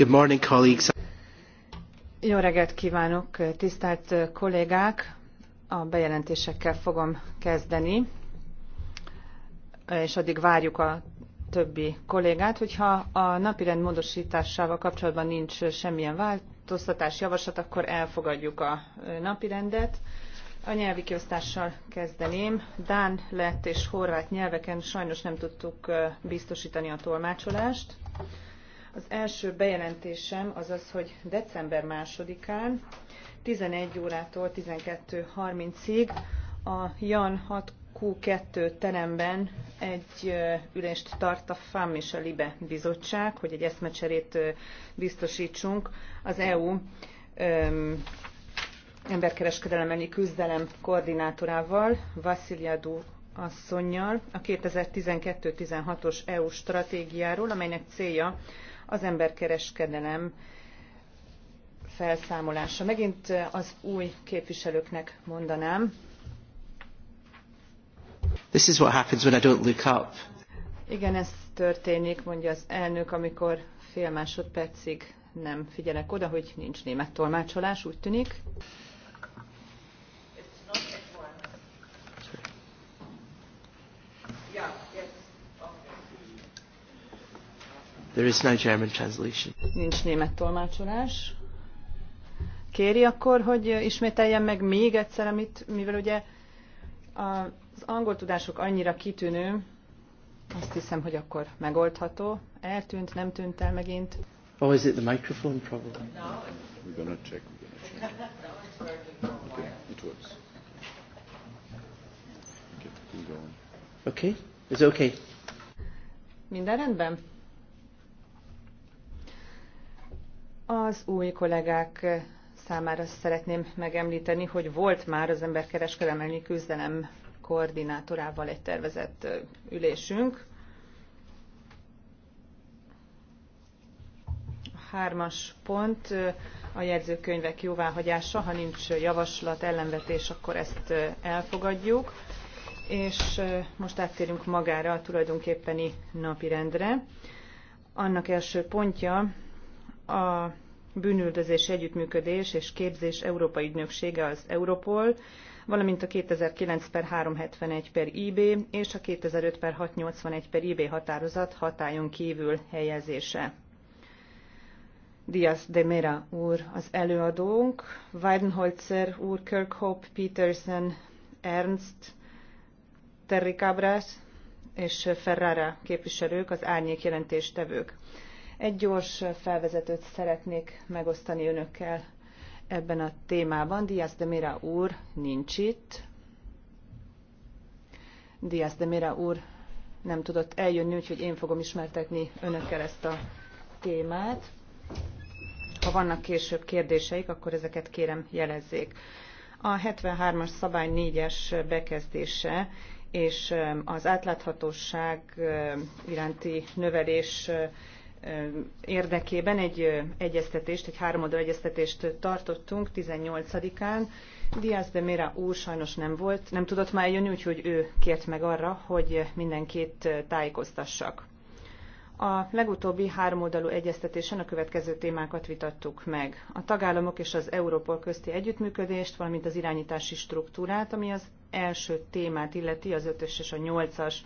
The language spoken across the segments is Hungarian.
Good morning, colleagues. Jó reggelt kívánok, tisztelt kollégák! A bejelentésekkel fogom kezdeni, és addig várjuk a többi kollégát. Hogyha a napirend módosításával kapcsolatban nincs semmilyen változtatás, javaslat, akkor elfogadjuk a napirendet. A nyelvi kiosztással kezdeném. Dán lett és horvát nyelveken sajnos nem tudtuk biztosítani a tolmácsolást. Az első bejelentésem az az, hogy december másodikán 11 órától 12.30-ig a Jan 6Q2 teremben egy ülést tart a FAM és a LIBE bizottság, hogy egy eszmecserét biztosítsunk az EU öm, emberkereskedelem elleni küzdelem koordinátorával, Vasiliadu asszonynal a 2012-16-os EU stratégiáról, amelynek célja az emberkereskedelem felszámolása. Megint az új képviselőknek mondanám. This is what happens when I don't look up. Igen, ez történik, mondja az elnök, amikor fél másodpercig nem figyelek oda, hogy nincs német tolmácsolás, úgy tűnik. There is no German translation. Nincs német tolmácsolás. Kéri akkor, hogy ismételjem meg még egyszer, amit, mivel ugye az angol tudások annyira kitűnő, azt hiszem, hogy akkor megoldható. Eltűnt, nem tűnt el megint. Oh, is it the microphone problem? No. We're gonna check. We're gonna check. Okay, it works. Okay, Okay, it's okay. Minden rendben? Az új kollégák számára szeretném megemlíteni, hogy volt már az emberkereskedelmi küzdelem koordinátorával egy tervezett ülésünk. Hármas pont a jegyzőkönyvek jóváhagyása. Ha nincs javaslat, ellenvetés, akkor ezt elfogadjuk. És most áttérünk magára a tulajdonképpeni napirendre. Annak első pontja a bűnüldözés együttműködés és képzés Európai Ügynöksége az Europol, valamint a 2009 per 371 per IB és a 2005 per 681 per IB határozat hatályon kívül helyezése. Diaz de Mera úr az előadónk, Weidenholzer úr, Kirkhope, Peterson, Ernst, Terry Cabras és Ferrara képviselők az árnyék jelentéstevők. Egy gyors felvezetőt szeretnék megosztani önökkel ebben a témában. Diaz de Mira úr nincs itt. Diaz de Mira úr nem tudott eljönni, úgyhogy én fogom ismertetni önökkel ezt a témát. Ha vannak később kérdéseik, akkor ezeket kérem jelezzék. A 73-as szabály 4-es bekezdése és az átláthatóság iránti növelés érdekében egy egyeztetést, egy háromoldal egyeztetést tartottunk 18-án. Diaz de Mera úr sajnos nem volt, nem tudott már jönni, úgyhogy ő kért meg arra, hogy mindenkit tájékoztassak. A legutóbbi háromoldalú egyeztetésen a következő témákat vitattuk meg. A tagállamok és az Európol közti együttműködést, valamint az irányítási struktúrát, ami az első témát illeti, az ötös és a nyolcas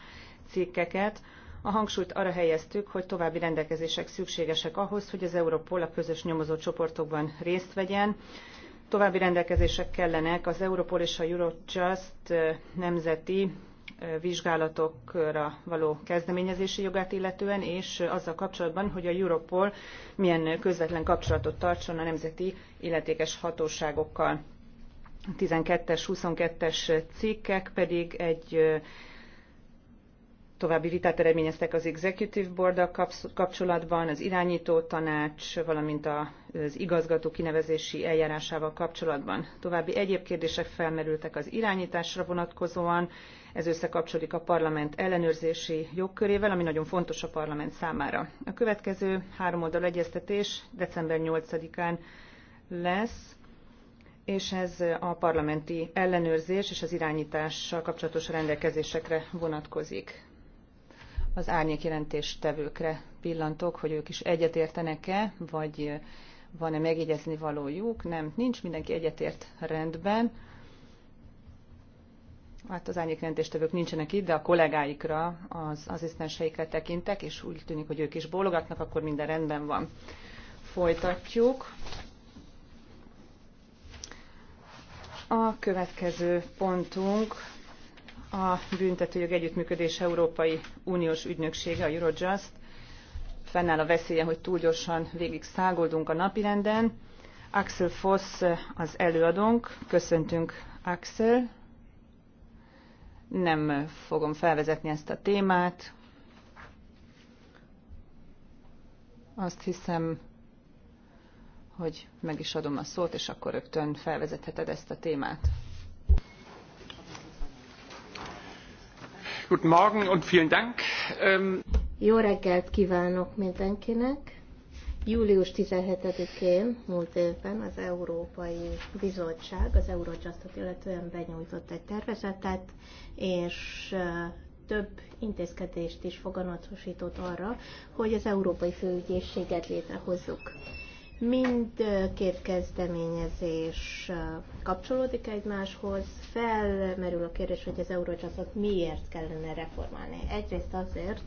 cikkeket, a hangsúlyt arra helyeztük, hogy további rendelkezések szükségesek ahhoz, hogy az Europol a közös nyomozó csoportokban részt vegyen. További rendelkezések kellenek az Europol és a Eurojust nemzeti vizsgálatokra való kezdeményezési jogát illetően, és azzal kapcsolatban, hogy a Europol milyen közvetlen kapcsolatot tartson a nemzeti illetékes hatóságokkal. 12-es, 22-es cikkek pedig egy további vitát eredményeztek az Executive board kapcsolatban, az irányító tanács, valamint az igazgató kinevezési eljárásával kapcsolatban. További egyéb kérdések felmerültek az irányításra vonatkozóan, ez összekapcsolódik a parlament ellenőrzési jogkörével, ami nagyon fontos a parlament számára. A következő háromoldal egyeztetés december 8-án lesz és ez a parlamenti ellenőrzés és az irányítással kapcsolatos rendelkezésekre vonatkozik az árnyék tevőkre pillantok, hogy ők is egyetértenek-e, vagy van-e megjegyezni valójuk. Nem, nincs, mindenki egyetért rendben. Hát az árnyék jelentéstevők nincsenek itt, de a kollégáikra, az asszisztenseikre tekintek, és úgy tűnik, hogy ők is bólogatnak, akkor minden rendben van. Folytatjuk. A következő pontunk a büntetőjog együttműködés Európai Uniós Ügynöksége, a Eurojust. Fennáll a veszélye, hogy túl gyorsan végig szágoldunk a napirenden. Axel Foss az előadónk. Köszöntünk, Axel. Nem fogom felvezetni ezt a témát. Azt hiszem, hogy meg is adom a szót, és akkor rögtön felvezetheted ezt a témát. Guten Morgen und vielen Dank. Ähm, Jó reggelt kívánok mindenkinek. Július 17-én múlt évben az Európai Bizottság az Eurojustot illetően benyújtott egy tervezetet, és több intézkedést is foganatosított arra, hogy az Európai Főügyészséget létrehozzuk. Mind két kezdeményezés kapcsolódik egymáshoz, felmerül a kérdés, hogy az Eurojustot miért kellene reformálni. Egyrészt azért,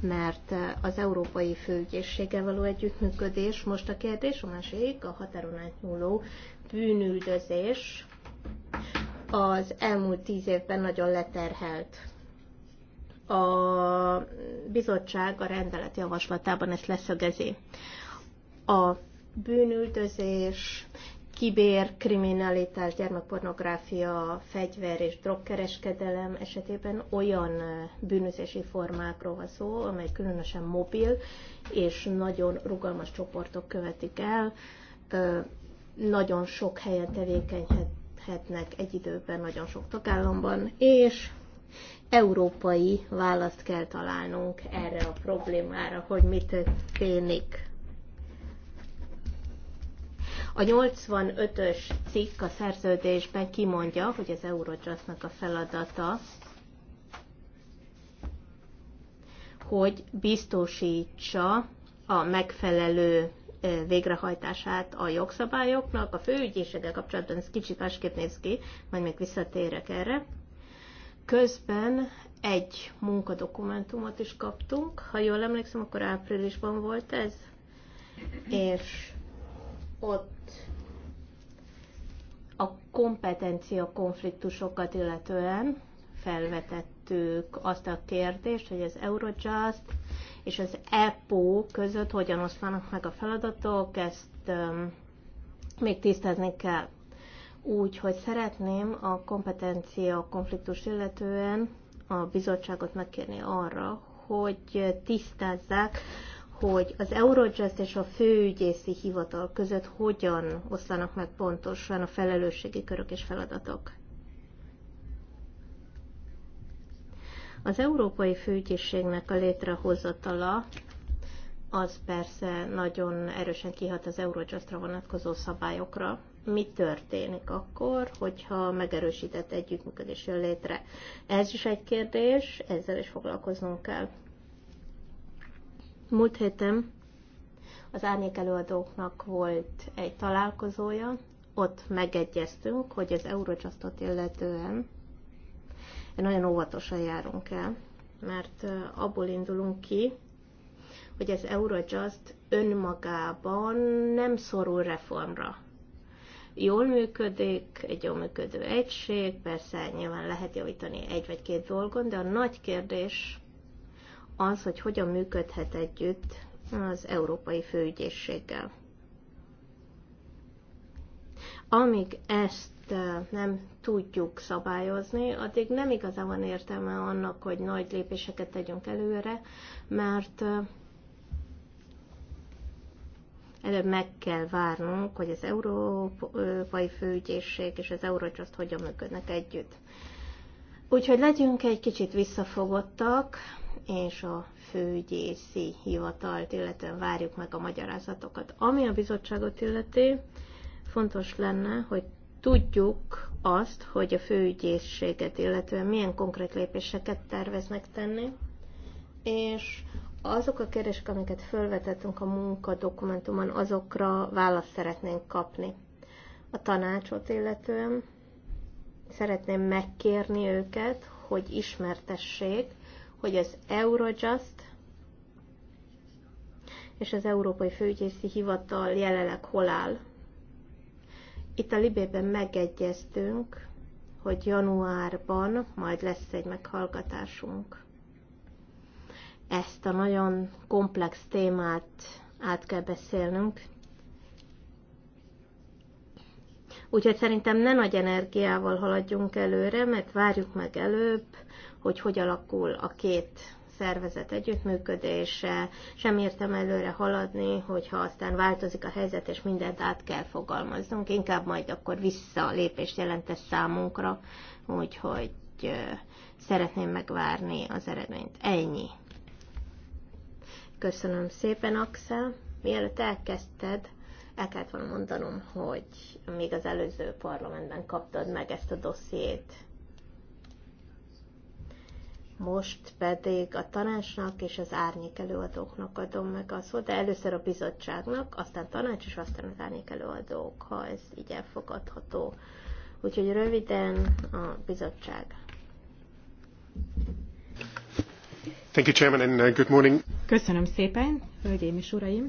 mert az Európai Főügyészséggel való együttműködés most a kérdés, a másik a határon átnyúló bűnüldözés az elmúlt tíz évben nagyon leterhelt. A bizottság a rendelet javaslatában ezt leszögezi. A bűnüldözés, kriminalitás, gyermekpornográfia, fegyver és drogkereskedelem esetében olyan bűnözési formákról van szó, amely különösen mobil és nagyon rugalmas csoportok követik el, nagyon sok helyen tevékenyhetnek egy időben, nagyon sok tagállamban, és európai választ kell találnunk erre a problémára, hogy mit történik. A 85-ös cikk a szerződésben kimondja, hogy az Eurojustnak a feladata, hogy biztosítsa a megfelelő végrehajtását a jogszabályoknak. A főügyészséggel kapcsolatban ez kicsit másképp néz ki, majd még visszatérek erre. Közben egy munkadokumentumot is kaptunk, ha jól emlékszem, akkor áprilisban volt ez, és ott a kompetencia konfliktusokat illetően felvetettük azt a kérdést, hogy az Eurojust és az EPO között hogyan osztanak meg a feladatok, ezt um, még tisztázni kell. Úgyhogy szeretném a kompetencia konfliktus illetően a bizottságot megkérni arra, hogy tisztázzák, hogy az Eurojust és a főügyészi hivatal között hogyan oszlanak meg pontosan a felelősségi körök és feladatok. Az Európai Főügyészségnek a létrehozatala az persze nagyon erősen kihat az Eurojustra vonatkozó szabályokra. Mi történik akkor, hogyha megerősített együttműködés jön létre? Ez is egy kérdés, ezzel is foglalkoznunk kell. Múlt héten az árnyék előadóknak volt egy találkozója, ott megegyeztünk, hogy az Eurojustot illetően nagyon óvatosan járunk el, mert abból indulunk ki, hogy az Eurojust önmagában nem szorul reformra. Jól működik, egy jól működő egység, persze nyilván lehet javítani egy vagy két dolgon, de a nagy kérdés az, hogy hogyan működhet együtt az Európai Főügyészséggel. Amíg ezt eh, nem tudjuk szabályozni, addig nem igazán van értelme annak, hogy nagy lépéseket tegyünk előre, mert eh, előbb meg kell várnunk, hogy az Európai Főügyészség és az Eurojust hogyan működnek együtt. Úgyhogy legyünk egy kicsit visszafogottak, és a főgyészi hivatalt, illetve várjuk meg a magyarázatokat. Ami a bizottságot illeti, fontos lenne, hogy tudjuk azt, hogy a főügyészséget, illetve milyen konkrét lépéseket terveznek tenni, és azok a kérdések, amiket felvetettünk a munkadokumentumon, azokra választ szeretnénk kapni. A tanácsot illetően szeretném megkérni őket, hogy ismertessék hogy az Eurojust és az Európai Főügyészi Hivatal jelenleg hol áll. Itt a Libében megegyeztünk, hogy januárban majd lesz egy meghallgatásunk. Ezt a nagyon komplex témát át kell beszélnünk. Úgyhogy szerintem ne nagy energiával haladjunk előre, mert várjuk meg előbb hogy hogy alakul a két szervezet együttműködése, sem értem előre haladni, hogyha aztán változik a helyzet, és mindent át kell fogalmaznunk, inkább majd akkor visszalépést lépést ez számunkra, úgyhogy szeretném megvárni az eredményt. Ennyi. Köszönöm szépen, Axel. Mielőtt elkezdted, el kellett volna mondanom, hogy még az előző parlamentben kaptad meg ezt a dossziét most pedig a tanácsnak és az árnyék előadóknak adom meg a szót, de először a bizottságnak, aztán tanács, és aztán az árnyék előadók, ha ez így elfogadható. Úgyhogy röviden a bizottság. Thank you, Chairman, and uh, good morning. Köszönöm szépen, hölgyeim és uraim.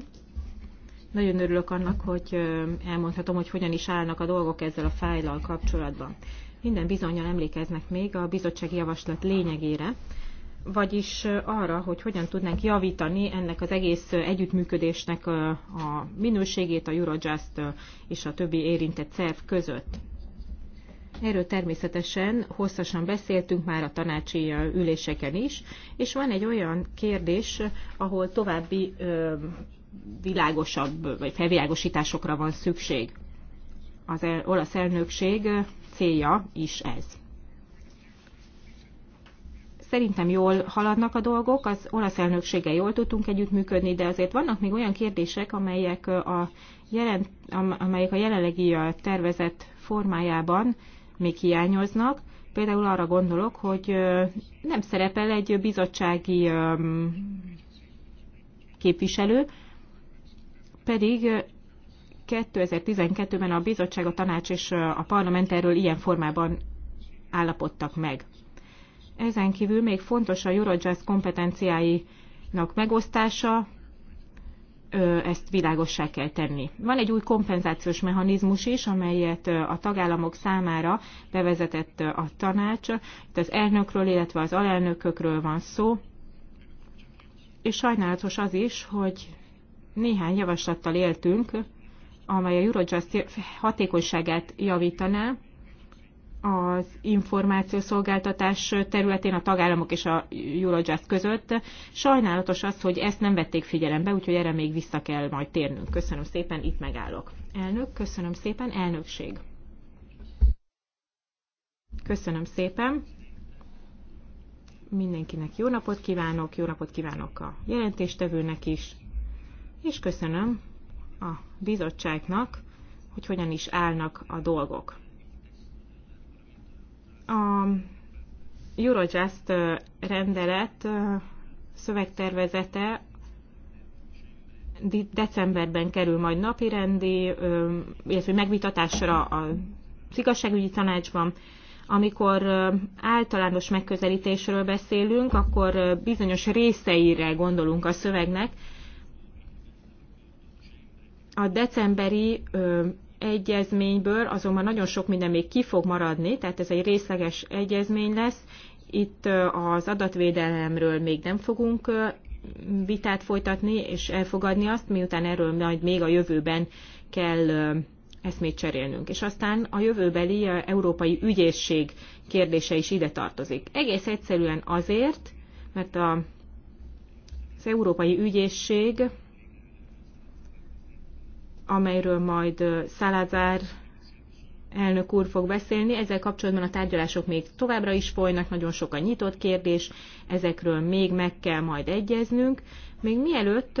Nagyon örülök annak, hogy elmondhatom, hogy hogyan is állnak a dolgok ezzel a fájlal kapcsolatban minden bizonyal emlékeznek még a bizottsági javaslat lényegére, vagyis arra, hogy hogyan tudnánk javítani ennek az egész együttműködésnek a minőségét a Eurojust és a többi érintett szerv között. Erről természetesen hosszasan beszéltünk már a tanácsi üléseken is, és van egy olyan kérdés, ahol további világosabb vagy felvilágosításokra van szükség. Az olasz elnökség célja is ez. Szerintem jól haladnak a dolgok, az olasz elnökséggel jól tudtunk együttműködni, de azért vannak még olyan kérdések, amelyek a, jelen, amelyek a jelenlegi tervezett formájában még hiányoznak. Például arra gondolok, hogy nem szerepel egy bizottsági képviselő, pedig 2012-ben a bizottság, a tanács és a parlament erről ilyen formában állapodtak meg. Ezen kívül még fontos a Eurojust kompetenciáinak megosztása, ezt világossá kell tenni. Van egy új kompenzációs mechanizmus is, amelyet a tagállamok számára bevezetett a tanács. Itt az elnökről, illetve az alelnökökről van szó. És sajnálatos az is, hogy néhány javaslattal éltünk, amely a Eurojust hatékonyságát javítaná az információszolgáltatás területén a tagállamok és a Eurojust között. Sajnálatos az, hogy ezt nem vették figyelembe, úgyhogy erre még vissza kell majd térnünk. Köszönöm szépen, itt megállok. Elnök, köszönöm szépen, elnökség. Köszönöm szépen. Mindenkinek jó napot kívánok, jó napot kívánok a jelentéstevőnek is, és köszönöm a bizottságnak, hogy hogyan is állnak a dolgok. A Eurojust rendelet szövegtervezete decemberben kerül majd napirendi, illetve megvitatásra a igazságügyi tanácsban. Amikor általános megközelítésről beszélünk, akkor bizonyos részeire gondolunk a szövegnek, a decemberi ö, egyezményből azonban nagyon sok minden még ki fog maradni, tehát ez egy részleges egyezmény lesz. Itt az adatvédelemről még nem fogunk vitát folytatni és elfogadni azt, miután erről majd még a jövőben kell ezt még cserélnünk. És aztán a jövőbeli a európai ügyészség kérdése is ide tartozik. Egész egyszerűen azért, mert a, az európai ügyészség amelyről majd Szalázár elnök úr fog beszélni. Ezzel kapcsolatban a tárgyalások még továbbra is folynak, nagyon sok a nyitott kérdés, ezekről még meg kell majd egyeznünk. Még mielőtt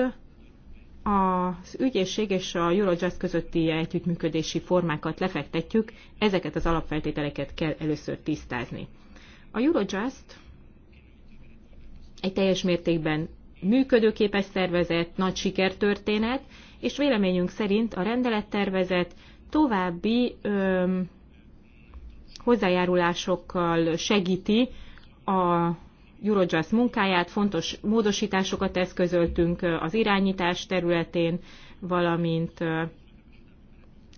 az ügyészség és a Eurojust közötti együttműködési formákat lefektetjük, ezeket az alapfeltételeket kell először tisztázni. A Eurojust egy teljes mértékben működőképes szervezet, nagy sikertörténet, és véleményünk szerint a rendelettervezet további ö, hozzájárulásokkal segíti a Eurojust munkáját, fontos módosításokat eszközöltünk az irányítás területén, valamint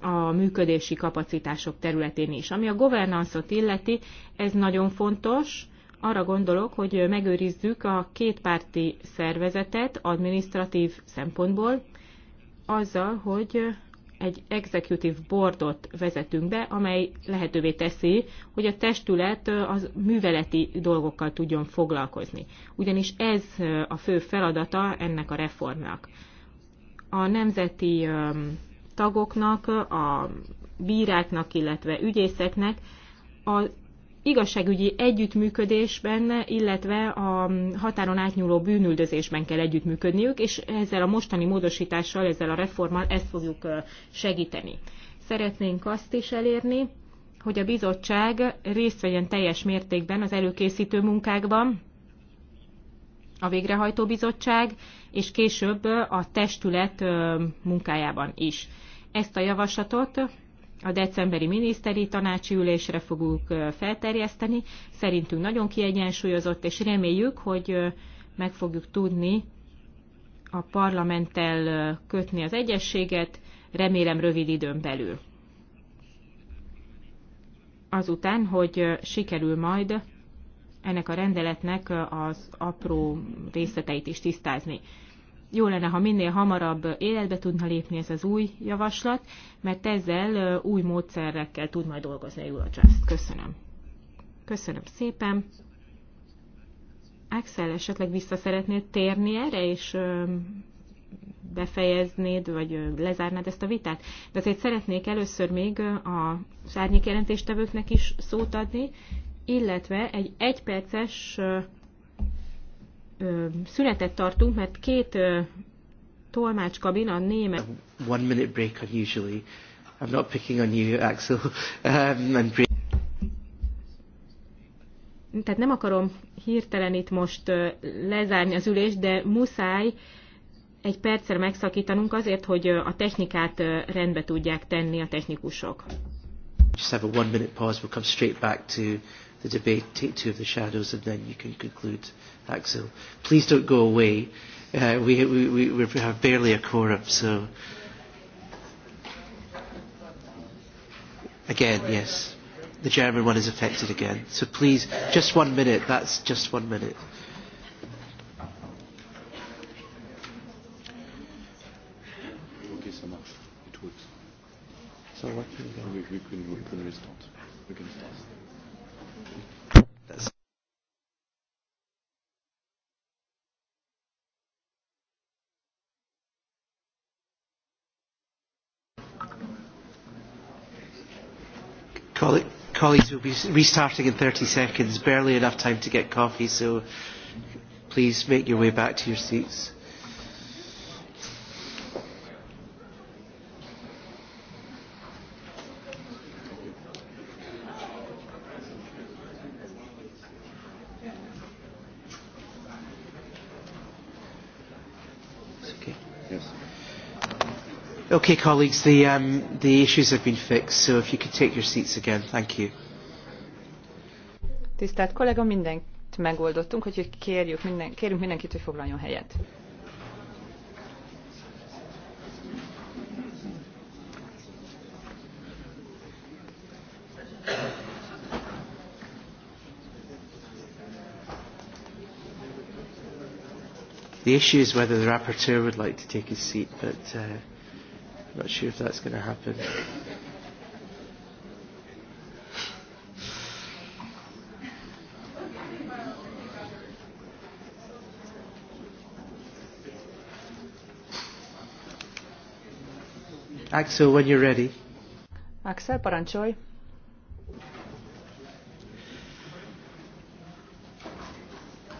a működési kapacitások területén is. Ami a governance illeti, ez nagyon fontos. Arra gondolok, hogy megőrizzük a kétpárti szervezetet administratív szempontból, azzal, hogy egy executive boardot vezetünk be, amely lehetővé teszi, hogy a testület az műveleti dolgokkal tudjon foglalkozni. Ugyanis ez a fő feladata ennek a reformnak. A nemzeti tagoknak, a bíráknak, illetve ügyészeknek a igazságügyi együttműködésben, illetve a határon átnyúló bűnüldözésben kell együttműködniük, és ezzel a mostani módosítással, ezzel a reformmal ezt fogjuk segíteni. Szeretnénk azt is elérni, hogy a bizottság részt vegyen teljes mértékben az előkészítő munkákban, a végrehajtó bizottság, és később a testület munkájában is. Ezt a javaslatot a decemberi miniszteri tanácsi ülésre fogjuk felterjeszteni. Szerintünk nagyon kiegyensúlyozott, és reméljük, hogy meg fogjuk tudni a parlamenttel kötni az egyességet, remélem rövid időn belül. Azután, hogy sikerül majd ennek a rendeletnek az apró részleteit is tisztázni jó lenne, ha minél hamarabb életbe tudna lépni ez az új javaslat, mert ezzel új módszerekkel tud majd dolgozni a Eurojust. Köszönöm. Köszönöm szépen. Axel, esetleg vissza szeretnéd térni erre, és befejeznéd, vagy lezárnád ezt a vitát. De azért szeretnék először még a szárnyék jelentéstevőknek is szót adni, illetve egy egyperces szünetet tartunk, mert két tolmácskabin a német... One minute break unusually. I'm not picking on you, Axel. Um, and break... Tehát nem akarom hirtelen itt most lezárni az ülést, de muszáj egy percre megszakítanunk azért, hogy a technikát rendbe tudják tenni a technikusok. Just have a one minute pause, we'll come straight back to the debate, take two of the shadows, and then you can conclude. Axel. Please don't go away. Uh, we, we, we have barely a quorum, so. Again, yes. The German one is affected again. So please, just one minute. That's just one minute. Okay, ça marche. It works. So what can we, we, we can, we can restart. We can start. colleagues will be restarting in 30 seconds, barely enough time to get coffee, so please make your way back to your seats. Okay, colleagues, the, um, the issues have been fixed, so if you could take your seats again, thank you. Tisztelt kollega, mindent megoldottunk, hogy kérjük minden, kérjük mindenkit, hogy foglaljon helyet. The issue is whether the rapporteur would like to take his seat, but uh, I'm not sure if that's going to happen. Axel, when you're ready. Axel, parancsolj.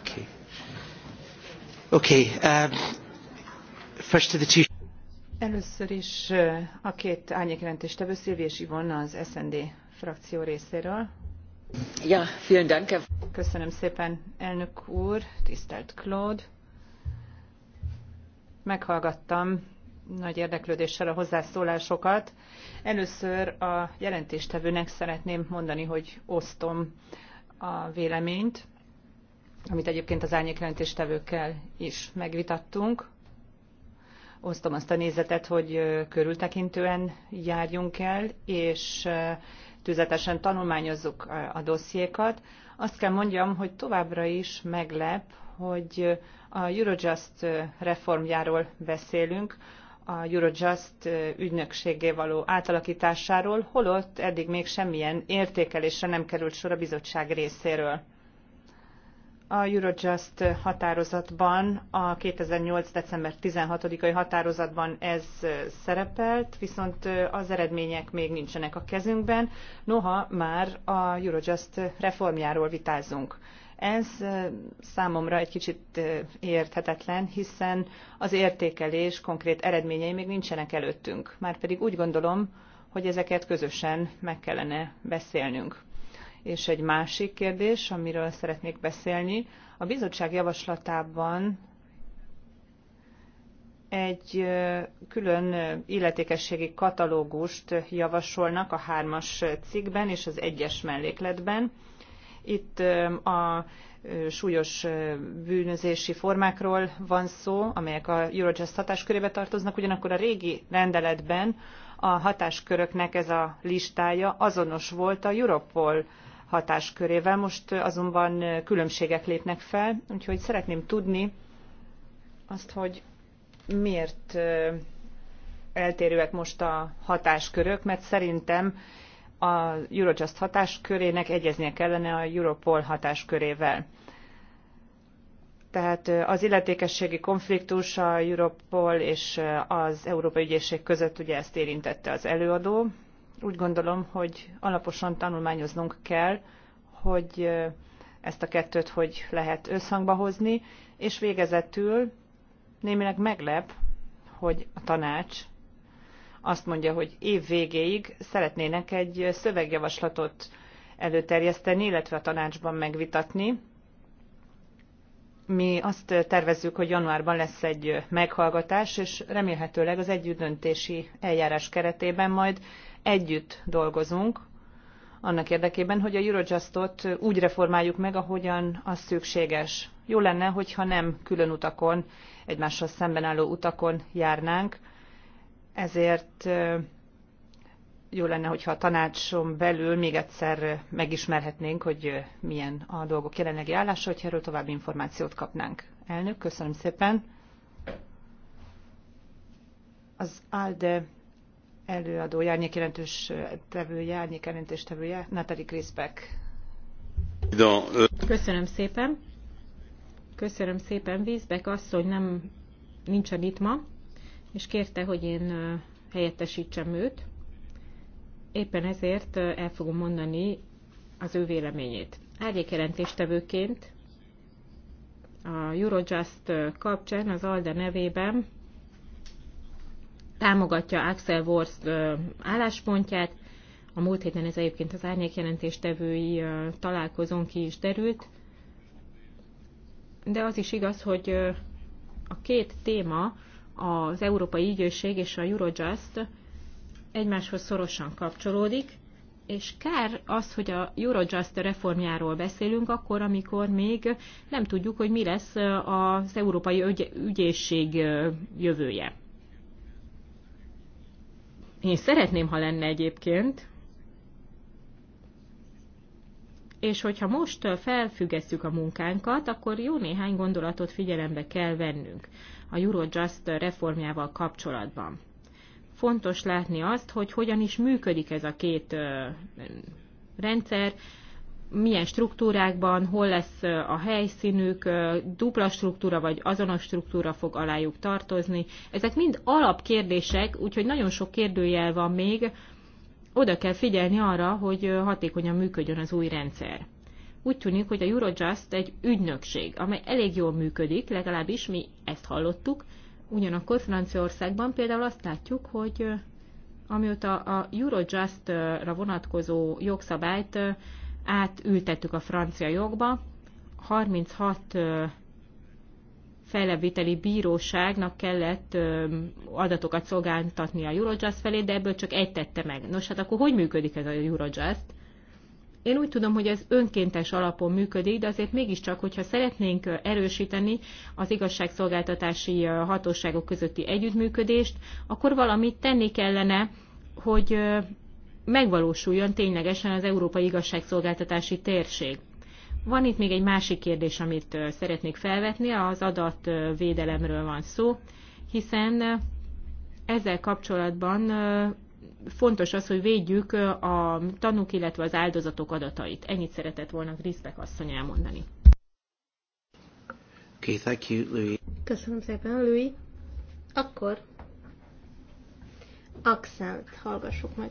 Okay. Okay. Um, first to the two. Először is a két árnyékjelentéstevő, Szilvi és Ivon az SND frakció részéről. Ja, vielen Dank. Köszönöm szépen, elnök úr, tisztelt Claude. Meghallgattam nagy érdeklődéssel a hozzászólásokat. Először a jelentéstevőnek szeretném mondani, hogy osztom a véleményt, amit egyébként az árnyékjelentéstevőkkel is megvitattunk osztom azt a nézetet, hogy körültekintően járjunk el, és tüzetesen tanulmányozzuk a dossziékat. Azt kell mondjam, hogy továbbra is meglep, hogy a Eurojust reformjáról beszélünk, a Eurojust ügynökségé való átalakításáról, holott eddig még semmilyen értékelésre nem került sor a bizottság részéről a Eurojust határozatban, a 2008. december 16-ai határozatban ez szerepelt, viszont az eredmények még nincsenek a kezünkben, noha már a Eurojust reformjáról vitázunk. Ez számomra egy kicsit érthetetlen, hiszen az értékelés konkrét eredményei még nincsenek előttünk. Márpedig úgy gondolom, hogy ezeket közösen meg kellene beszélnünk. És egy másik kérdés, amiről szeretnék beszélni. A bizottság javaslatában egy külön illetékességi katalógust javasolnak a hármas cikkben és az egyes mellékletben. Itt a súlyos bűnözési formákról van szó, amelyek a Eurojust hatáskörébe tartoznak, ugyanakkor a régi rendeletben a hatásköröknek ez a listája azonos volt a Europol hatáskörével. Most azonban különbségek lépnek fel, úgyhogy szeretném tudni azt, hogy miért eltérőek most a hatáskörök, mert szerintem a Eurojust hatáskörének egyeznie kellene a Europol hatáskörével. Tehát az illetékességi konfliktus a Europol és az Európai Ügyészség között ugye ezt érintette az előadó, úgy gondolom, hogy alaposan tanulmányoznunk kell, hogy ezt a kettőt hogy lehet összhangba hozni, és végezetül némileg meglep, hogy a tanács azt mondja, hogy év végéig szeretnének egy szövegjavaslatot előterjeszteni, illetve a tanácsban megvitatni. Mi azt tervezzük, hogy januárban lesz egy meghallgatás, és remélhetőleg az együttdöntési eljárás keretében majd együtt dolgozunk, annak érdekében, hogy a Eurojustot úgy reformáljuk meg, ahogyan az szükséges. Jó lenne, hogyha nem külön utakon, egymással szemben álló utakon járnánk, ezért jó lenne, hogyha a tanácson belül még egyszer megismerhetnénk, hogy milyen a dolgok jelenlegi állása, hogyha erről további információt kapnánk. Elnök, köszönöm szépen. Az ALDE előadó járnyék jelentős tevője, árnyék jelentős tevője, Natalie Griszbek. Köszönöm szépen. Köszönöm szépen. Vízbek asszony nem nincsen itt ma, és kérte, hogy én helyettesítsem őt. Éppen ezért el fogom mondani az ő véleményét. Árnyékjelentéstevőként a Eurojust kapcsán az ALDE nevében támogatja Axel Worst álláspontját. A múlt héten ez egyébként az árnyék jelentéstevői találkozón ki is derült. De az is igaz, hogy a két téma, az Európai Ügyőség és a Eurojust egymáshoz szorosan kapcsolódik, és kár az, hogy a Eurojust reformjáról beszélünk, akkor, amikor még nem tudjuk, hogy mi lesz az Európai Ügy- Ügyészség jövője. Én szeretném, ha lenne egyébként, és hogyha most felfüggesztjük a munkánkat, akkor jó néhány gondolatot figyelembe kell vennünk a Eurojust reformjával kapcsolatban. Fontos látni azt, hogy hogyan is működik ez a két rendszer, milyen struktúrákban, hol lesz a helyszínük, dupla struktúra vagy azonos struktúra fog alájuk tartozni. Ezek mind alapkérdések, úgyhogy nagyon sok kérdőjel van még. Oda kell figyelni arra, hogy hatékonyan működjön az új rendszer. Úgy tűnik, hogy a Eurojust egy ügynökség, amely elég jól működik, legalábbis mi ezt hallottuk. Ugyanakkor Franciaországban például azt látjuk, hogy amióta a Eurojust-ra vonatkozó jogszabályt átültettük a francia jogba. 36 fejleviteli bíróságnak kellett adatokat szolgáltatni a Eurojust felé, de ebből csak egy tette meg. Nos, hát akkor hogy működik ez a Eurojust? Én úgy tudom, hogy ez önkéntes alapon működik, de azért mégiscsak, hogyha szeretnénk erősíteni az igazságszolgáltatási hatóságok közötti együttműködést, akkor valamit tenni kellene, hogy megvalósuljon ténylegesen az európai igazságszolgáltatási térség. Van itt még egy másik kérdés, amit szeretnék felvetni, az adatvédelemről van szó, hiszen ezzel kapcsolatban fontos az, hogy védjük a tanúk, illetve az áldozatok adatait. Ennyit szeretett volna Griszbek asszony elmondani. Okay, thank you, Louis. Köszönöm szépen, Louis. Akkor Axelt hallgassuk meg.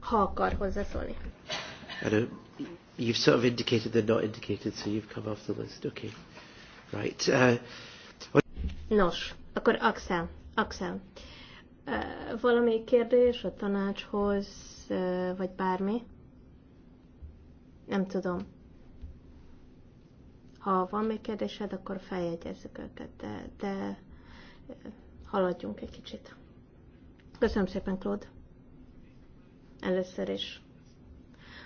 Ha akar hozzászólni. You've sort of indicated they're not indicated, so you've come off the list. Okay. Right. Uh, what... Nos, akkor Axel. Axel. Uh, valami kérdés a tanácshoz, uh, vagy bármi? Nem tudom. Ha van még kérdésed, akkor feljegyezzük őket, de, de haladjunk egy kicsit. Köszönöm szépen, Claude. Először is.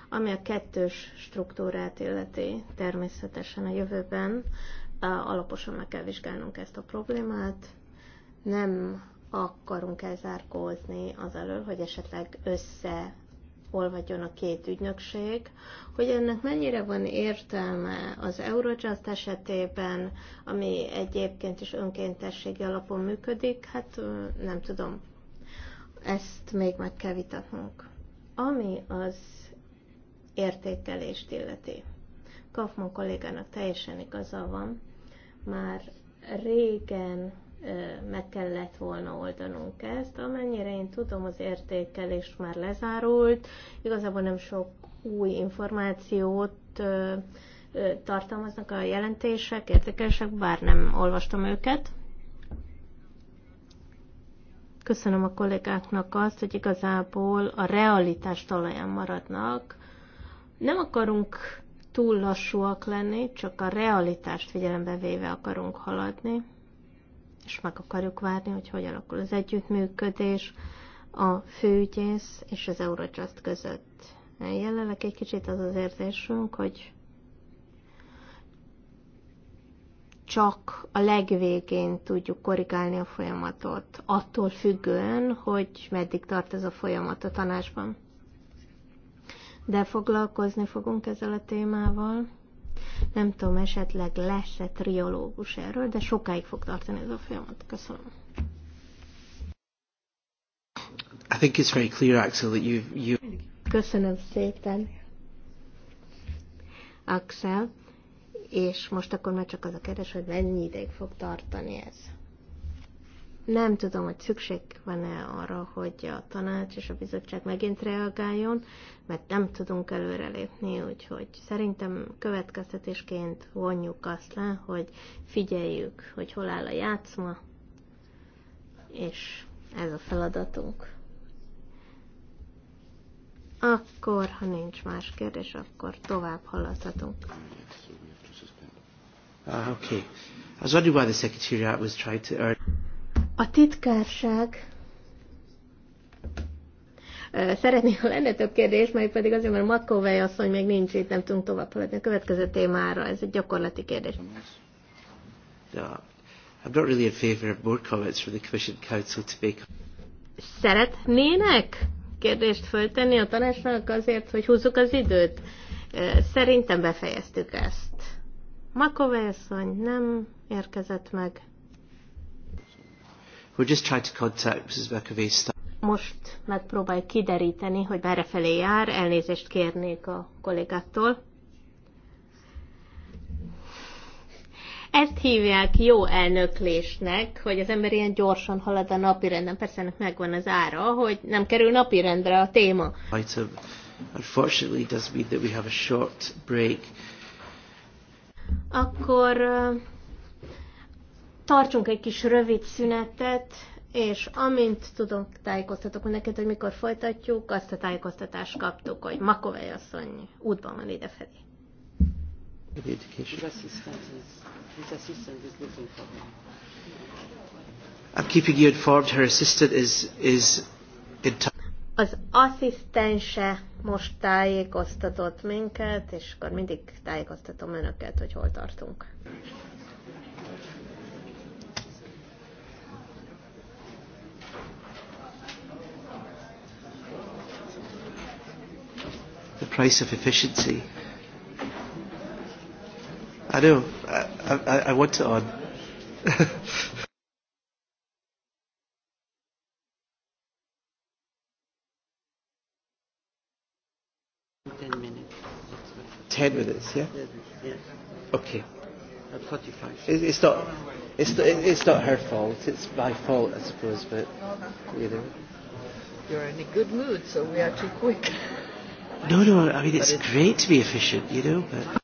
Ami a kettős struktúrát illeti, természetesen a jövőben alaposan meg kell vizsgálnunk ezt a problémát. Nem akarunk elzárkózni az elől, hogy esetleg össze hol vagyon a két ügynökség, hogy ennek mennyire van értelme az Eurojust esetében, ami egyébként is önkéntességi alapon működik, hát nem tudom. Ezt még meg kell vitatnunk. Ami az értékelést illeti. Kaufman kollégának teljesen igaza van, már régen meg kellett volna oldanunk ezt. Amennyire én tudom, az értékelés már lezárult, igazából nem sok új információt tartalmaznak a jelentések, értékelések, bár nem olvastam őket. Köszönöm a kollégáknak azt, hogy igazából a realitás talaján maradnak. Nem akarunk túl lassúak lenni, csak a realitást figyelembe véve akarunk haladni és meg akarjuk várni, hogy hogyan alakul az együttműködés a főügyész és az Eurojust között. Jelenleg egy kicsit az az érzésünk, hogy csak a legvégén tudjuk korrigálni a folyamatot, attól függően, hogy meddig tart ez a folyamat a tanácsban. De foglalkozni fogunk ezzel a témával, nem tudom, esetleg lesz-e triológus erről, de sokáig fog tartani ez a folyamat. Köszönöm. I think it's very clear, Axel, that you, you... Köszönöm szépen, Axel. És most akkor már csak az a kérdés, hogy mennyi ideig fog tartani ez. Nem tudom, hogy szükség van-e arra, hogy a tanács és a bizottság megint reagáljon, mert nem tudunk előrelépni, úgyhogy szerintem következtetésként vonjuk azt le, hogy figyeljük, hogy hol áll a játszma, és ez a feladatunk. Akkor, ha nincs más kérdés, akkor tovább haladhatunk. Ah, okay. As was wondering the Secretariat was trying to... A titkárság Szeretnék, ha lenne több kérdés, majd pedig azért, mert Makovej asszony még nincs itt, nem tudunk tovább haladni a következő témára. Ez egy gyakorlati kérdés. I'm not really in of more comments from the Commission Council Szeretnének kérdést föltenni a tanácsnak azért, hogy húzzuk az időt? Szerintem befejeztük ezt. Makovej asszony nem érkezett meg. We'll just try to contact Mrs. Bekovista. Most megpróbálj kideríteni, hogy merrefelé jár, elnézést kérnék a kollégától. Ezt hívják jó elnöklésnek, hogy az ember ilyen gyorsan halad a napirenden. Persze ennek megvan az ára, hogy nem kerül napirendre a téma. Item unfortunately does mean that we have a short break. Akkor uh, tartsunk egy kis rövid szünetet, és amint tudom, tájékoztatok neked, hogy mikor folytatjuk, azt a tájékoztatást kaptuk, hogy Makovely asszony útban van idefelé. Az asszisztense most tájékoztatott minket, és akkor mindig tájékoztatom önöket, hogy hol tartunk. the price of efficiency. I know. I, I, I want it on. Ten minutes. Ten minutes, yeah? Yes. Okay. At 45. it's not. It's, it's not her fault. It's my fault, I suppose. But you know. You're in a good mood, so we are too quick. No, no, I mean, it's great to be efficient, you know. But...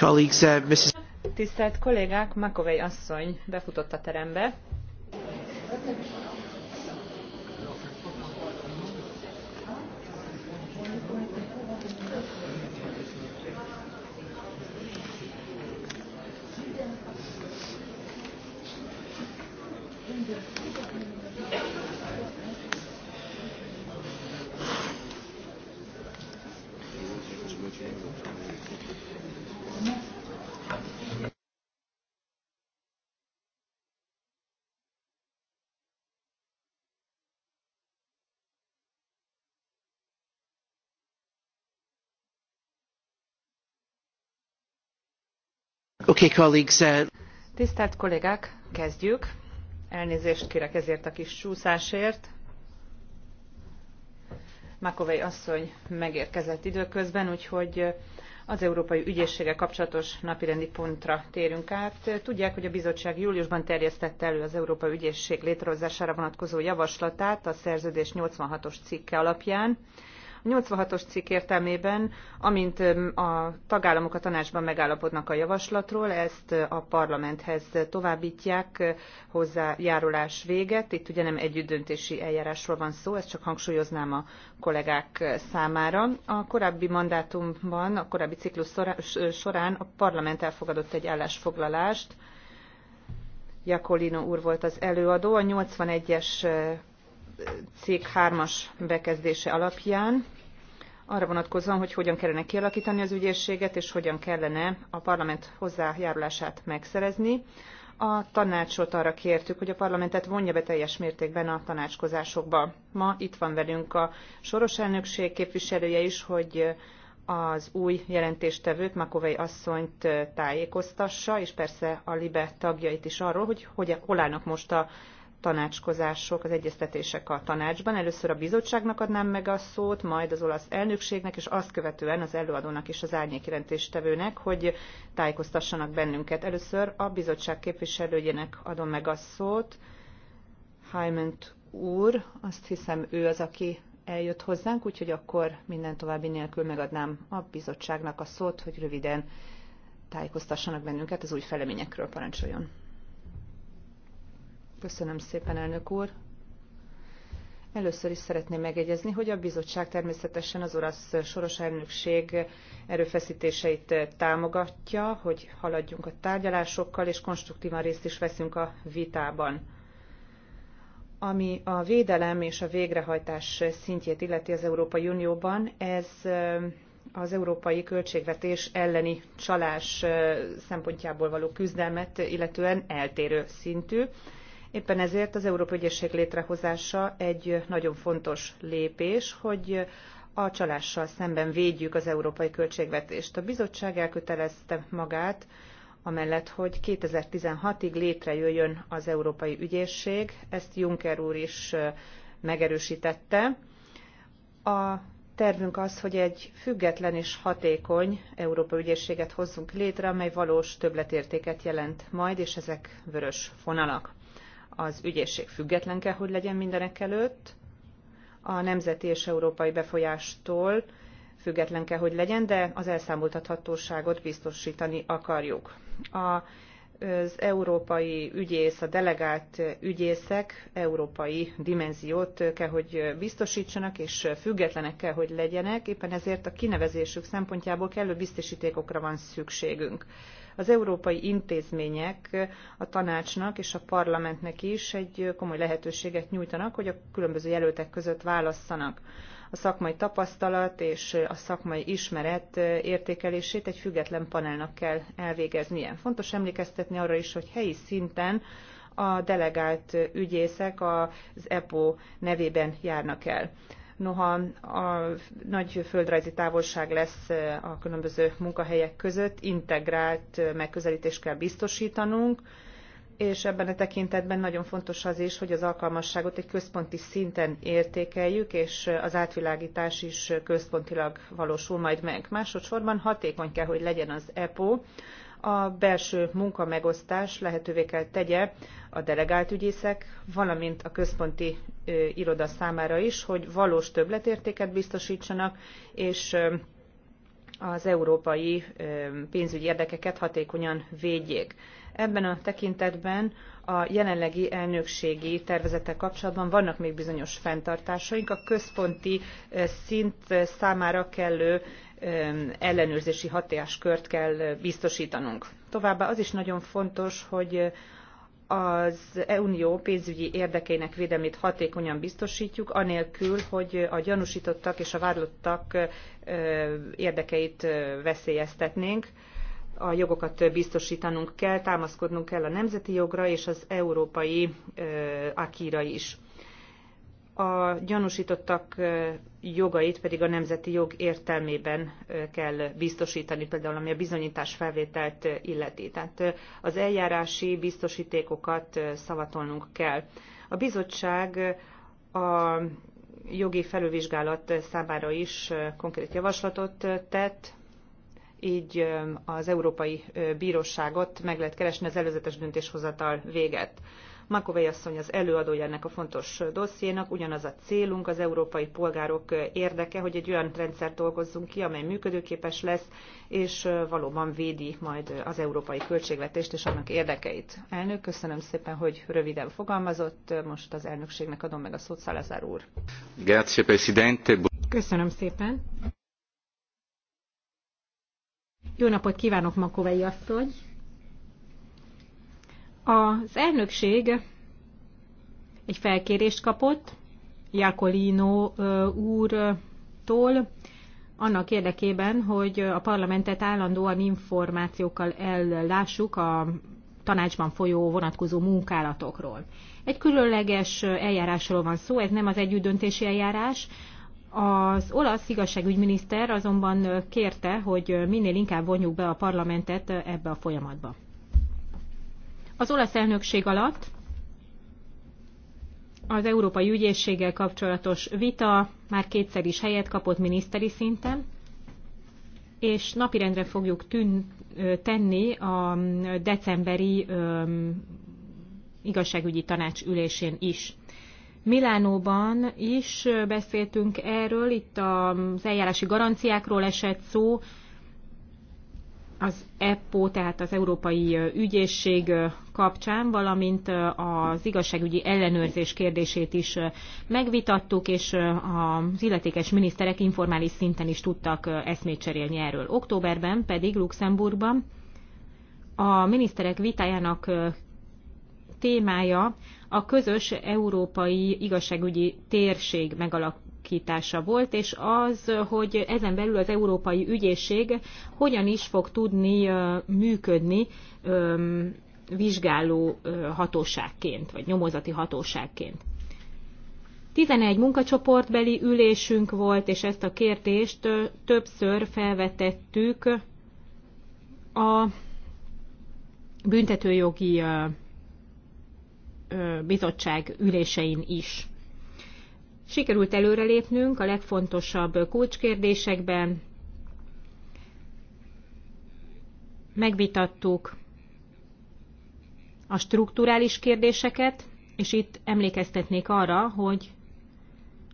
colleagues, uh, Mrs. Tisztelt kollégák, Makovej asszony befutott a terembe. Okay, colleagues, uh... Tisztelt kollégák, kezdjük. Elnézést kérek ezért a kis csúszásért. Makovei asszony megérkezett időközben, úgyhogy az Európai Ügyészséggel kapcsolatos napirendi pontra térünk át. Tudják, hogy a bizottság júliusban terjesztette elő az Európai Ügyészség létrehozására vonatkozó javaslatát a szerződés 86-os cikke alapján 86-os cikk értelmében, amint a tagállamok a tanácsban megállapodnak a javaslatról, ezt a parlamenthez továbbítják hozzájárulás véget. Itt ugye nem együttdöntési eljárásról van szó, ezt csak hangsúlyoznám a kollégák számára. A korábbi mandátumban, a korábbi ciklus során a parlament elfogadott egy állásfoglalást, Jakolino úr volt az előadó, a 81-es cikk hármas bekezdése alapján arra vonatkozóan, hogy hogyan kellene kialakítani az ügyészséget, és hogyan kellene a parlament hozzájárulását megszerezni. A tanácsot arra kértük, hogy a parlamentet vonja be teljes mértékben a tanácskozásokba. Ma itt van velünk a soros elnökség képviselője is, hogy az új jelentéstevőt, Makovei asszonyt tájékoztassa, és persze a LIBE tagjait is arról, hogy, hogy hol állnak most a tanácskozások, az egyeztetések a tanácsban. Először a bizottságnak adnám meg a szót, majd az olasz elnökségnek, és azt követően az előadónak és az árnyékjelentéstevőnek, hogy tájékoztassanak bennünket. Először a bizottság képviselőjének adom meg a szót. Hyment úr, azt hiszem ő az, aki eljött hozzánk, úgyhogy akkor minden további nélkül megadnám a bizottságnak a szót, hogy röviden tájékoztassanak bennünket az új feleményekről parancsoljon. Köszönöm szépen, elnök úr. Először is szeretném megjegyezni, hogy a bizottság természetesen az orosz soros elnökség erőfeszítéseit támogatja, hogy haladjunk a tárgyalásokkal, és konstruktívan részt is veszünk a vitában. Ami a védelem és a végrehajtás szintjét illeti az Európai Unióban, ez eh, az európai költségvetés elleni csalás eh, szempontjából való küzdelmet illetően eltérő szintű. Éppen ezért az Európai Ügyészség létrehozása egy nagyon fontos lépés, hogy a csalással szemben védjük az európai költségvetést. A bizottság elkötelezte magát, amellett, hogy 2016-ig létrejöjjön az Európai Ügyészség, ezt Juncker úr is megerősítette. A tervünk az, hogy egy független és hatékony európai Ügyészséget hozzunk létre, amely valós többletértéket jelent majd, és ezek vörös fonalak az ügyészség független kell, hogy legyen mindenek előtt, a nemzeti és európai befolyástól független kell, hogy legyen, de az elszámoltathatóságot biztosítani akarjuk. A az európai ügyész, a delegált ügyészek európai dimenziót kell, hogy biztosítsanak, és függetlenek kell, hogy legyenek. Éppen ezért a kinevezésük szempontjából kellő biztosítékokra van szükségünk. Az európai intézmények a tanácsnak és a parlamentnek is egy komoly lehetőséget nyújtanak, hogy a különböző jelöltek között válasszanak. A szakmai tapasztalat és a szakmai ismeret értékelését egy független panelnak kell elvégeznie. Fontos emlékeztetni arra is, hogy helyi szinten a delegált ügyészek az EPO nevében járnak el noha a nagy földrajzi távolság lesz a különböző munkahelyek között, integrált megközelítést kell biztosítanunk, és ebben a tekintetben nagyon fontos az is, hogy az alkalmasságot egy központi szinten értékeljük, és az átvilágítás is központilag valósul majd meg. Másodszorban hatékony kell, hogy legyen az EPO, a belső munkamegosztás lehetővé kell tegye a delegált ügyészek, valamint a központi iroda számára is, hogy valós többletértéket biztosítsanak, és az európai pénzügyi érdekeket hatékonyan védjék. Ebben a tekintetben a jelenlegi elnökségi tervezetek kapcsolatban vannak még bizonyos fenntartásaink. A központi szint számára kellő ellenőrzési hatáskört kell biztosítanunk. Továbbá az is nagyon fontos, hogy az Unió pénzügyi érdekeinek védelmét hatékonyan biztosítjuk, anélkül, hogy a gyanúsítottak és a vádlottak érdekeit veszélyeztetnénk. A jogokat biztosítanunk kell, támaszkodnunk kell a nemzeti jogra és az európai akira is a gyanúsítottak jogait pedig a nemzeti jog értelmében kell biztosítani, például ami a bizonyítás felvételt illeti. Tehát az eljárási biztosítékokat szavatolnunk kell. A bizottság a jogi felülvizsgálat számára is konkrét javaslatot tett, így az Európai Bíróságot meg lehet keresni az előzetes döntéshozatal véget. Makovei asszony az előadója ennek a fontos dossziénak, ugyanaz a célunk, az európai polgárok érdeke, hogy egy olyan rendszer dolgozzunk ki, amely működőképes lesz, és valóban védi majd az európai költségvetést és annak érdekeit. Elnök, köszönöm szépen, hogy röviden fogalmazott. Most az elnökségnek adom meg a szót Szalazár úr. Grazie, Presidente. Köszönöm szépen. Jó napot kívánok, Makovei asszony! Az elnökség egy felkérést kapott Jakolino úrtól annak érdekében, hogy a parlamentet állandóan információkkal ellássuk a tanácsban folyó vonatkozó munkálatokról. Egy különleges eljárásról van szó, ez nem az együttdöntési eljárás. Az olasz igazságügyminiszter azonban kérte, hogy minél inkább vonjuk be a parlamentet ebbe a folyamatba. Az olasz elnökség alatt az Európai Ügyészséggel kapcsolatos vita már kétszer is helyet kapott miniszteri szinten, és napirendre fogjuk tűn, tenni a decemberi öm, igazságügyi tanács ülésén is. Milánóban is beszéltünk erről, itt az eljárási garanciákról esett szó, az EPPO, tehát az Európai Ügyészség kapcsán, valamint az igazságügyi ellenőrzés kérdését is megvitattuk, és az illetékes miniszterek informális szinten is tudtak eszmét cserélni erről. Októberben pedig Luxemburgban a miniszterek vitájának témája a közös európai igazságügyi térség megalakítása átalakítása volt, és az, hogy ezen belül az Európai Ügyészség hogyan is fog tudni működni vizsgáló hatóságként, vagy nyomozati hatóságként. 11 munkacsoportbeli ülésünk volt, és ezt a kérdést többször felvetettük a büntetőjogi bizottság ülésein is. Sikerült előrelépnünk a legfontosabb kulcskérdésekben. Megvitattuk a strukturális kérdéseket, és itt emlékeztetnék arra, hogy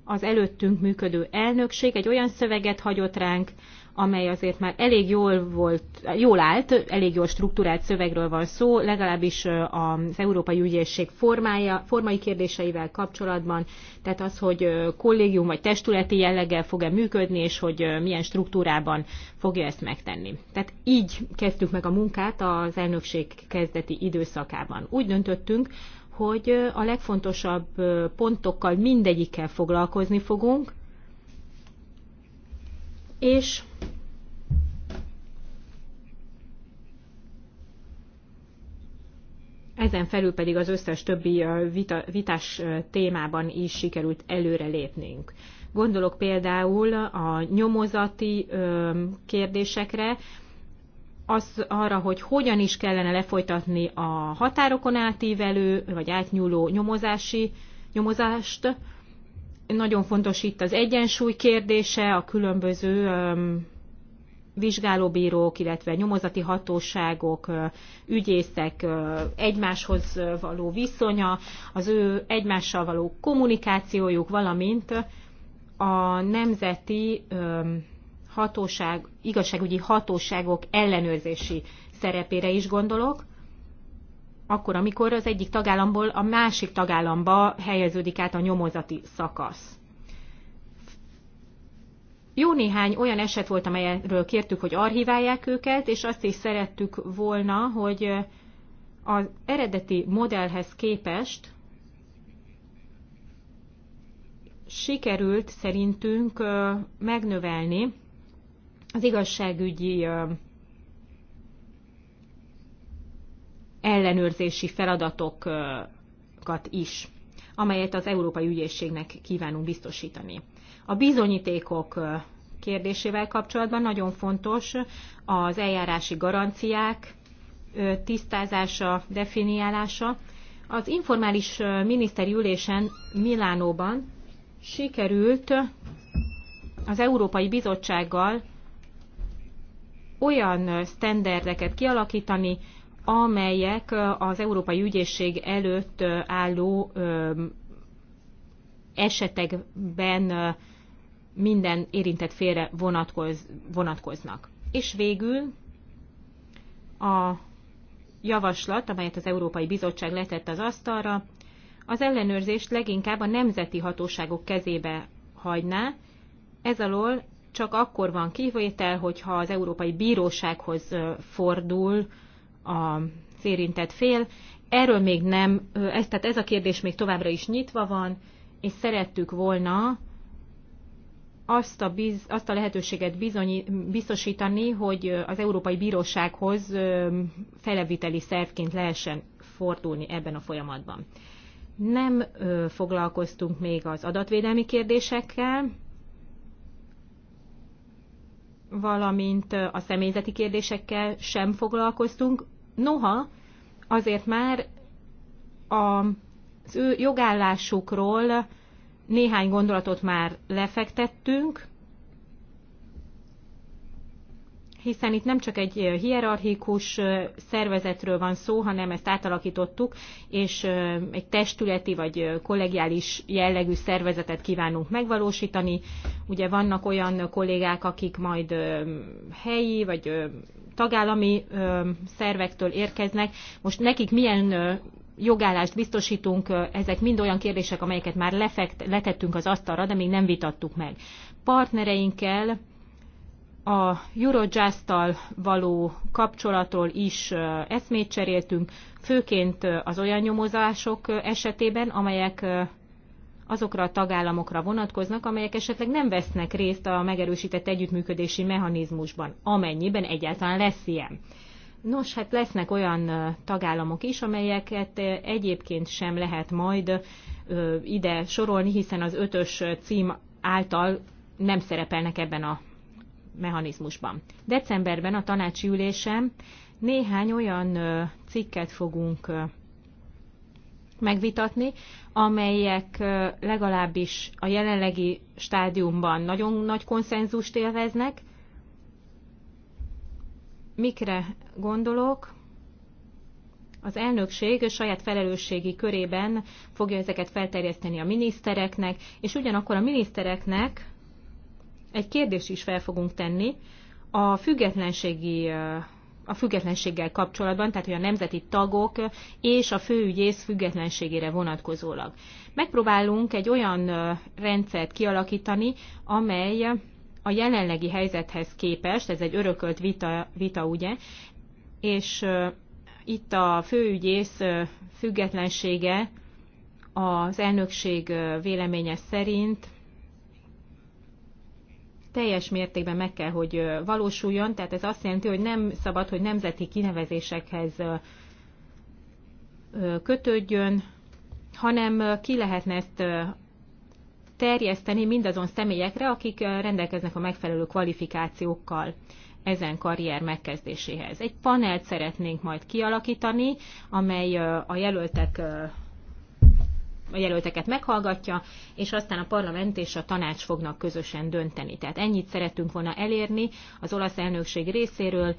az előttünk működő elnökség egy olyan szöveget hagyott ránk, amely azért már elég jól, volt, jól állt, elég jól struktúrált szövegről van szó, legalábbis az Európai Ügyészség formája, formai kérdéseivel kapcsolatban, tehát az, hogy kollégium vagy testületi jelleggel fog-e működni, és hogy milyen struktúrában fogja ezt megtenni. Tehát így kezdtük meg a munkát az elnökség kezdeti időszakában. Úgy döntöttünk, hogy a legfontosabb pontokkal mindegyikkel foglalkozni fogunk, és ezen felül pedig az összes többi vita, vitás témában is sikerült előrelépnünk. Gondolok például a nyomozati kérdésekre, az arra, hogy hogyan is kellene lefolytatni a határokon átívelő vagy átnyúló nyomozási nyomozást, nagyon fontos itt az egyensúly kérdése, a különböző vizsgálóbírók, illetve nyomozati hatóságok, ügyészek egymáshoz való viszonya, az ő egymással való kommunikációjuk, valamint a nemzeti hatóság, igazságügyi hatóságok ellenőrzési szerepére is gondolok, akkor, amikor az egyik tagállamból a másik tagállamba helyeződik át a nyomozati szakasz. Jó néhány olyan eset volt, amelyről kértük, hogy archiválják őket, és azt is szerettük volna, hogy az eredeti modellhez képest sikerült szerintünk megnövelni az igazságügyi ellenőrzési feladatokat is, amelyet az Európai Ügyészségnek kívánunk biztosítani. A bizonyítékok kérdésével kapcsolatban nagyon fontos az eljárási garanciák tisztázása, definiálása. Az informális miniszteri ülésen Milánóban sikerült az Európai Bizottsággal olyan sztenderdeket kialakítani, amelyek az Európai Ügyészség előtt álló esetekben minden érintett félre vonatkoz, vonatkoznak. És végül a javaslat, amelyet az Európai Bizottság letett az asztalra, az ellenőrzést leginkább a nemzeti hatóságok kezébe hagyná, ez alól csak akkor van kivétel, hogyha az Európai Bírósághoz fordul a érintett fél. Erről még nem, ez, tehát ez a kérdés még továbbra is nyitva van, és szerettük volna azt a, biz, azt a lehetőséget bizony, biztosítani, hogy az Európai Bírósághoz feleviteli szervként lehessen fordulni ebben a folyamatban. Nem ö, foglalkoztunk még az adatvédelmi kérdésekkel, valamint a személyzeti kérdésekkel sem foglalkoztunk. Noha azért már az ő jogállásukról néhány gondolatot már lefektettünk, hiszen itt nem csak egy hierarchikus szervezetről van szó, hanem ezt átalakítottuk, és egy testületi vagy kollegiális jellegű szervezetet kívánunk megvalósítani. Ugye vannak olyan kollégák, akik majd helyi vagy tagállami szervektől érkeznek. Most nekik milyen jogállást biztosítunk, ezek mind olyan kérdések, amelyeket már lefekt, letettünk az asztalra, de még nem vitattuk meg. Partnereinkkel a Eurojust-tal való kapcsolatról is eszmét cseréltünk, főként az olyan nyomozások esetében, amelyek azokra a tagállamokra vonatkoznak, amelyek esetleg nem vesznek részt a megerősített együttműködési mechanizmusban, amennyiben egyáltalán lesz ilyen. Nos, hát lesznek olyan tagállamok is, amelyeket egyébként sem lehet majd ide sorolni, hiszen az ötös cím által nem szerepelnek ebben a mechanizmusban. Decemberben a tanácsi ülésen néhány olyan cikket fogunk megvitatni, amelyek legalábbis a jelenlegi stádiumban nagyon nagy konszenzust élveznek. Mikre gondolok? Az elnökség saját felelősségi körében fogja ezeket felterjeszteni a minisztereknek, és ugyanakkor a minisztereknek egy kérdést is fel fogunk tenni a függetlenségi a függetlenséggel kapcsolatban, tehát hogy a nemzeti tagok és a főügyész függetlenségére vonatkozólag. Megpróbálunk egy olyan rendszert kialakítani, amely a jelenlegi helyzethez képest, ez egy örökölt vita, vita ugye, és itt a főügyész függetlensége az elnökség véleménye szerint teljes mértékben meg kell, hogy valósuljon, tehát ez azt jelenti, hogy nem szabad, hogy nemzeti kinevezésekhez kötődjön, hanem ki lehetne ezt terjeszteni mindazon személyekre, akik rendelkeznek a megfelelő kvalifikációkkal ezen karrier megkezdéséhez. Egy panelt szeretnénk majd kialakítani, amely a jelöltek a jelölteket meghallgatja, és aztán a parlament és a tanács fognak közösen dönteni. Tehát ennyit szerettünk volna elérni az olasz elnökség részéről,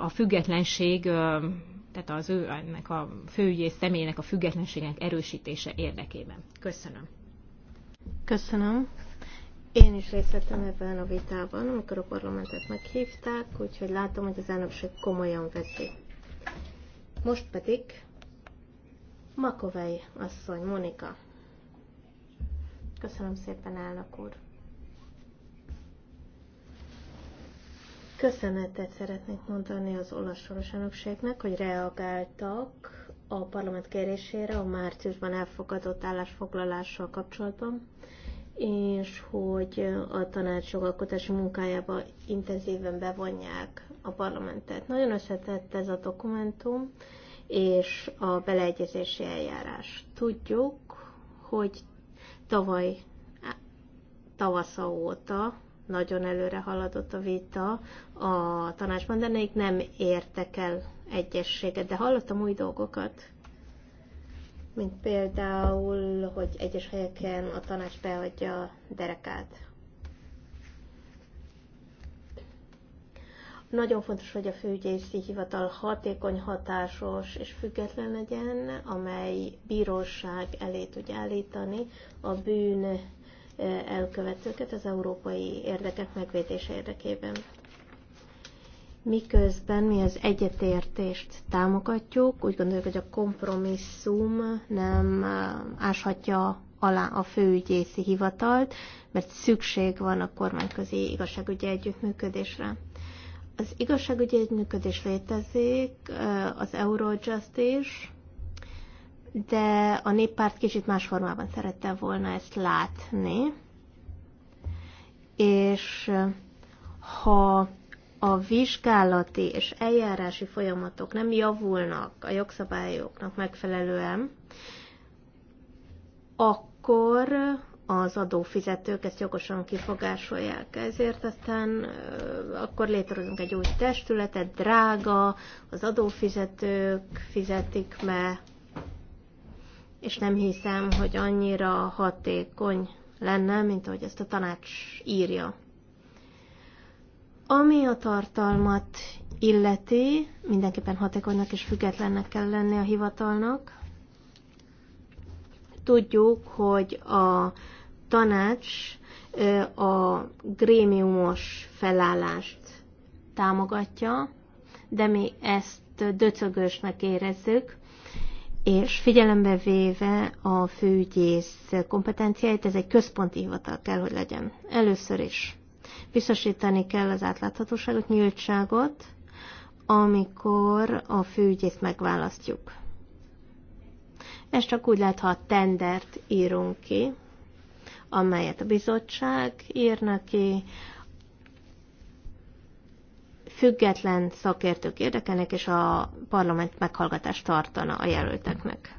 a függetlenség, tehát az ő, ennek a főügyész személynek a függetlenségnek erősítése érdekében. Köszönöm. Köszönöm. Én is részt vettem ebben a vitában, amikor a parlamentet meghívták, úgyhogy látom, hogy az elnökség komolyan veszi. Most pedig Makovei asszony, Monika. Köszönöm szépen, elnök úr. Köszönetet szeretnék mondani az olasz soros elnökségnek, hogy reagáltak a parlament kérésére a márciusban elfogadott állásfoglalással kapcsolatban, és hogy a tanács jogalkotási munkájába intenzíven bevonják a parlamentet. Nagyon összetett ez a dokumentum, és a beleegyezési eljárás. Tudjuk, hogy tavaly tavasza óta nagyon előre haladott a vita a tanácsban, de még nem értek el egyességet. De hallottam új dolgokat, mint például, hogy egyes helyeken a tanács beadja a derekát. Nagyon fontos, hogy a főügyészi hivatal hatékony, hatásos és független legyen, amely bíróság elé tudja állítani a bűn eh, elkövetőket az európai érdekek megvédése érdekében. Miközben mi az egyetértést támogatjuk, úgy gondoljuk, hogy a kompromisszum nem eh, áshatja alá a főügyészi hivatalt, mert szükség van a kormányközi igazságügyi együttműködésre. Az igazságügyi együttműködés létezik, eh, az Eurojust is, de a néppárt kicsit más formában szerette volna ezt látni. És eh, ha a vizsgálati és eljárási folyamatok nem javulnak a jogszabályoknak megfelelően, akkor az adófizetők ezt jogosan kifogásolják. Ezért aztán akkor létrehozunk egy új testületet, drága, az adófizetők fizetik meg, és nem hiszem, hogy annyira hatékony lenne, mint ahogy ezt a tanács írja. Ami a tartalmat illeti, mindenképpen hatékonynak és függetlennek kell lenni a hivatalnak. Tudjuk, hogy a tanács a grémiumos felállást támogatja, de mi ezt döcögösnek érezzük, és figyelembe véve a főügyész kompetenciáit, ez egy központi hivatal kell, hogy legyen. Először is biztosítani kell az átláthatóságot, nyíltságot, amikor a főügyészt megválasztjuk. Ez csak úgy lehet, ha a tendert írunk ki, amelyet a bizottság ír neki, független szakértők érdekelnek, és a parlament meghallgatást tartana a jelölteknek.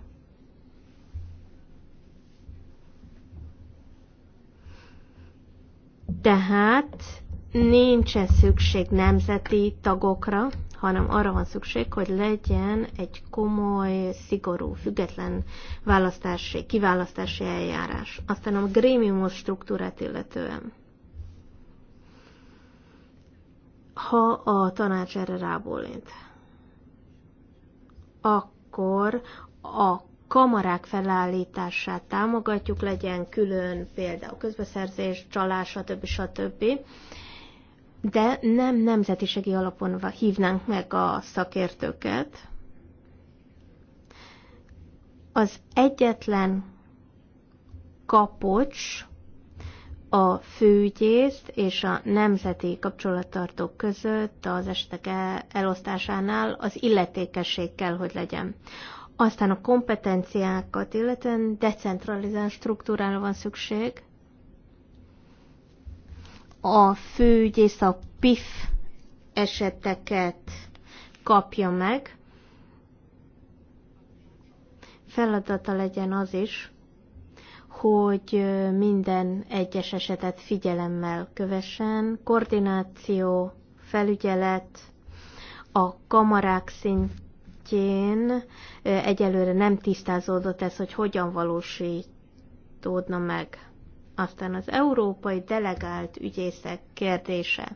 Tehát nincsen szükség nemzeti tagokra, hanem arra van szükség, hogy legyen egy komoly, szigorú, független választási, kiválasztási eljárás. Aztán a grémiumos struktúrát illetően. Ha a tanács erre rábólint, akkor a kamarák felállítását támogatjuk, legyen külön például közbeszerzés, csalás, stb. stb. stb de nem nemzetiségi alapon hívnánk meg a szakértőket. Az egyetlen kapocs a főügyészt és a nemzeti kapcsolattartók között az esetek elosztásánál az illetékesség kell, hogy legyen. Aztán a kompetenciákat, illetően decentralizált struktúrára van szükség, a főügyész a PIF eseteket kapja meg, feladata legyen az is, hogy minden egyes esetet figyelemmel kövessen, koordináció, felügyelet, a kamarák szintjén egyelőre nem tisztázódott ez, hogy hogyan valósítódna meg. Aztán az európai delegált ügyészek kérdése.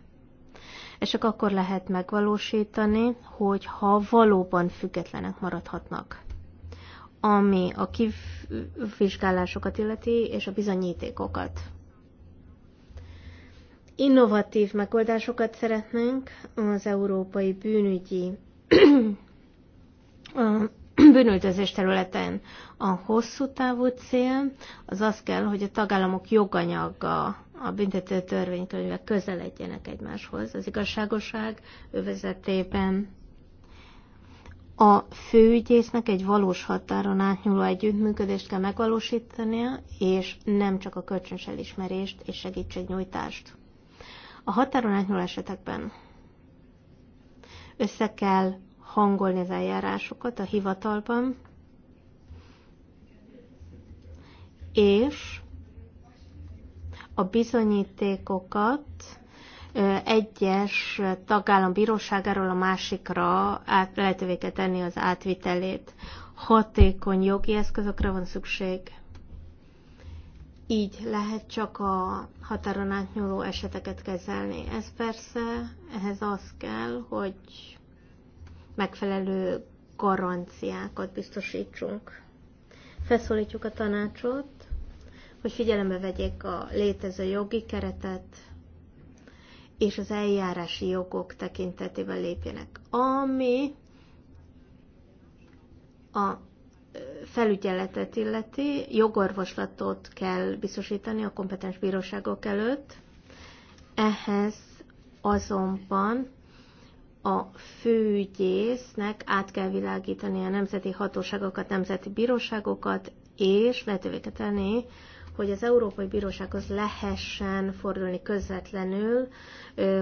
És csak akkor lehet megvalósítani, hogy ha valóban függetlenek maradhatnak. Ami a kivizsgálásokat illeti, és a bizonyítékokat innovatív megoldásokat szeretnénk az európai bűnügyi bűnöldözés területen. A hosszú távú cél az az kell, hogy a tagállamok joganyaga a büntető törvénykönyvek közel legyenek egymáshoz az igazságoság övezetében. A főügyésznek egy valós határon átnyúló együttműködést kell megvalósítania, és nem csak a kölcsönös elismerést és segítségnyújtást. A határon átnyúló esetekben össze kell hangolni az eljárásokat a hivatalban, és a bizonyítékokat egyes tagállam bíróságáról a másikra át, lehetővé kell tenni az átvitelét. Hatékony jogi eszközökre van szükség. Így lehet csak a határon átnyúló eseteket kezelni. Ez persze, ehhez az kell, hogy megfelelő garanciákat biztosítsunk. Felszólítjuk a tanácsot, hogy figyelembe vegyék a létező jogi keretet, és az eljárási jogok tekintetében lépjenek. Ami a felügyeletet illeti, jogorvoslatot kell biztosítani a kompetens bíróságok előtt, ehhez azonban a főügyésznek át kell világítani a nemzeti hatóságokat, nemzeti bíróságokat, és lehetővé kell tenni, hogy az Európai Bírósághoz lehessen fordulni közvetlenül,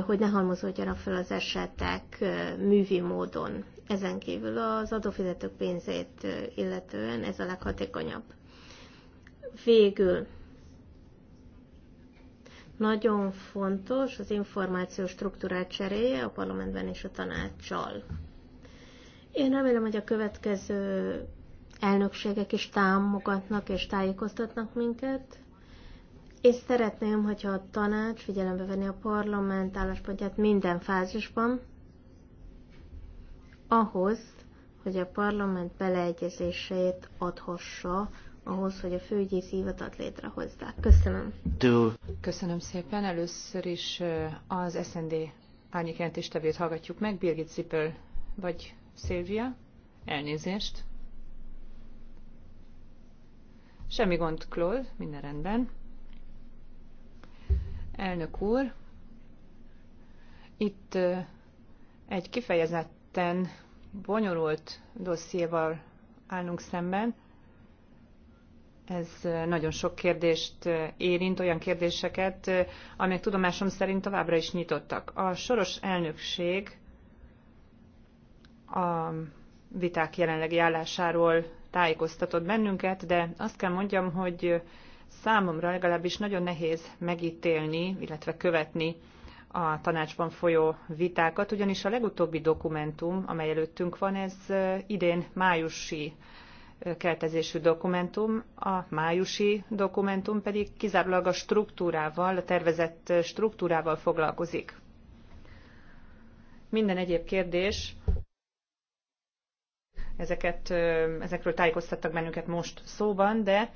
hogy ne halmozódjanak fel az esetek művi módon. Ezen kívül az adófizetők pénzét illetően ez a leghatékonyabb. Végül nagyon fontos az információ struktúrát cseréje a parlamentben és a tanácssal. Én remélem, hogy a következő elnökségek is támogatnak és tájékoztatnak minket, és szeretném, hogyha a tanács figyelembe venni a parlament álláspontját minden fázisban, ahhoz, hogy a parlament beleegyezését adhassa ahhoz, hogy a főügyész hivatat létrehozzák. Köszönöm. Dül. Köszönöm szépen. Először is az SND árnyékjelentéstevét hallgatjuk meg. Birgit Zippel vagy Szilvia. Elnézést. Semmi gond, Claude, minden rendben. Elnök úr, itt egy kifejezetten bonyolult dossziéval állunk szemben. Ez nagyon sok kérdést érint, olyan kérdéseket, amelyek tudomásom szerint továbbra is nyitottak. A soros elnökség a viták jelenlegi állásáról tájékoztatott bennünket, de azt kell mondjam, hogy számomra legalábbis nagyon nehéz megítélni, illetve követni a tanácsban folyó vitákat, ugyanis a legutóbbi dokumentum, amely előttünk van, ez idén májusi keltezésű dokumentum, a májusi dokumentum pedig kizárólag a struktúrával, a tervezett struktúrával foglalkozik. Minden egyéb kérdés, ezeket, ezekről tájékoztattak bennünket most szóban, de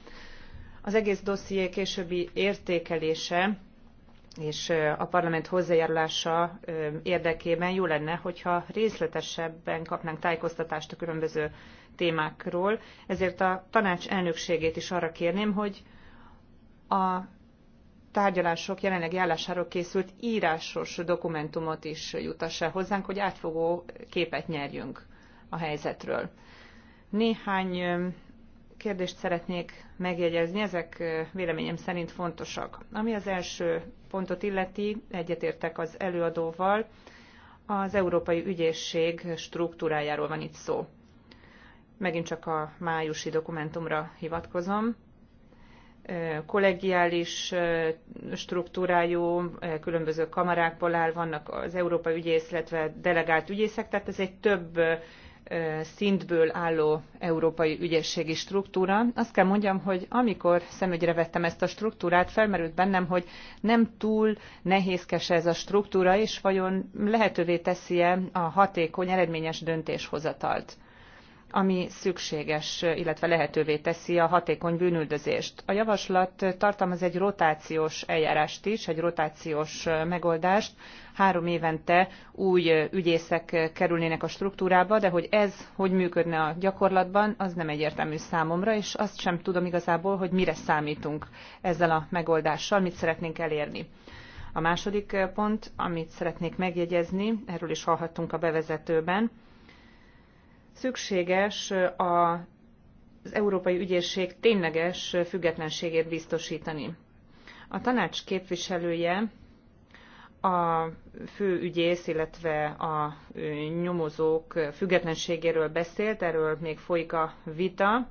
az egész dosszié későbbi értékelése és a parlament hozzájárulása érdekében jó lenne, hogyha részletesebben kapnánk tájékoztatást a különböző témákról. Ezért a tanács elnökségét is arra kérném, hogy a tárgyalások jelenlegi állásáról készült írásos dokumentumot is jutassa hozzánk, hogy átfogó képet nyerjünk a helyzetről. Néhány kérdést szeretnék megjegyezni, ezek véleményem szerint fontosak. Ami az első pontot illeti, egyetértek az előadóval, az Európai Ügyészség struktúrájáról van itt szó. Megint csak a májusi dokumentumra hivatkozom. Kollegiális struktúrájú, különböző kamarákból áll, vannak az Európai Ügyész, illetve delegált ügyészek, tehát ez egy több szintből álló európai ügyészségi struktúra. Azt kell mondjam, hogy amikor szemügyre vettem ezt a struktúrát, felmerült bennem, hogy nem túl nehézkes ez a struktúra, és vajon lehetővé teszi-e a hatékony, eredményes döntéshozatalt ami szükséges, illetve lehetővé teszi a hatékony bűnüldözést. A javaslat tartalmaz egy rotációs eljárást is, egy rotációs megoldást. Három évente új ügyészek kerülnének a struktúrába, de hogy ez hogy működne a gyakorlatban, az nem egyértelmű számomra, és azt sem tudom igazából, hogy mire számítunk ezzel a megoldással, mit szeretnénk elérni. A második pont, amit szeretnék megjegyezni, erről is hallhattunk a bevezetőben, szükséges a az Európai Ügyészség tényleges függetlenségét biztosítani. A tanács képviselője a főügyész, illetve a nyomozók függetlenségéről beszélt, erről még folyik a vita,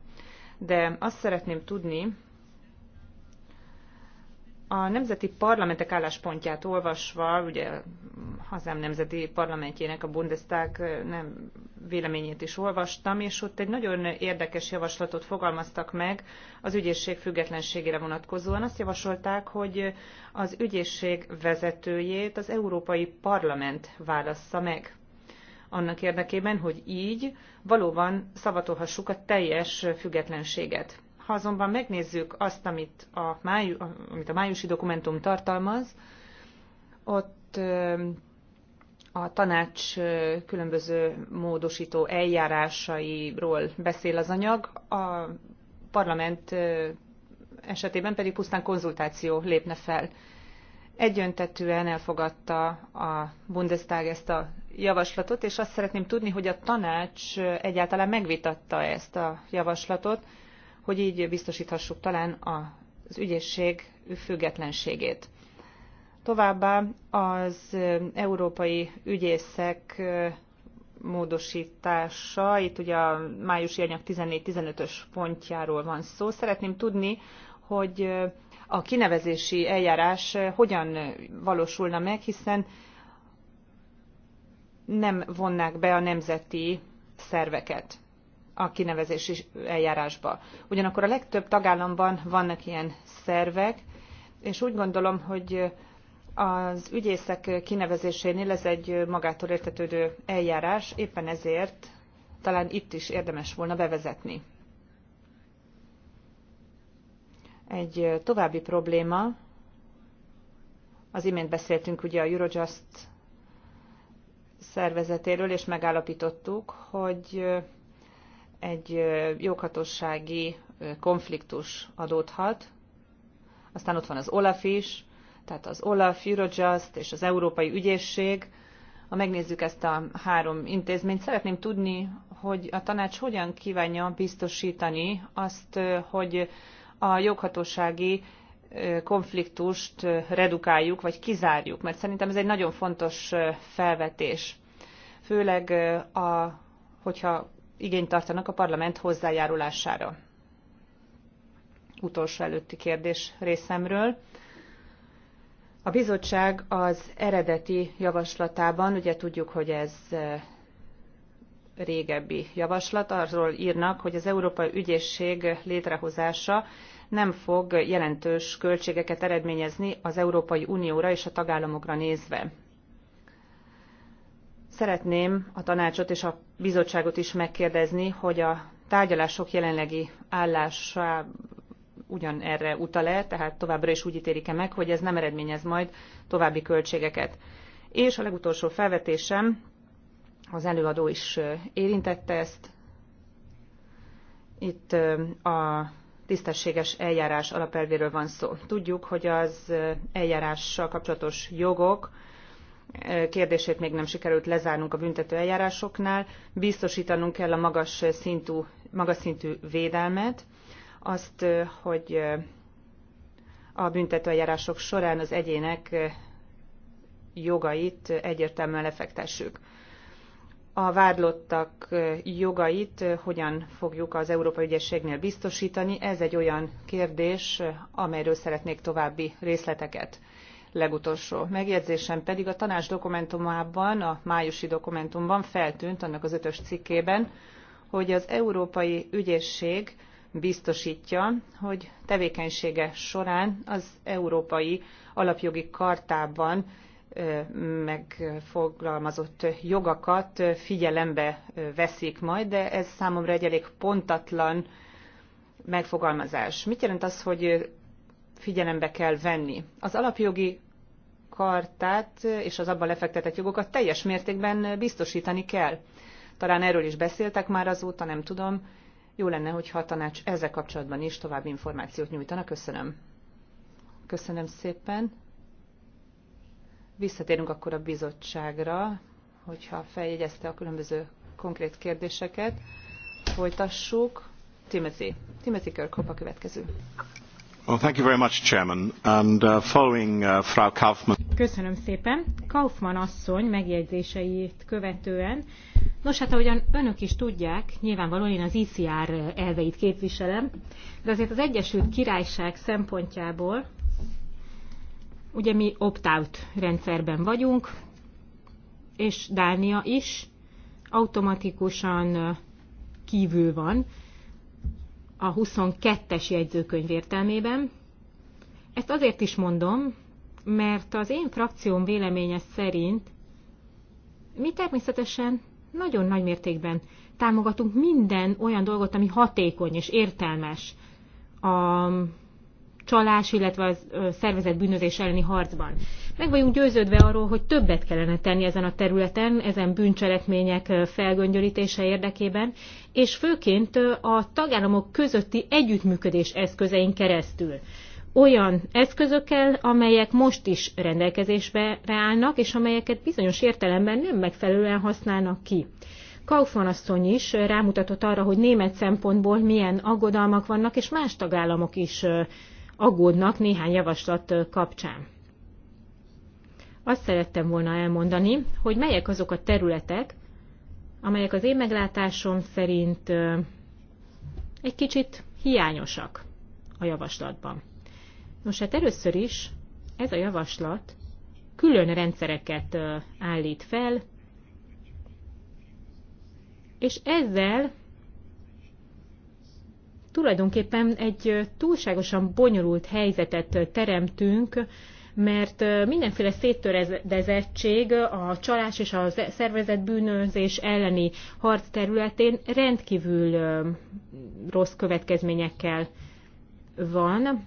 de azt szeretném tudni, a nemzeti parlamentek álláspontját olvasva, ugye hazám nemzeti parlamentjének, a Bundestag nem véleményét is olvastam, és ott egy nagyon érdekes javaslatot fogalmaztak meg az ügyészség függetlenségére vonatkozóan. Azt javasolták, hogy az ügyészség vezetőjét az Európai Parlament válassza meg annak érdekében, hogy így valóban szavatolhassuk a teljes függetlenséget. Ha azonban megnézzük azt, amit a, máju, amit a májusi dokumentum tartalmaz, ott a tanács különböző módosító eljárásairól beszél az anyag, a parlament esetében pedig pusztán konzultáció lépne fel. Egyöntetően elfogadta a Bundestag ezt a javaslatot, és azt szeretném tudni, hogy a tanács egyáltalán megvitatta ezt a javaslatot, hogy így biztosíthassuk talán az ügyészség függetlenségét. Továbbá az európai ügyészek módosítása, itt ugye a májusi anyag 14-15-ös pontjáról van szó. Szeretném tudni, hogy a kinevezési eljárás hogyan valósulna meg, hiszen nem vonnák be a nemzeti szerveket a kinevezési eljárásba. Ugyanakkor a legtöbb tagállamban vannak ilyen szervek, és úgy gondolom, hogy az ügyészek kinevezésénél ez egy magától értetődő eljárás, éppen ezért talán itt is érdemes volna bevezetni. Egy további probléma, az imént beszéltünk ugye a Eurojust szervezetéről, és megállapítottuk, hogy egy joghatósági konfliktus adódhat. Aztán ott van az OLAF is, tehát az OLAF, Eurojust és az Európai Ügyészség. Ha megnézzük ezt a három intézményt, szeretném tudni, hogy a tanács hogyan kívánja biztosítani azt, hogy a joghatósági konfliktust redukáljuk, vagy kizárjuk, mert szerintem ez egy nagyon fontos felvetés. Főleg, a, hogyha igényt tartanak a parlament hozzájárulására. Utolsó előtti kérdés részemről. A bizottság az eredeti javaslatában, ugye tudjuk, hogy ez régebbi javaslat, arról írnak, hogy az Európai Ügyészség létrehozása nem fog jelentős költségeket eredményezni az Európai Unióra és a tagállamokra nézve. Szeretném a tanácsot és a bizottságot is megkérdezni, hogy a tárgyalások jelenlegi állása ugyan erre utal-e, tehát továbbra is úgy ítélik-e meg, hogy ez nem eredményez majd további költségeket. És a legutolsó felvetésem, az előadó is érintette ezt, itt a tisztességes eljárás alapelvéről van szó. Tudjuk, hogy az eljárással kapcsolatos jogok kérdését még nem sikerült lezárnunk a büntető eljárásoknál. Biztosítanunk kell a magas szintű, magas szintű védelmet, azt, hogy a büntető eljárások során az egyének jogait egyértelműen lefektessük. A vádlottak jogait hogyan fogjuk az Európai Ügyességnél biztosítani? Ez egy olyan kérdés, amelyről szeretnék további részleteket legutolsó megjegyzésem pedig a tanács dokumentumában, a májusi dokumentumban feltűnt annak az ötös cikkében, hogy az Európai Ügyészség biztosítja, hogy tevékenysége során az Európai Alapjogi Kartában megfogalmazott jogakat figyelembe veszik majd, de ez számomra egy elég pontatlan megfogalmazás. Mit jelent az, hogy figyelembe kell venni? Az alapjogi kartát és az abban lefektetett jogokat teljes mértékben biztosítani kell. Talán erről is beszéltek már azóta, nem tudom. Jó lenne, hogyha a tanács ezzel kapcsolatban is további információt nyújtana. Köszönöm. Köszönöm szépen. Visszatérünk akkor a bizottságra, hogyha feljegyezte a különböző konkrét kérdéseket. Folytassuk. Timothy. Timothy Körkop a következő. Uh, uh, Kaufmann. Köszönöm szépen. Kaufmann asszony megjegyzéseit követően. Nos, hát ahogyan önök is tudják, nyilvánvalóan én az ecr elveit képviselem, de azért az Egyesült Királyság szempontjából ugye mi opt-out rendszerben vagyunk, és Dánia is automatikusan uh, kívül van a 22-es jegyzőkönyv értelmében. Ezt azért is mondom, mert az én frakcióm véleménye szerint mi természetesen nagyon nagy mértékben támogatunk minden olyan dolgot, ami hatékony és értelmes a csalás, illetve a szervezett bűnözés elleni harcban. Meg vagyunk győződve arról, hogy többet kellene tenni ezen a területen, ezen bűncselekmények felgöngyölítése érdekében, és főként a tagállamok közötti együttműködés eszközein keresztül olyan eszközökkel, amelyek most is rendelkezésre állnak, és amelyeket bizonyos értelemben nem megfelelően használnak ki. Kaufmann asszony is rámutatott arra, hogy német szempontból milyen aggodalmak vannak, és más tagállamok is aggódnak néhány javaslat kapcsán. Azt szerettem volna elmondani, hogy melyek azok a területek, amelyek az én meglátásom szerint egy kicsit hiányosak a javaslatban. Nos, hát először is ez a javaslat külön rendszereket állít fel, és ezzel tulajdonképpen egy túlságosan bonyolult helyzetet teremtünk mert mindenféle széttöredezettség a csalás és a szervezett bűnözés elleni harc területén rendkívül rossz következményekkel van.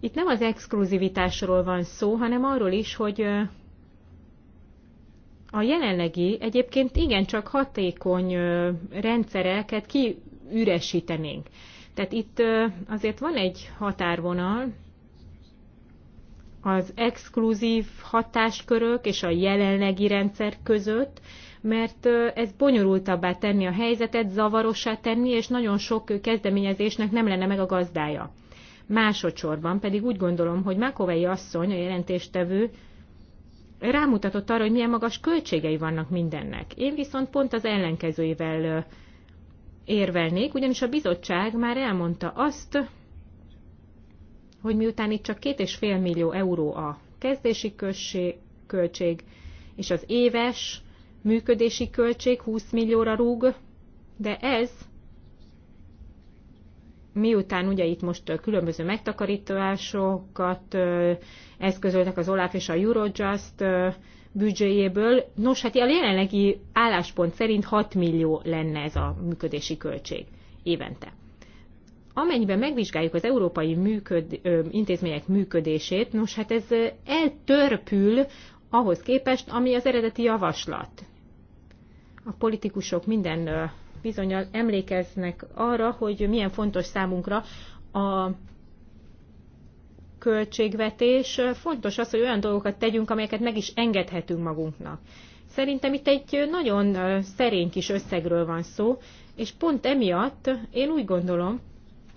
Itt nem az exkluzivitásról van szó, hanem arról is, hogy a jelenlegi egyébként igencsak hatékony rendszereket kiüresítenénk. Tehát itt azért van egy határvonal, az exkluzív hatáskörök és a jelenlegi rendszer között, mert ez bonyolultabbá tenni a helyzetet, zavarossá tenni, és nagyon sok kezdeményezésnek nem lenne meg a gazdája. Másodszorban pedig úgy gondolom, hogy Makovei asszony, a jelentéstevő, rámutatott arra, hogy milyen magas költségei vannak mindennek. Én viszont pont az ellenkezőivel érvelnék, ugyanis a bizottság már elmondta azt, hogy miután itt csak 2,5 millió euró a kezdési költség, és az éves működési költség 20 millióra rúg, de ez miután ugye itt most különböző megtakarításokat eszközöltek az OLAF és a Eurojust büdzséjéből, nos, hát a jelenlegi álláspont szerint 6 millió lenne ez a működési költség évente amennyiben megvizsgáljuk az európai működ, ö, intézmények működését, nos hát ez eltörpül ahhoz képest, ami az eredeti javaslat. A politikusok minden bizonyal emlékeznek arra, hogy milyen fontos számunkra a költségvetés. Fontos az, hogy olyan dolgokat tegyünk, amelyeket meg is engedhetünk magunknak. Szerintem itt egy nagyon szerény kis összegről van szó, és pont emiatt én úgy gondolom,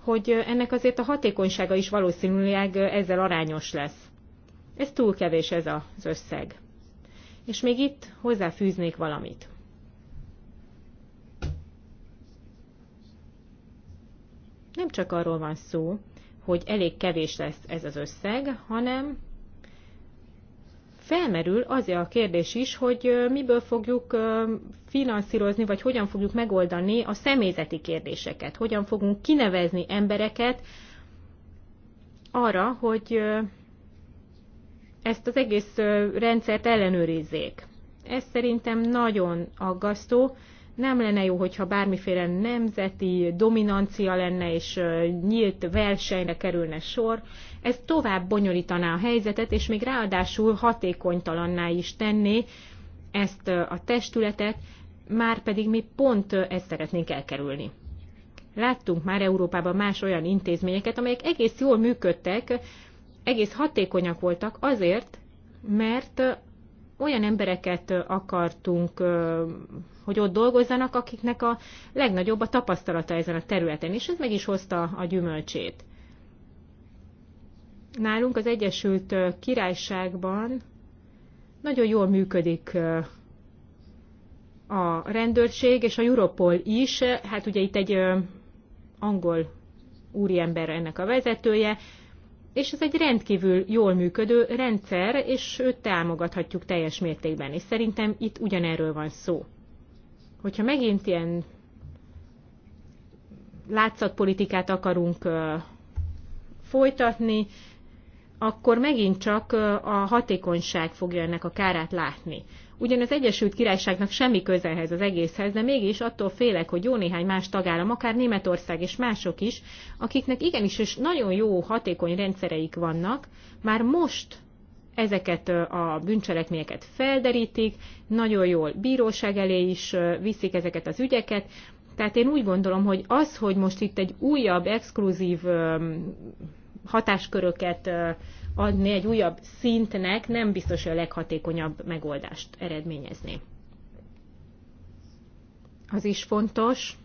hogy ennek azért a hatékonysága is valószínűleg ezzel arányos lesz. Ez túl kevés ez az összeg. És még itt hozzáfűznék valamit. Nem csak arról van szó, hogy elég kevés lesz ez az összeg, hanem felmerül az a kérdés is, hogy miből fogjuk finanszírozni, vagy hogyan fogjuk megoldani a személyzeti kérdéseket, hogyan fogunk kinevezni embereket arra, hogy ezt az egész rendszert ellenőrizzék. Ez szerintem nagyon aggasztó, nem lenne jó, hogyha bármiféle nemzeti dominancia lenne, és nyílt versenyre kerülne sor. Ez tovább bonyolítaná a helyzetet, és még ráadásul hatékonytalanná is tenné ezt a testületet, már pedig mi pont ezt szeretnénk elkerülni. Láttunk már Európában más olyan intézményeket, amelyek egész jól működtek, egész hatékonyak voltak azért, mert olyan embereket akartunk hogy ott dolgozzanak, akiknek a legnagyobb a tapasztalata ezen a területen, és ez meg is hozta a gyümölcsét. Nálunk az Egyesült Királyságban nagyon jól működik a rendőrség, és a Europol is, hát ugye itt egy angol úriember ennek a vezetője, és ez egy rendkívül jól működő rendszer, és őt támogathatjuk teljes mértékben, és szerintem itt ugyanerről van szó hogyha megint ilyen látszatpolitikát akarunk folytatni, akkor megint csak a hatékonyság fogja ennek a kárát látni. Ugyan az Egyesült Királyságnak semmi közelhez az egészhez, de mégis attól félek, hogy jó néhány más tagállam, akár Németország és mások is, akiknek igenis és nagyon jó hatékony rendszereik vannak, már most ezeket a bűncselekményeket felderítik, nagyon jól bíróság elé is viszik ezeket az ügyeket. Tehát én úgy gondolom, hogy az, hogy most itt egy újabb, exkluzív hatásköröket adni egy újabb szintnek, nem biztos, hogy a leghatékonyabb megoldást eredményezni. Az is fontos,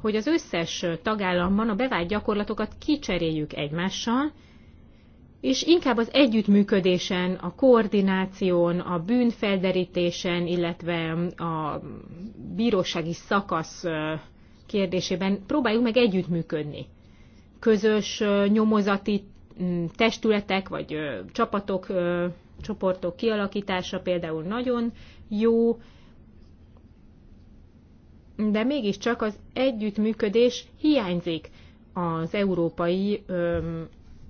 hogy az összes tagállamban a bevált gyakorlatokat kicseréljük egymással, és inkább az együttműködésen, a koordináción, a bűnfelderítésen, illetve a bírósági szakasz kérdésében próbáljuk meg együttműködni. Közös nyomozati testületek vagy csapatok, csoportok kialakítása például nagyon jó, de mégiscsak az együttműködés hiányzik az európai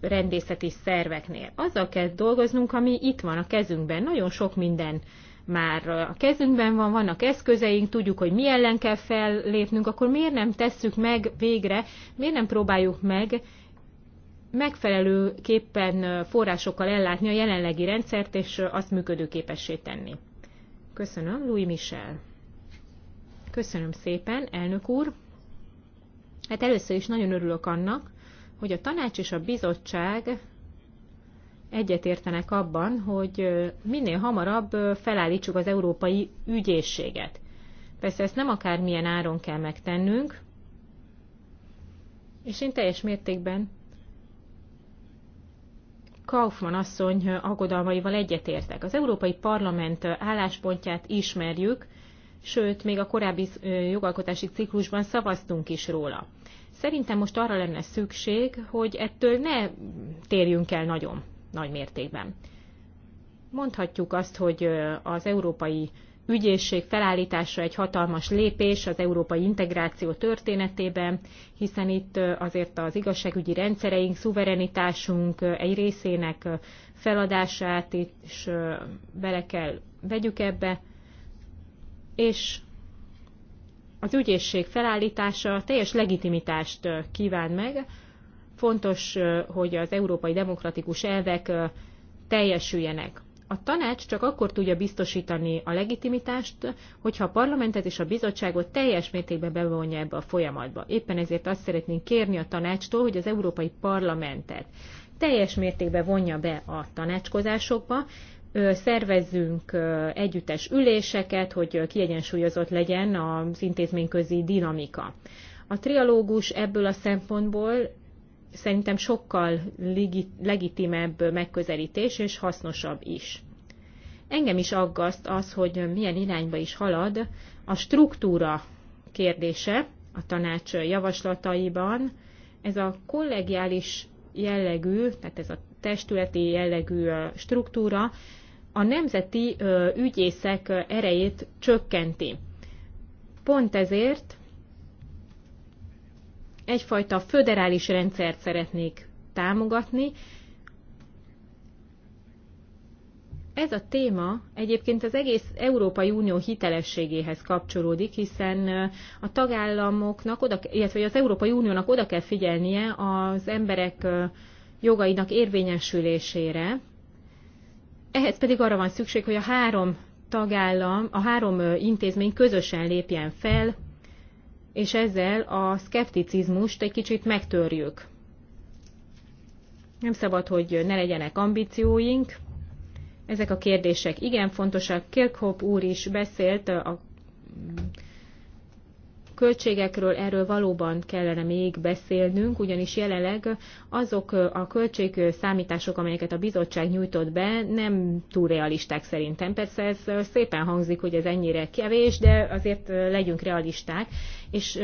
rendészeti szerveknél. Azzal kell dolgoznunk, ami itt van a kezünkben. Nagyon sok minden már a kezünkben van, vannak eszközeink, tudjuk, hogy mi ellen kell fellépnünk, akkor miért nem tesszük meg végre, miért nem próbáljuk meg megfelelőképpen forrásokkal ellátni a jelenlegi rendszert, és azt működőképessé tenni. Köszönöm, Louis Michel. Köszönöm szépen, elnök úr. Hát először is nagyon örülök annak, hogy a tanács és a bizottság egyetértenek abban, hogy minél hamarabb felállítsuk az európai ügyészséget. Persze ezt nem akármilyen áron kell megtennünk, és én teljes mértékben Kaufmann asszony aggodalmaival egyetértek. Az Európai Parlament álláspontját ismerjük, sőt, még a korábbi jogalkotási ciklusban szavaztunk is róla. Szerintem most arra lenne szükség, hogy ettől ne térjünk el nagyon nagy mértékben. Mondhatjuk azt, hogy az európai ügyészség felállítása egy hatalmas lépés az európai integráció történetében, hiszen itt azért az igazságügyi rendszereink, szuverenitásunk egy részének feladását is bele kell vegyük ebbe, és az ügyészség felállítása teljes legitimitást kíván meg. Fontos, hogy az európai demokratikus elvek teljesüljenek. A tanács csak akkor tudja biztosítani a legitimitást, hogyha a parlamentet és a bizottságot teljes mértékben bevonja ebbe a folyamatba. Éppen ezért azt szeretnénk kérni a tanácstól, hogy az Európai Parlamentet teljes mértékben vonja be a tanácskozásokba, szervezzünk együttes üléseket, hogy kiegyensúlyozott legyen az intézményközi dinamika. A trialógus ebből a szempontból szerintem sokkal legitimebb megközelítés és hasznosabb is. Engem is aggaszt az, hogy milyen irányba is halad a struktúra kérdése a tanács javaslataiban. Ez a kollegiális jellegű, tehát ez a testületi jellegű struktúra a nemzeti ügyészek erejét csökkenti. Pont ezért egyfajta föderális rendszert szeretnék támogatni. Ez a téma egyébként az egész Európai Unió hitelességéhez kapcsolódik, hiszen a tagállamoknak, oda, illetve az Európai Uniónak oda kell figyelnie az emberek jogainak érvényesülésére, ehhez pedig arra van szükség, hogy a három tagállam, a három intézmény közösen lépjen fel, és ezzel a szkepticizmust egy kicsit megtörjük. Nem szabad, hogy ne legyenek ambícióink. Ezek a kérdések igen fontosak. Kirkhope úr is beszélt a költségekről erről valóban kellene még beszélnünk, ugyanis jelenleg azok a költségszámítások, amelyeket a bizottság nyújtott be, nem túl realisták szerintem. Persze ez szépen hangzik, hogy ez ennyire kevés, de azért legyünk realisták, és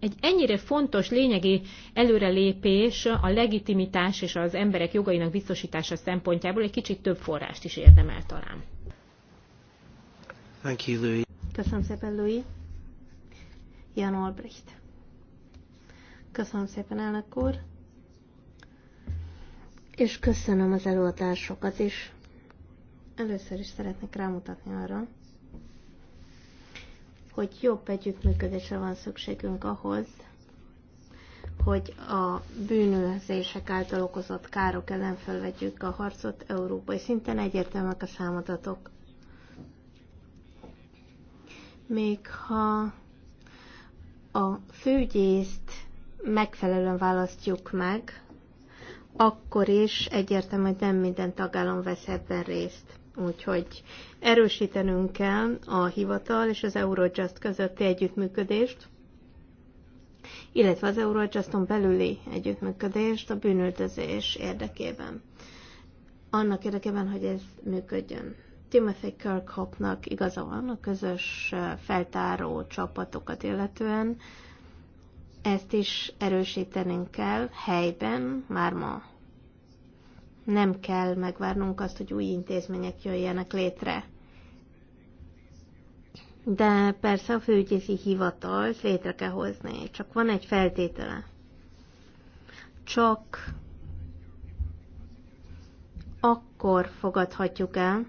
egy ennyire fontos, lényegi előrelépés a legitimitás és az emberek jogainak biztosítása szempontjából egy kicsit több forrást is érdemel talán. Thank you, Louis. Köszönöm szépen, Louis. Jan Albrecht. Köszönöm szépen, elnök úr, és köszönöm az előadásokat is. Először is szeretnék rámutatni arra, hogy jobb együttműködésre van szükségünk ahhoz, hogy a bűnözések által okozott károk ellen felvegyük a harcot európai szinten, egyértelműek a számadatok. Még ha a főgyészt megfelelően választjuk meg, akkor is egyértelmű, hogy nem minden tagállam vesz ebben részt. Úgyhogy erősítenünk kell a hivatal és az Eurojust közötti együttműködést, illetve az Eurojuston belüli együttműködést a bűnöldözés érdekében. Annak érdekében, hogy ez működjön. Timothy Kirkhope-nak igaza van a közös feltáró csapatokat illetően, ezt is erősítenünk kell helyben, már ma. Nem kell megvárnunk azt, hogy új intézmények jöjjenek létre. De persze a főügyészi hivatal létre kell hozni, csak van egy feltétele. Csak akkor fogadhatjuk el,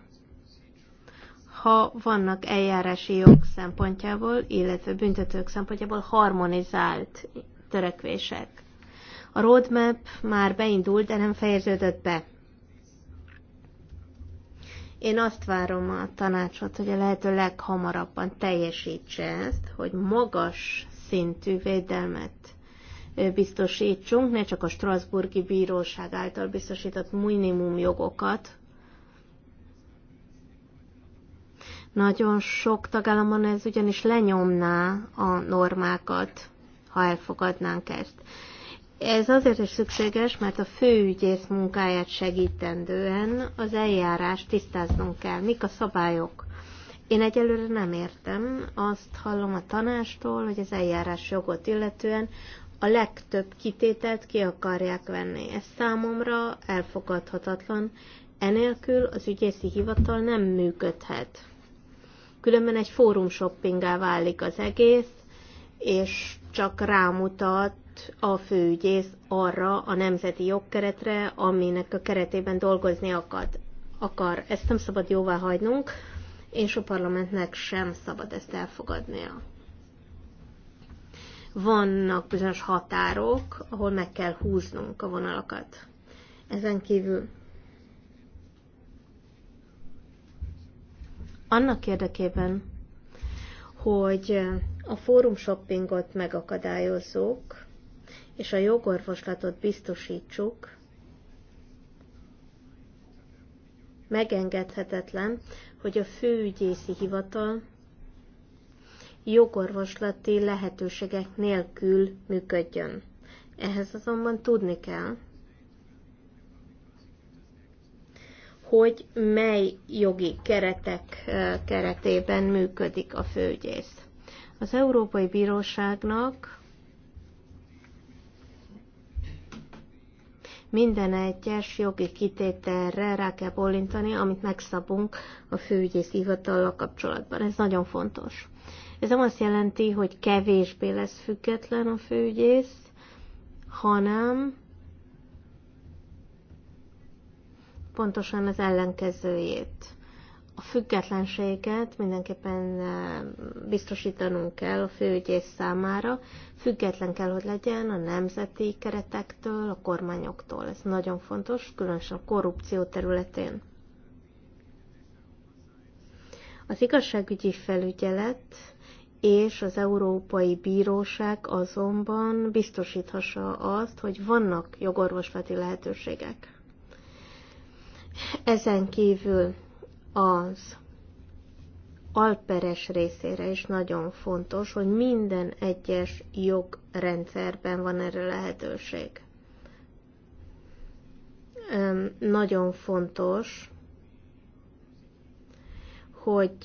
ha vannak eljárási jog szempontjából, illetve büntetők szempontjából harmonizált törekvések. A roadmap már beindult, de nem fejeződött be. Én azt várom a tanácsot, hogy a lehető leghamarabban teljesítse ezt, hogy magas szintű védelmet biztosítsunk, ne csak a Strasburgi Bíróság által biztosított minimum jogokat, Nagyon sok tagállamon ez ugyanis lenyomná a normákat, ha elfogadnánk ezt. Ez azért is szükséges, mert a főügyész munkáját segítendően az eljárás tisztáznunk kell, mik a szabályok. Én egyelőre nem értem, azt hallom a tanástól, hogy az eljárás jogot illetően a legtöbb kitételt ki akarják venni. Ez számomra elfogadhatatlan, enélkül az ügyészi hivatal nem működhet. Különben egy fórum shoppingá válik az egész, és csak rámutat a főügyész arra a nemzeti jogkeretre, aminek a keretében dolgozni akad, akar. Ezt nem szabad jóvá hagynunk, és a parlamentnek sem szabad ezt elfogadnia. Vannak bizonyos határok, ahol meg kell húznunk a vonalakat. Ezen kívül annak érdekében, hogy a fórum shoppingot megakadályozzuk, és a jogorvoslatot biztosítsuk, megengedhetetlen, hogy a főügyészi hivatal jogorvoslati lehetőségek nélkül működjön. Ehhez azonban tudni kell, hogy mely jogi keretek keretében működik a főügyész. Az Európai Bíróságnak minden egyes jogi kitételre rá kell bólintani, amit megszabunk a főügyész hivatallal kapcsolatban. Ez nagyon fontos. Ez nem azt jelenti, hogy kevésbé lesz független a főügyész, hanem pontosan az ellenkezőjét. A függetlenséget mindenképpen biztosítanunk kell a főügyész számára. Független kell, hogy legyen a nemzeti keretektől, a kormányoktól. Ez nagyon fontos, különösen a korrupció területén. Az igazságügyi felügyelet és az Európai Bíróság azonban biztosíthassa azt, hogy vannak jogorvoslati lehetőségek. Ezen kívül az alperes részére is nagyon fontos, hogy minden egyes jogrendszerben van erre lehetőség. Nagyon fontos, hogy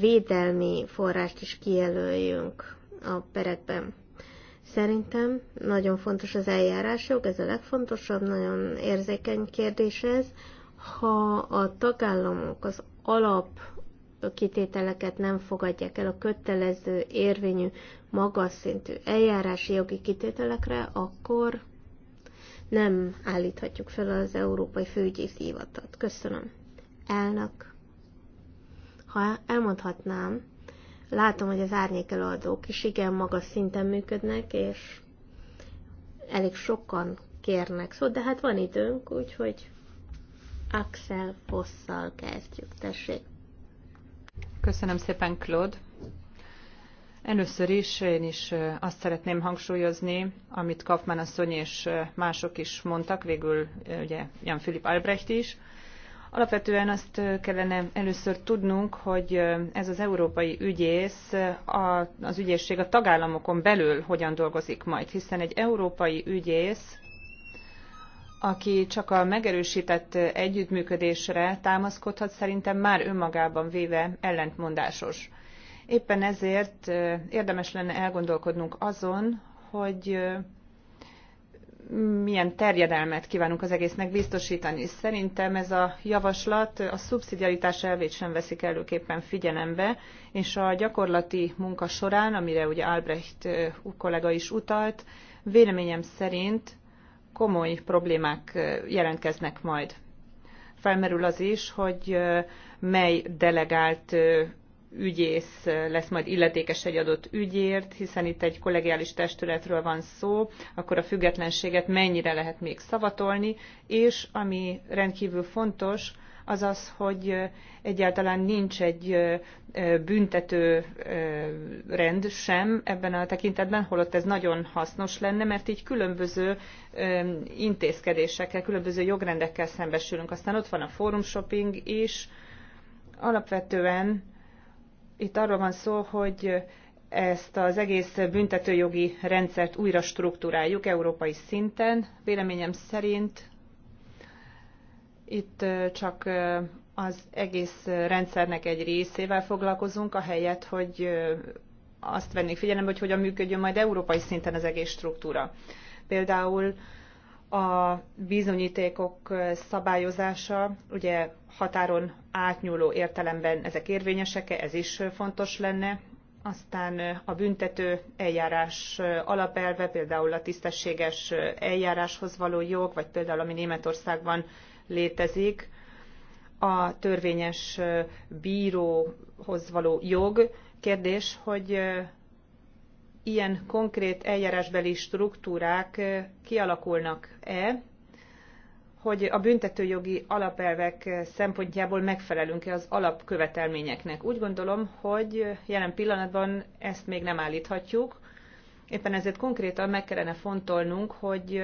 védelmi forrást is kijelöljünk a perekben. Szerintem nagyon fontos az eljárásjog, ez a legfontosabb, nagyon érzékeny kérdés ez, ha a tagállamok az alap kitételeket nem fogadják el a kötelező, érvényű, magas szintű eljárási jogi kitételekre, akkor nem állíthatjuk fel az Európai Főügyész Hivatat. Köszönöm. Elnök, ha elmondhatnám, látom, hogy az árnyékelőadók is igen magas szinten működnek, és elég sokan kérnek szó, szóval, de hát van időnk, úgyhogy Axel Fosszal kezdjük. Tessék. Köszönöm szépen, Claude. Először is én is azt szeretném hangsúlyozni, amit Kaufmann asszony és mások is mondtak, végül ugye Jan Philipp Albrecht is. Alapvetően azt kellene először tudnunk, hogy ez az európai ügyész, az ügyészség a tagállamokon belül hogyan dolgozik majd, hiszen egy európai ügyész aki csak a megerősített együttműködésre támaszkodhat, szerintem már önmagában véve ellentmondásos. Éppen ezért érdemes lenne elgondolkodnunk azon, hogy milyen terjedelmet kívánunk az egésznek biztosítani. Szerintem ez a javaslat a szubszidiaritás elvét sem veszik előképpen figyelembe, és a gyakorlati munka során, amire ugye Albrecht kollega is utalt, véleményem szerint komoly problémák jelentkeznek majd. Felmerül az is, hogy mely delegált ügyész lesz majd illetékes egy adott ügyért, hiszen itt egy kollegiális testületről van szó, akkor a függetlenséget mennyire lehet még szavatolni, és ami rendkívül fontos, az az, hogy egyáltalán nincs egy büntető rend sem ebben a tekintetben, holott ez nagyon hasznos lenne, mert így különböző intézkedésekkel, különböző jogrendekkel szembesülünk. Aztán ott van a fórum shopping is. Alapvetően itt arról van szó, hogy ezt az egész büntetőjogi rendszert újra struktúráljuk európai szinten. Véleményem szerint itt csak az egész rendszernek egy részével foglalkozunk, helyet, hogy azt vennék figyelembe, hogy hogyan működjön majd európai szinten az egész struktúra. Például a bizonyítékok szabályozása, ugye határon átnyúló értelemben ezek érvényesek ez is fontos lenne. Aztán a büntető eljárás alapelve, például a tisztességes eljáráshoz való jog, vagy például ami Németországban létezik, a törvényes bíróhoz való jog. Kérdés, hogy ilyen konkrét eljárásbeli struktúrák kialakulnak-e, hogy a büntetőjogi alapelvek szempontjából megfelelünk-e az alapkövetelményeknek. Úgy gondolom, hogy jelen pillanatban ezt még nem állíthatjuk. Éppen ezért konkrétan meg kellene fontolnunk, hogy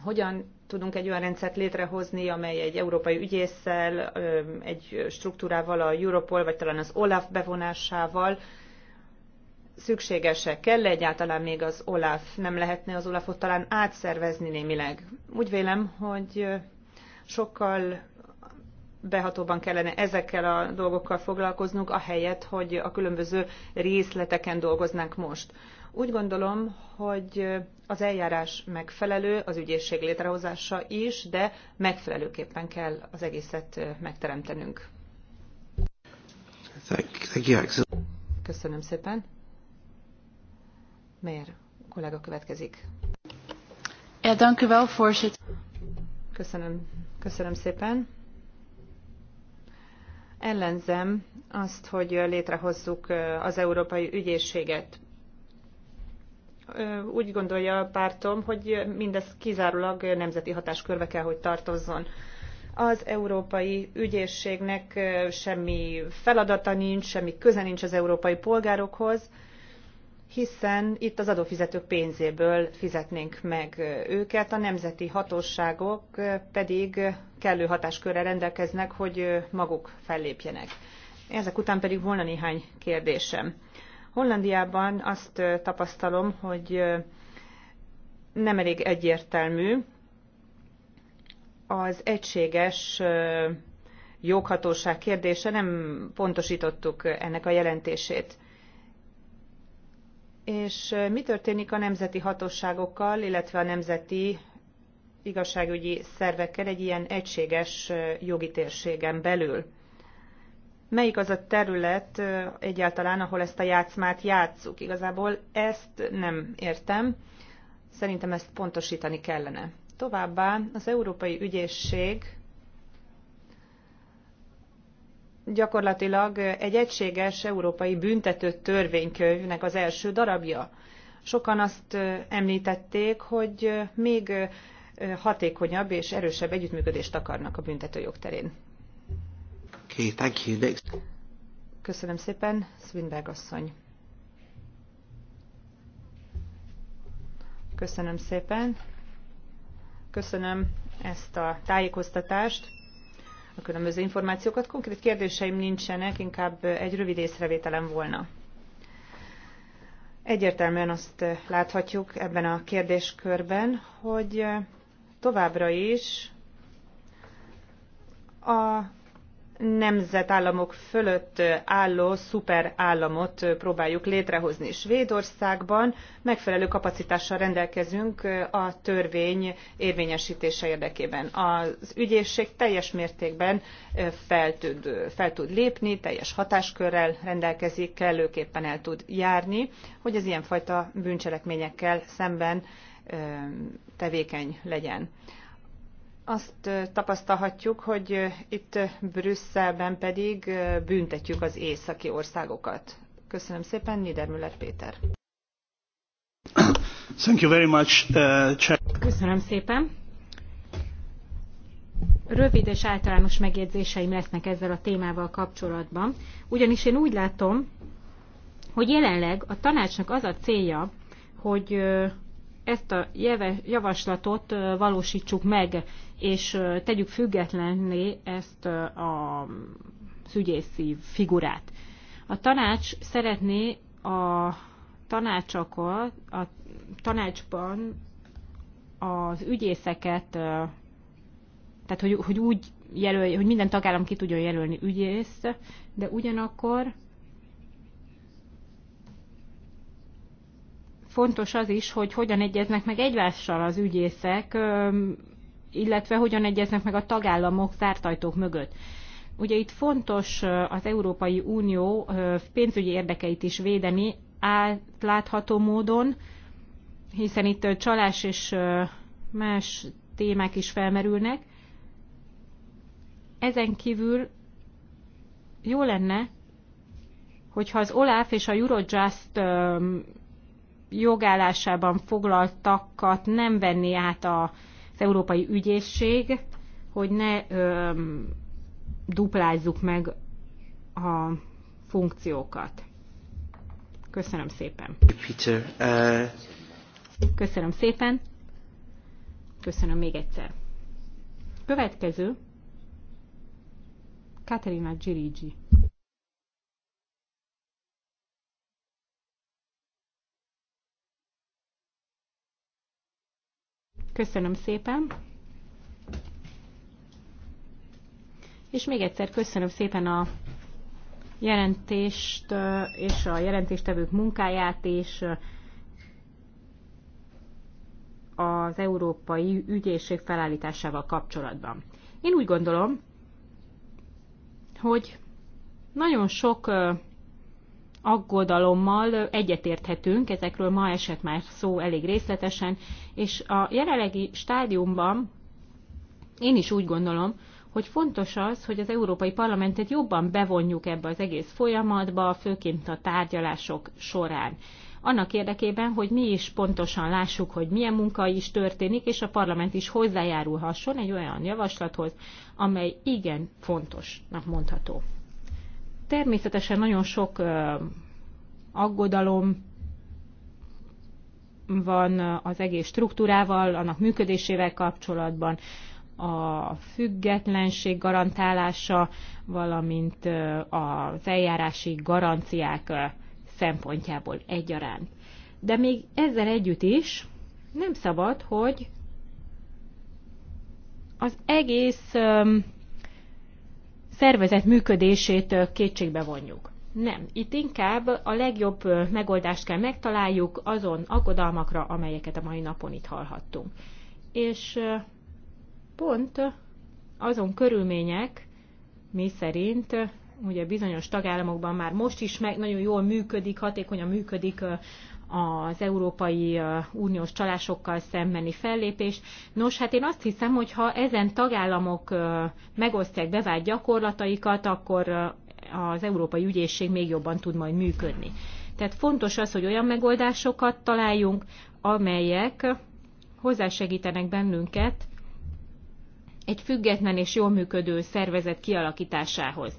hogyan tudunk egy olyan rendszert létrehozni, amely egy európai ügyésszel, egy struktúrával, a Europol, vagy talán az OLAF bevonásával szükségesek? Kell egyáltalán még az OLAF? Nem lehetne az OLAFot talán átszervezni némileg? Úgy vélem, hogy sokkal behatóban kellene ezekkel a dolgokkal foglalkoznunk, ahelyett, hogy a különböző részleteken dolgoznánk most. Úgy gondolom, hogy az eljárás megfelelő, az ügyészség létrehozása is, de megfelelőképpen kell az egészet megteremtenünk. Köszönöm szépen. Mér kollega következik. Ja, dank wel, Köszönöm, köszönöm szépen. Ellenzem azt, hogy létrehozzuk az Európai Ügyészséget úgy gondolja a pártom, hogy mindez kizárólag nemzeti hatáskörbe kell, hogy tartozzon. Az európai ügyészségnek semmi feladata nincs, semmi köze nincs az európai polgárokhoz, hiszen itt az adófizetők pénzéből fizetnénk meg őket, a nemzeti hatóságok pedig kellő hatáskörrel rendelkeznek, hogy maguk fellépjenek. Ezek után pedig volna néhány kérdésem. Hollandiában azt tapasztalom, hogy nem elég egyértelmű az egységes joghatóság kérdése, nem pontosítottuk ennek a jelentését. És mi történik a nemzeti hatóságokkal, illetve a nemzeti igazságügyi szervekkel egy ilyen egységes jogi térségen belül? melyik az a terület egyáltalán, ahol ezt a játszmát játszuk, Igazából ezt nem értem. Szerintem ezt pontosítani kellene. Továbbá az Európai Ügyészség gyakorlatilag egy egységes európai büntető törvénykönyvnek az első darabja. Sokan azt említették, hogy még hatékonyabb és erősebb együttműködést akarnak a büntetőjog terén. Okay, thank you. Next. Köszönöm szépen, Swinberg asszony. Köszönöm szépen. Köszönöm ezt a tájékoztatást, a különböző információkat. Konkrét kérdéseim nincsenek, inkább egy rövid észrevételem volna. Egyértelműen azt láthatjuk ebben a kérdéskörben, hogy továbbra is a nemzetállamok fölött álló szuperállamot próbáljuk létrehozni. Svédországban megfelelő kapacitással rendelkezünk a törvény érvényesítése érdekében. Az ügyészség teljes mértékben fel tud, fel tud lépni, teljes hatáskörrel rendelkezik, kellőképpen el tud járni, hogy az ilyenfajta bűncselekményekkel szemben tevékeny legyen. Azt tapasztalhatjuk, hogy itt Brüsszelben pedig büntetjük az északi országokat. Köszönöm szépen, Niedermüller Péter. Thank you very much, uh, Köszönöm szépen. Rövid és általános megjegyzéseim lesznek ezzel a témával kapcsolatban, ugyanis én úgy látom, hogy jelenleg a tanácsnak az a célja, hogy ezt a javaslatot valósítsuk meg és tegyük függetlenné ezt a szügyészi figurát. A tanács szeretné a tanácsokat, a tanácsban az ügyészeket, tehát hogy, hogy úgy jelölj, hogy minden tagállam ki tudjon jelölni ügyészt, de ugyanakkor fontos az is, hogy hogyan egyeznek meg egymással az ügyészek illetve hogyan egyeznek meg a tagállamok zárt ajtók mögött. Ugye itt fontos az Európai Unió pénzügyi érdekeit is védeni átlátható módon, hiszen itt csalás és más témák is felmerülnek. Ezen kívül jó lenne, hogyha az OLAF és a Eurojust jogállásában foglaltakat nem venni át a Európai Ügyészség, hogy ne ö, duplázzuk meg a funkciókat. Köszönöm szépen. Peter, uh... Köszönöm szépen. Köszönöm még egyszer. Következő. Katerina Girigi. Köszönöm szépen. És még egyszer köszönöm szépen a jelentést és a jelentéstevők munkáját, és az Európai Ügyészség felállításával kapcsolatban. Én úgy gondolom, hogy nagyon sok aggodalommal egyetérthetünk, ezekről ma esett már szó elég részletesen, és a jelenlegi stádiumban én is úgy gondolom, hogy fontos az, hogy az Európai Parlamentet jobban bevonjuk ebbe az egész folyamatba, főként a tárgyalások során. Annak érdekében, hogy mi is pontosan lássuk, hogy milyen munka is történik, és a parlament is hozzájárulhasson egy olyan javaslathoz, amely igen fontosnak mondható. Természetesen nagyon sok aggodalom van az egész struktúrával, annak működésével kapcsolatban, a függetlenség garantálása, valamint az eljárási garanciák szempontjából egyaránt. De még ezzel együtt is nem szabad, hogy az egész szervezet működését kétségbe vonjuk. Nem, itt inkább a legjobb megoldást kell megtaláljuk azon aggodalmakra, amelyeket a mai napon itt hallhattunk. És pont azon körülmények, mi szerint ugye bizonyos tagállamokban már most is meg nagyon jól működik, hatékonyan működik az Európai Uniós csalásokkal szembeni fellépés. Nos, hát én azt hiszem, hogy ha ezen tagállamok megosztják bevált gyakorlataikat, akkor az Európai Ügyészség még jobban tud majd működni. Tehát fontos az, hogy olyan megoldásokat találjunk, amelyek hozzásegítenek bennünket egy független és jól működő szervezet kialakításához.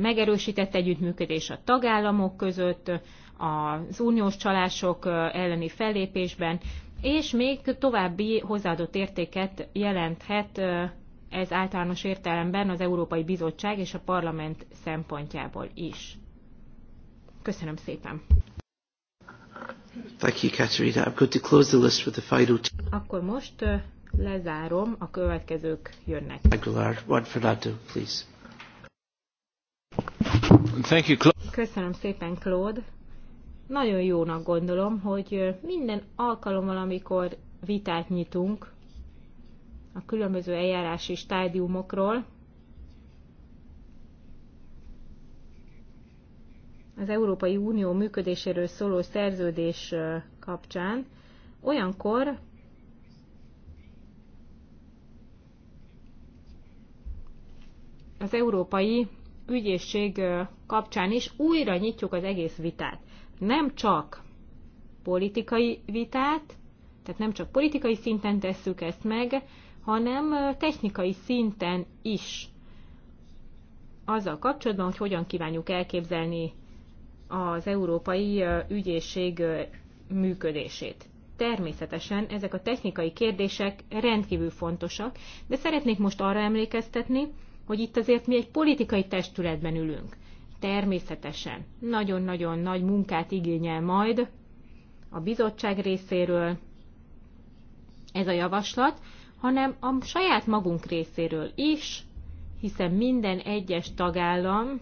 Megerősített együttműködés a tagállamok között, az uniós csalások elleni fellépésben, és még további hozzáadott értéket jelenthet ez általános értelemben az Európai Bizottság és a Parlament szempontjából is. Köszönöm szépen! Thank you, Katerina. I'm going to close the list with the final two. Akkor most lezárom, a következők jönnek. Aguilar, Juan Fernando, please. Thank you, Claude. Köszönöm szépen, Claude. Nagyon jónak gondolom, hogy minden alkalommal, amikor vitát nyitunk a különböző eljárási stádiumokról, az Európai Unió működéséről szóló szerződés kapcsán, olyankor az Európai Ügyészség kapcsán is újra nyitjuk az egész vitát nem csak politikai vitát, tehát nem csak politikai szinten tesszük ezt meg, hanem technikai szinten is azzal kapcsolatban, hogy hogyan kívánjuk elképzelni az Európai Ügyészség működését. Természetesen ezek a technikai kérdések rendkívül fontosak, de szeretnék most arra emlékeztetni, hogy itt azért mi egy politikai testületben ülünk természetesen nagyon-nagyon nagy munkát igényel majd a bizottság részéről ez a javaslat, hanem a saját magunk részéről is, hiszen minden egyes tagállam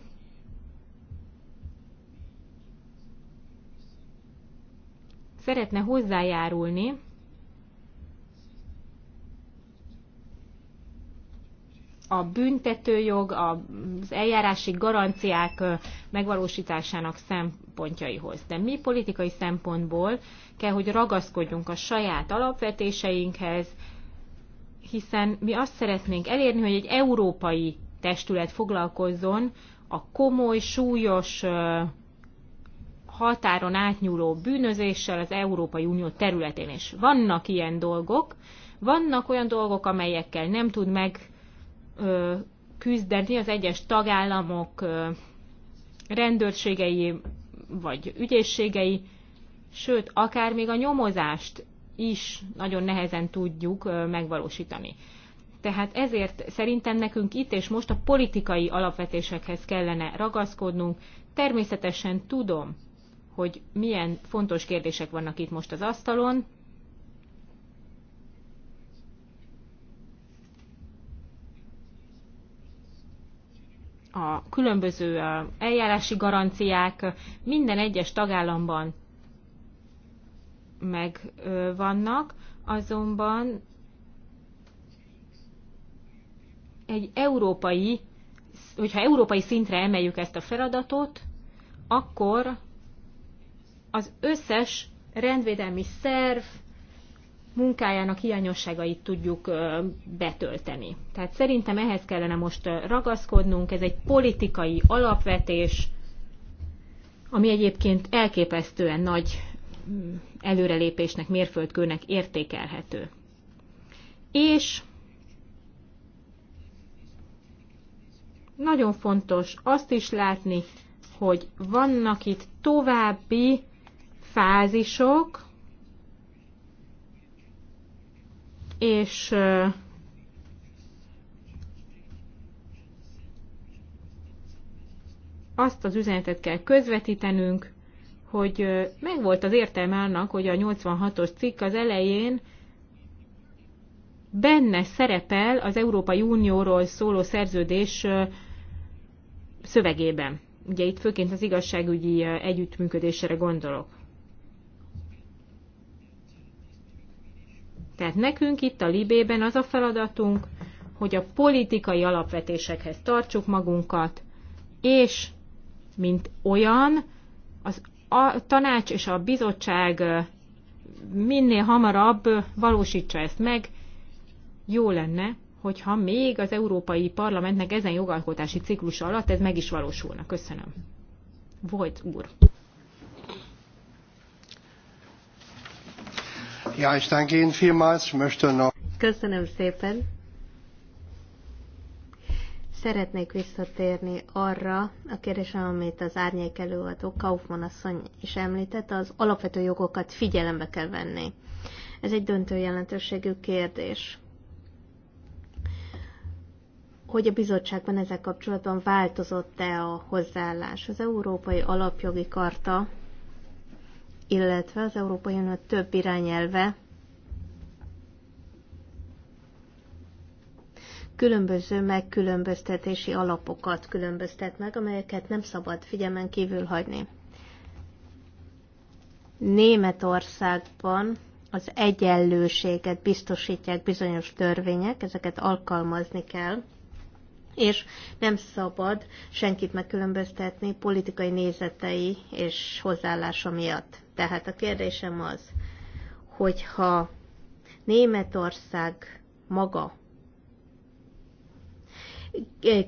szeretne hozzájárulni a büntetőjog, az eljárási garanciák megvalósításának szempontjaihoz. De mi politikai szempontból kell, hogy ragaszkodjunk a saját alapvetéseinkhez, hiszen mi azt szeretnénk elérni, hogy egy európai testület foglalkozzon a komoly, súlyos határon átnyúló bűnözéssel az Európai Unió területén is. Vannak ilyen dolgok, vannak olyan dolgok, amelyekkel nem tud meg küzdeni az egyes tagállamok rendőrségei vagy ügyészségei, sőt, akár még a nyomozást is nagyon nehezen tudjuk megvalósítani. Tehát ezért szerintem nekünk itt és most a politikai alapvetésekhez kellene ragaszkodnunk. Természetesen tudom, hogy milyen fontos kérdések vannak itt most az asztalon, a különböző eljárási garanciák minden egyes tagállamban megvannak, azonban egy európai, hogyha európai szintre emeljük ezt a feladatot, akkor az összes rendvédelmi szerv, munkájának hiányosságait tudjuk betölteni. Tehát szerintem ehhez kellene most ragaszkodnunk, ez egy politikai alapvetés, ami egyébként elképesztően nagy mm, előrelépésnek, mérföldkőnek értékelhető. És nagyon fontos azt is látni, hogy vannak itt további fázisok, és azt az üzenetet kell közvetítenünk, hogy megvolt az értelme annak, hogy a 86-os cikk az elején benne szerepel az Európai Unióról szóló szerződés szövegében. Ugye itt főként az igazságügyi együttműködésre gondolok. Tehát nekünk itt a Libében az a feladatunk, hogy a politikai alapvetésekhez tartsuk magunkat, és mint olyan, az a tanács és a bizottság minél hamarabb valósítsa ezt meg, jó lenne, hogyha még az Európai Parlamentnek ezen jogalkotási ciklus alatt ez meg is valósulna. Köszönöm. Volt úr. Ja, ich danke Ihnen vielmals. Ich möchte noch... Köszönöm szépen. Szeretnék visszatérni arra a kérdésre, amit az árnyék előadó Kaufmann asszony is említett, az alapvető jogokat figyelembe kell venni. Ez egy döntő jelentőségű kérdés. Hogy a bizottságban ezzel kapcsolatban változott-e a hozzáállás? Az Európai Alapjogi Karta illetve az Európai Unió több irányelve különböző megkülönböztetési alapokat különböztet meg, amelyeket nem szabad figyelmen kívül hagyni. Németországban az egyenlőséget biztosítják bizonyos törvények, ezeket alkalmazni kell, és nem szabad senkit megkülönböztetni politikai nézetei és hozzáállása miatt. Tehát a kérdésem az, hogyha Németország maga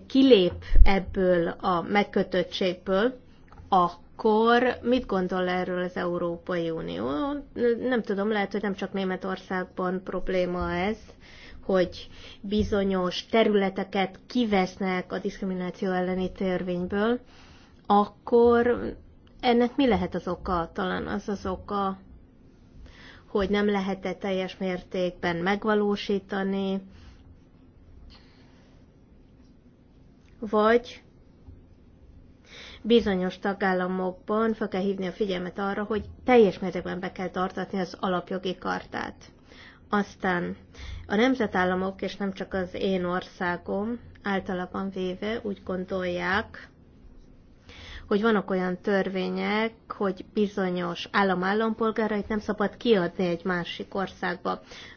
kilép ebből a megkötöttségből, akkor mit gondol erről az Európai Unió? Nem tudom, lehet, hogy nem csak Németországban probléma ez, hogy bizonyos területeket kivesznek a diszkrimináció elleni törvényből, akkor ennek mi lehet az oka? Talán az az oka, hogy nem lehet-e teljes mértékben megvalósítani, vagy bizonyos tagállamokban fel kell hívni a figyelmet arra, hogy teljes mértékben be kell tartatni az alapjogi kartát. Aztán a nemzetállamok, és nem csak az én országom általában véve úgy gondolják, hogy vannak olyan törvények, hogy bizonyos állam állampolgárait nem szabad kiadni egy másik országba.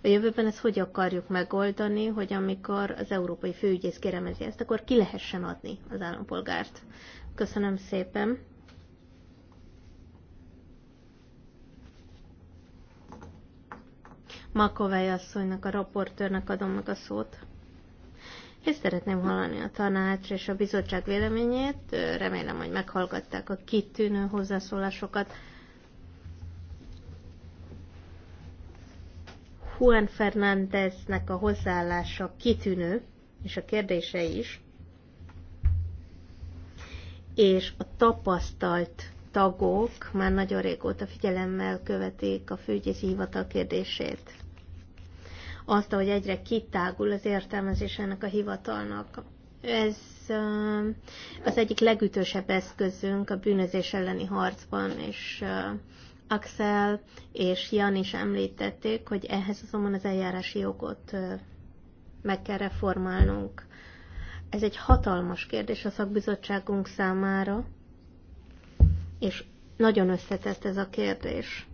A jövőben ezt hogy akarjuk megoldani, hogy amikor az európai főügyész kéremezi ezt, akkor ki lehessen adni az állampolgárt. Köszönöm szépen. Makovely asszonynak, a raportőrnek adom meg a szót és szeretném hallani a tanács és a bizottság véleményét. Remélem, hogy meghallgatták a kitűnő hozzászólásokat. Juan Fernándeznek a hozzáállása kitűnő, és a kérdése is, és a tapasztalt tagok már nagyon régóta figyelemmel követik a főgyészi hivatal kérdését azt, hogy egyre kitágul az értelmezés ennek a hivatalnak. Ez az egyik legütősebb eszközünk a bűnözés elleni harcban, és Axel és Jan is említették, hogy ehhez azonban az eljárási jogot meg kell reformálnunk. Ez egy hatalmas kérdés a szakbizottságunk számára, és nagyon összetett ez a kérdés.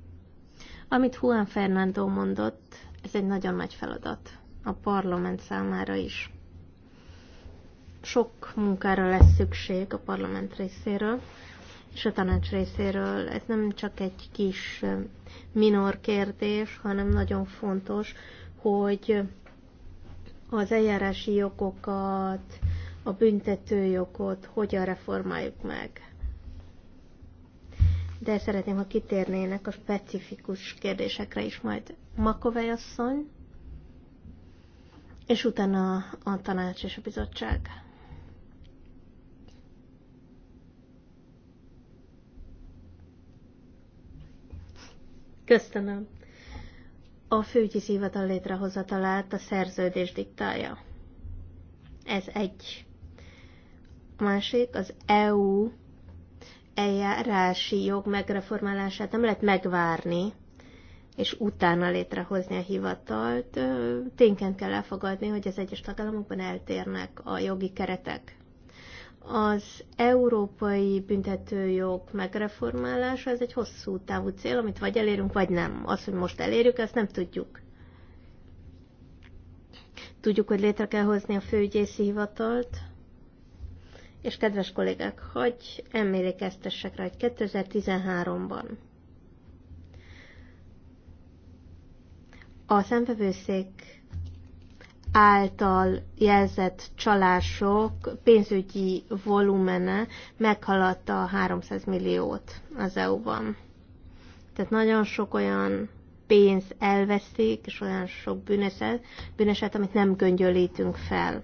Amit Juan Fernando mondott, ez egy nagyon nagy feladat a parlament számára is. Sok munkára lesz szükség a parlament részéről, és a tanács részéről. Ez nem csak egy kis minor kérdés, hanem nagyon fontos, hogy az eljárási jogokat, a büntetőjogot hogyan reformáljuk meg de szeretném, ha kitérnének a specifikus kérdésekre is majd. Makovej asszony, és utána a tanács és a bizottság. Köszönöm. A főügyi hivatal létrehozatalát a szerződés diktálja. Ez egy. A másik az EU eljárási jog megreformálását nem lehet megvárni, és utána létrehozni a hivatalt. Tényként kell elfogadni, hogy az egyes tagállamokban eltérnek a jogi keretek. Az európai büntetőjog megreformálása, ez egy hosszú távú cél, amit vagy elérünk, vagy nem. Az, hogy most elérjük, ezt nem tudjuk. Tudjuk, hogy létre kell hozni a főügyészi hivatalt, és kedves kollégák, hogy emlékeztessek rá, hogy 2013-ban a szemfevőszék által jelzett csalások pénzügyi volumene meghaladta a 300 milliót az EU-ban. Tehát nagyon sok olyan pénz elveszik, és olyan sok bűneset, bűneset amit nem göngyölítünk fel.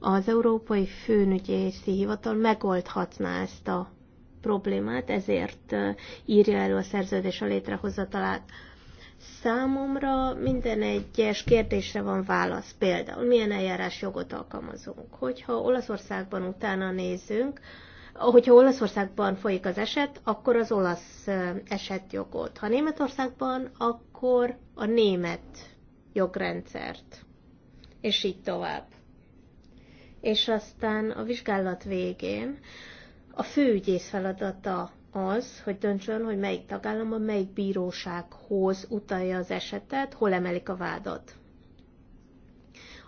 Az Európai Főnügyészi Hivatal megoldhatná ezt a problémát, ezért írja elő a szerződés a létrehozatalát. Számomra minden egyes kérdésre van válasz. Például milyen eljárás jogot alkalmazunk. Hogyha Olaszországban utána nézünk, hogyha Olaszországban folyik az eset, akkor az olasz esetjogot. Ha Németországban, akkor a német jogrendszert. És így tovább és aztán a vizsgálat végén a főügyész feladata az, hogy döntsön, hogy melyik tagállam a melyik bírósághoz utalja az esetet, hol emelik a vádat.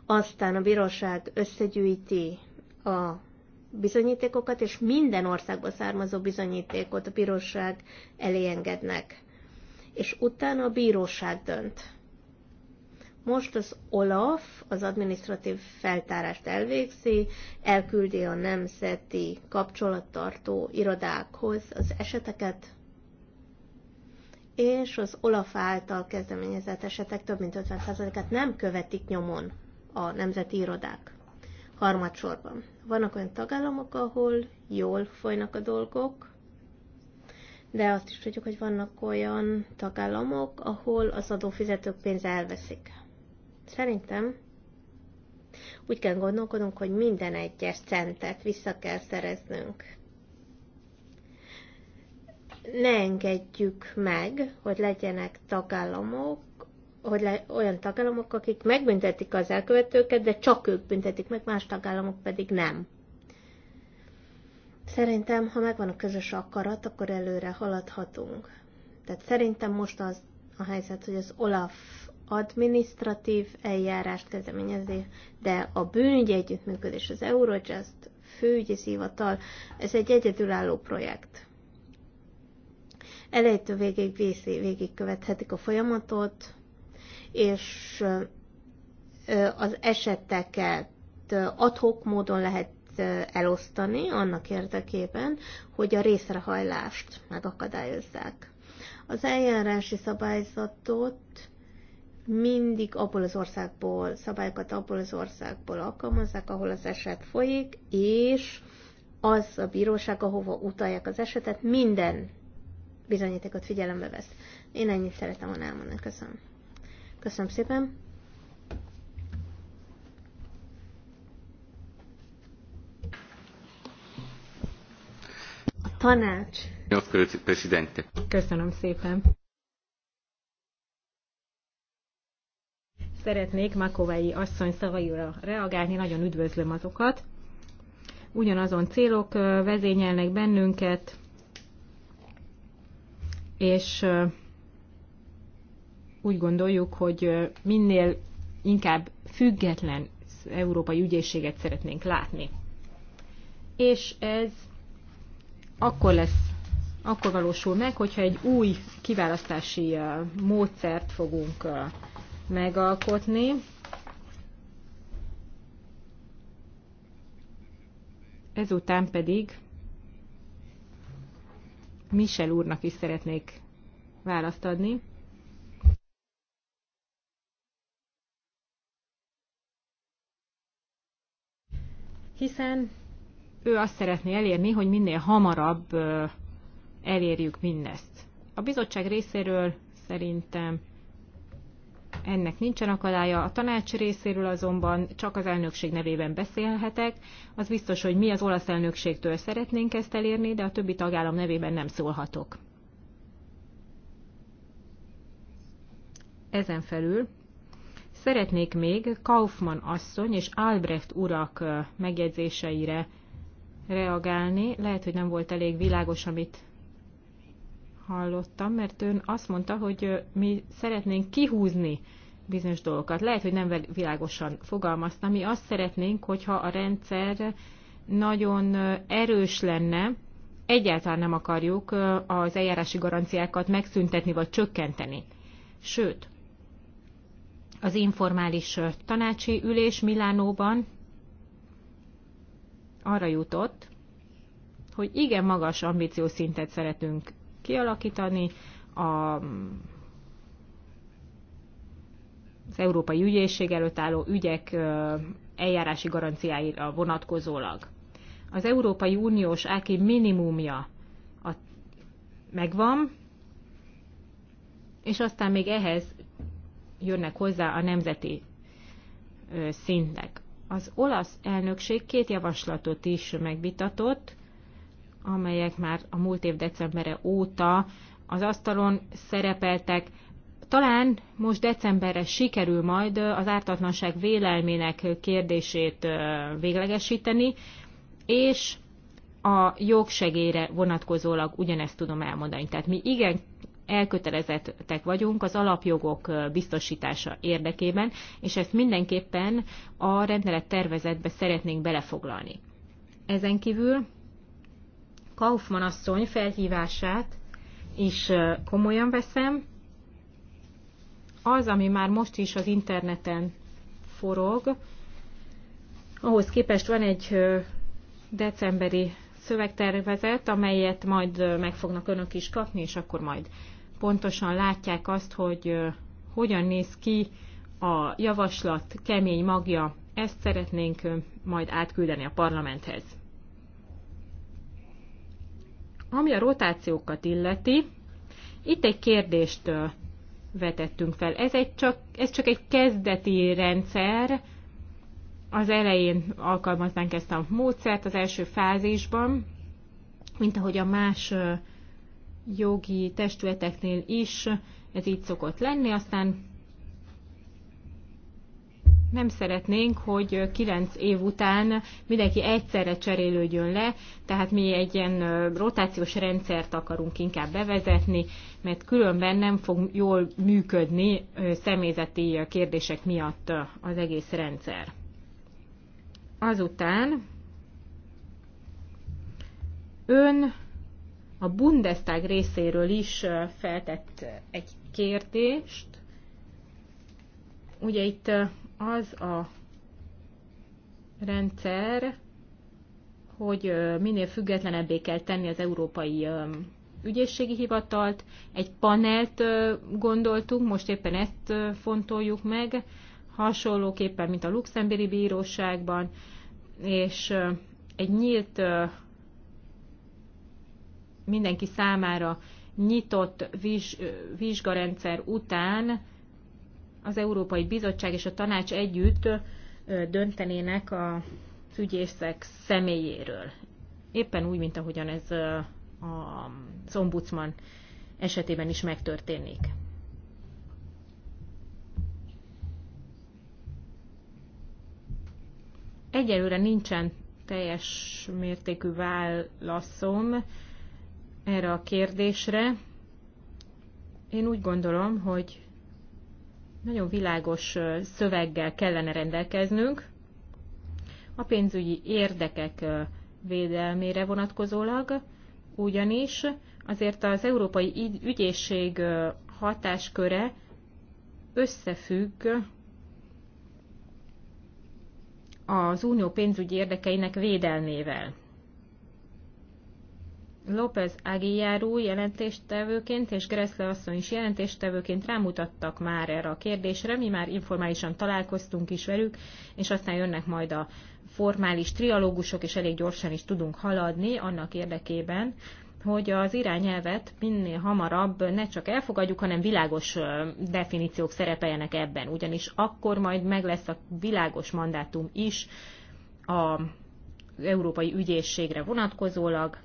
Aztán a bíróság összegyűjti a bizonyítékokat, és minden országba származó bizonyítékot a bíróság elé engednek. És utána a bíróság dönt. Most az OLAF az administratív feltárást elvégzi, elküldi a nemzeti kapcsolattartó irodákhoz az eseteket, és az OLAF által kezdeményezett esetek több mint 50%-át nem követik nyomon a nemzeti irodák. Harmadsorban vannak olyan tagállamok, ahol jól folynak a dolgok, de azt is tudjuk, hogy vannak olyan tagállamok, ahol az adófizetők pénze elveszik. Szerintem úgy kell gondolkodnunk, hogy minden egyes centet vissza kell szereznünk. Ne engedjük meg, hogy legyenek tagállamok, hogy le, olyan tagállamok, akik megbüntetik az elkövetőket, de csak ők büntetik meg, más tagállamok pedig nem. Szerintem, ha megvan a közös akarat, akkor előre haladhatunk. Tehát szerintem most az a helyzet, hogy az Olaf administratív eljárást kezdeményezni, de a bűnügyi együttműködés, az Eurojust főügyi szívatal, ez egy egyedülálló projekt. Elejétől végig végig követhetik a folyamatot, és az eseteket adhok módon lehet elosztani annak érdekében, hogy a részrehajlást megakadályozzák. Az eljárási szabályzatot mindig abból az országból, szabályokat abból az országból alkalmazzák, ahol az eset folyik, és az a bíróság, ahova utalják az esetet, minden bizonyítékot figyelembe vesz. Én ennyit szeretem volna elmondani. Köszönöm. Köszönöm szépen. A tanács. Köszönöm szépen. szeretnék Makovei asszony szavaira reagálni, nagyon üdvözlöm azokat. Ugyanazon célok vezényelnek bennünket, és úgy gondoljuk, hogy minél inkább független európai ügyészséget szeretnénk látni. És ez akkor lesz, akkor valósul meg, hogyha egy új kiválasztási módszert fogunk megalkotni. Ezután pedig Michel úrnak is szeretnék választ adni. Hiszen ő azt szeretné elérni, hogy minél hamarabb elérjük mindezt. A bizottság részéről szerintem ennek nincsen akadálya. A tanács részéről azonban csak az elnökség nevében beszélhetek. Az biztos, hogy mi az olasz elnökségtől szeretnénk ezt elérni, de a többi tagállam nevében nem szólhatok. Ezen felül szeretnék még Kaufmann asszony és Albrecht urak megjegyzéseire reagálni. Lehet, hogy nem volt elég világos, amit hallottam, mert ön azt mondta, hogy mi szeretnénk kihúzni bizonyos dolgokat. Lehet, hogy nem világosan fogalmazta. Mi azt szeretnénk, hogyha a rendszer nagyon erős lenne, egyáltalán nem akarjuk az eljárási garanciákat megszüntetni vagy csökkenteni. Sőt, az informális tanácsi ülés Milánóban arra jutott, hogy igen magas ambíciószintet szeretünk kialakítani. A, az Európai Ügyészség előtt álló ügyek eljárási garanciáira vonatkozólag. Az Európai Uniós áki minimumja a, megvan, és aztán még ehhez jönnek hozzá a nemzeti szintek. Az olasz elnökség két javaslatot is megvitatott, amelyek már a múlt év decemberre óta az asztalon szerepeltek. Talán most decemberre sikerül majd az ártatlanság vélelmének kérdését véglegesíteni, és a jogsegére vonatkozólag ugyanezt tudom elmondani. Tehát mi igen elkötelezettek vagyunk az alapjogok biztosítása érdekében, és ezt mindenképpen a rendelet tervezetbe szeretnénk belefoglalni. Ezen kívül Kaufman asszony felhívását is komolyan veszem. Az, ami már most is az interneten forog, ahhoz képest van egy decemberi szövegtervezet, amelyet majd meg fognak önök is kapni, és akkor majd pontosan látják azt, hogy hogyan néz ki a javaslat kemény magja. Ezt szeretnénk majd átküldeni a parlamenthez. Ami a rotációkat illeti, itt egy kérdést vetettünk fel. Ez, egy csak, ez csak egy kezdeti rendszer, az elején alkalmaznánk ezt a módszert az első fázisban, mint ahogy a más jogi testületeknél is ez így szokott lenni, aztán nem szeretnénk, hogy kilenc év után mindenki egyszerre cserélődjön le, tehát mi egy ilyen rotációs rendszert akarunk inkább bevezetni, mert különben nem fog jól működni személyzeti kérdések miatt az egész rendszer. Azután ön a Bundestag részéről is feltett egy kérdést. Ugye itt az a rendszer, hogy minél függetlenebbé kell tenni az európai ügyészségi hivatalt. Egy panelt gondoltunk, most éppen ezt fontoljuk meg, hasonlóképpen, mint a luxemburgi bíróságban, és egy nyílt, mindenki számára nyitott vizsgarendszer után az Európai Bizottság és a Tanács együtt döntenének az ügyészek személyéről. Éppen úgy, mint ahogyan ez a ombudsman esetében is megtörténik. Egyelőre nincsen teljes mértékű válaszom erre a kérdésre. Én úgy gondolom, hogy nagyon világos szöveggel kellene rendelkeznünk a pénzügyi érdekek védelmére vonatkozólag, ugyanis azért az Európai Ügyészség hatásköre összefügg az unió pénzügyi érdekeinek védelmével. López Aguilar új jelentéstevőként és Gressle asszony is jelentéstevőként rámutattak már erre a kérdésre, mi már informálisan találkoztunk is velük, és aztán jönnek majd a formális trialógusok, és elég gyorsan is tudunk haladni annak érdekében, hogy az irányelvet minél hamarabb ne csak elfogadjuk, hanem világos definíciók szerepeljenek ebben, ugyanis akkor majd meg lesz a világos mandátum is a Európai Ügyészségre vonatkozólag,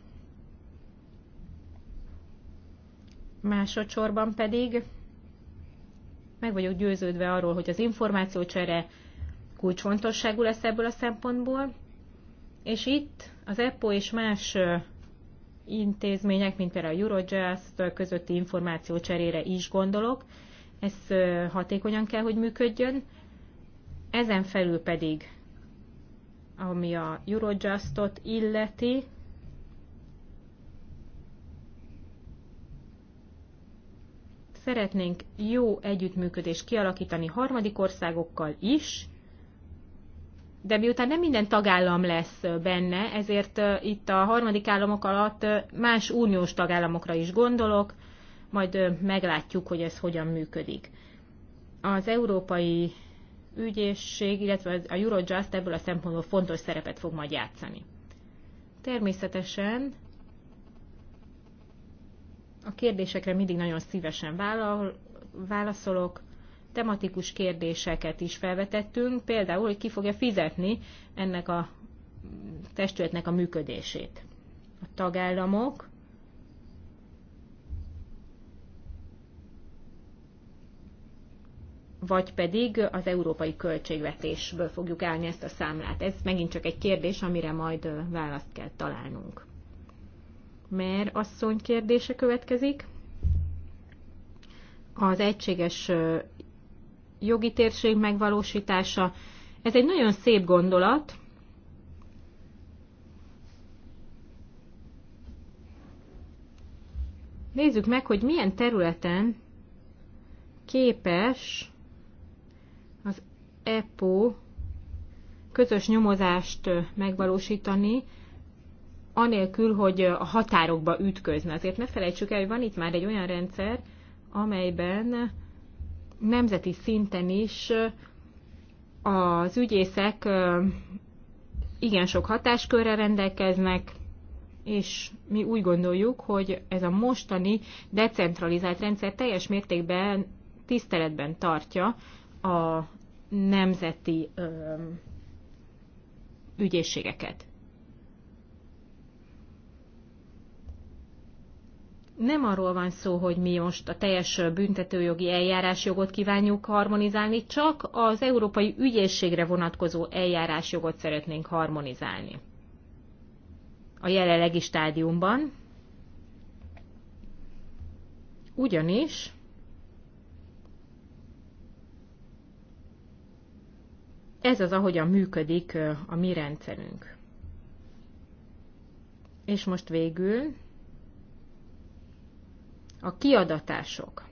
Másodszorban pedig meg vagyok győződve arról, hogy az információcsere kulcsfontosságú lesz ebből a szempontból, és itt az EPO és más intézmények, mint például a Eurojust közötti információcserére is gondolok, ez hatékonyan kell, hogy működjön. Ezen felül pedig, ami a Eurojustot illeti, Szeretnénk jó együttműködést kialakítani harmadik országokkal is, de miután nem minden tagállam lesz benne, ezért itt a harmadik államok alatt más uniós tagállamokra is gondolok, majd meglátjuk, hogy ez hogyan működik. Az Európai Ügyészség, illetve a Eurojust ebből a szempontból fontos szerepet fog majd játszani. Természetesen a kérdésekre mindig nagyon szívesen vállal, válaszolok. Tematikus kérdéseket is felvetettünk, például, hogy ki fogja fizetni ennek a testületnek a működését. A tagállamok, vagy pedig az európai költségvetésből fogjuk állni ezt a számlát. Ez megint csak egy kérdés, amire majd választ kell találnunk mert asszony kérdése következik. Az egységes jogi térség megvalósítása. Ez egy nagyon szép gondolat, nézzük meg, hogy milyen területen képes az EPO közös nyomozást megvalósítani anélkül, hogy a határokba ütközne. Azért ne felejtsük el, hogy van itt már egy olyan rendszer, amelyben nemzeti szinten is az ügyészek igen sok hatáskörre rendelkeznek, és mi úgy gondoljuk, hogy ez a mostani decentralizált rendszer teljes mértékben tiszteletben tartja a nemzeti ügyészségeket. nem arról van szó, hogy mi most a teljes büntetőjogi eljárásjogot kívánjuk harmonizálni, csak az európai ügyészségre vonatkozó eljárásjogot szeretnénk harmonizálni. A jelenlegi stádiumban. Ugyanis ez az, ahogyan működik a mi rendszerünk. És most végül a kiadatások.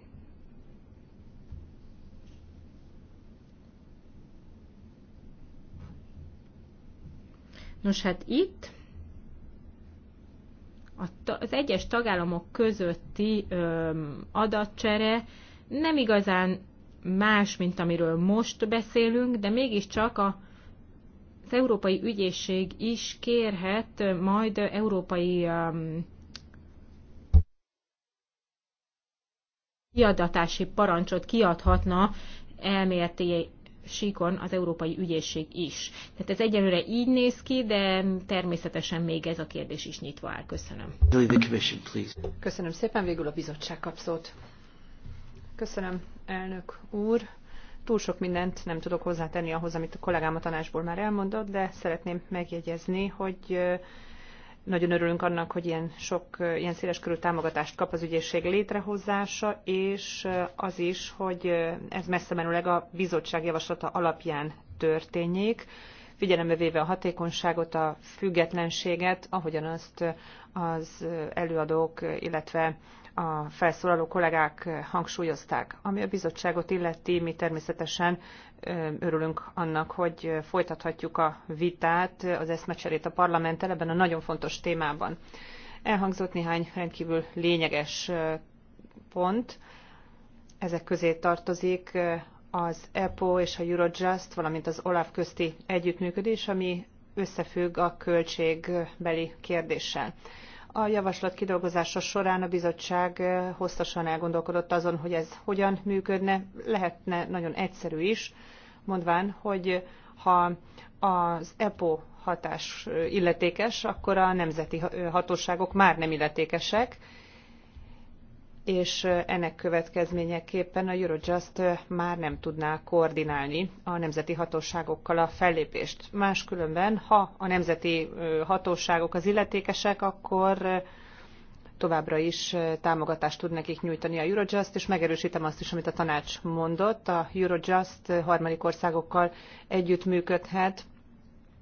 Nos hát itt az egyes tagállamok közötti adatcsere nem igazán más, mint amiről most beszélünk, de mégiscsak a, az Európai Ügyészség is kérhet majd európai kiadatási parancsot kiadhatna elméleti síkon az Európai Ügyészség is. Tehát ez egyelőre így néz ki, de természetesen még ez a kérdés is nyitva áll. Köszönöm. Köszönöm szépen, végül a bizottság kap szót. Köszönöm, elnök úr. Túl sok mindent nem tudok hozzátenni ahhoz, amit a kollégám a tanácsból már elmondott, de szeretném megjegyezni, hogy nagyon örülünk annak, hogy ilyen sok, ilyen széles körű támogatást kap az ügyészség létrehozása, és az is, hogy ez messze menőleg a bizottság javaslata alapján történjék, figyelembe véve a hatékonyságot, a függetlenséget, ahogyan azt az előadók, illetve a felszólaló kollégák hangsúlyozták. Ami a bizottságot illeti, mi természetesen örülünk annak, hogy folytathatjuk a vitát, az eszmecserét a parlamenttel ebben a nagyon fontos témában. Elhangzott néhány rendkívül lényeges pont. Ezek közé tartozik az EPO és a Eurojust, valamint az OLAF közti együttműködés, ami összefügg a költségbeli kérdéssel. A javaslat kidolgozása során a bizottság eh, hosszasan elgondolkodott azon, hogy ez hogyan működne, lehetne nagyon egyszerű is, mondván, hogy ha az EPO hatás eh, illetékes, akkor a nemzeti eh, hatóságok már nem illetékesek, és ennek következményeképpen a Eurojust már nem tudná koordinálni a nemzeti hatóságokkal a fellépést. Máskülönben, ha a nemzeti hatóságok az illetékesek, akkor továbbra is támogatást tud nekik nyújtani a Eurojust, és megerősítem azt is, amit a tanács mondott. A Eurojust harmadik országokkal együttműködhet,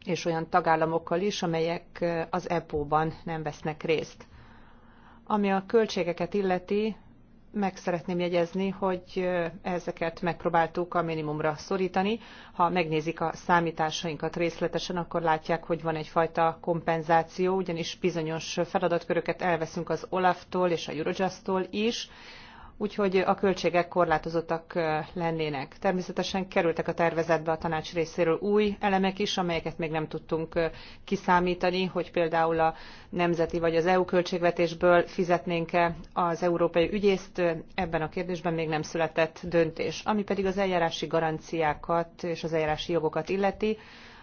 és olyan tagállamokkal is, amelyek az EPO-ban nem vesznek részt. Ami a költségeket illeti, meg szeretném jegyezni, hogy ezeket megpróbáltuk a minimumra szorítani. Ha megnézik a számításainkat részletesen, akkor látják, hogy van egyfajta kompenzáció, ugyanis bizonyos feladatköröket elveszünk az OLAF-tól és a Eurojust-tól is, úgyhogy a költségek korlátozottak lennének. Természetesen kerültek a tervezetbe a tanács részéről új elemek is, amelyeket még nem tudtunk kiszámítani, hogy például a nemzeti vagy az EU költségvetésből fizetnénk-e az európai ügyészt, ebben a kérdésben még nem született döntés. Ami pedig az eljárási garanciákat és az eljárási jogokat illeti,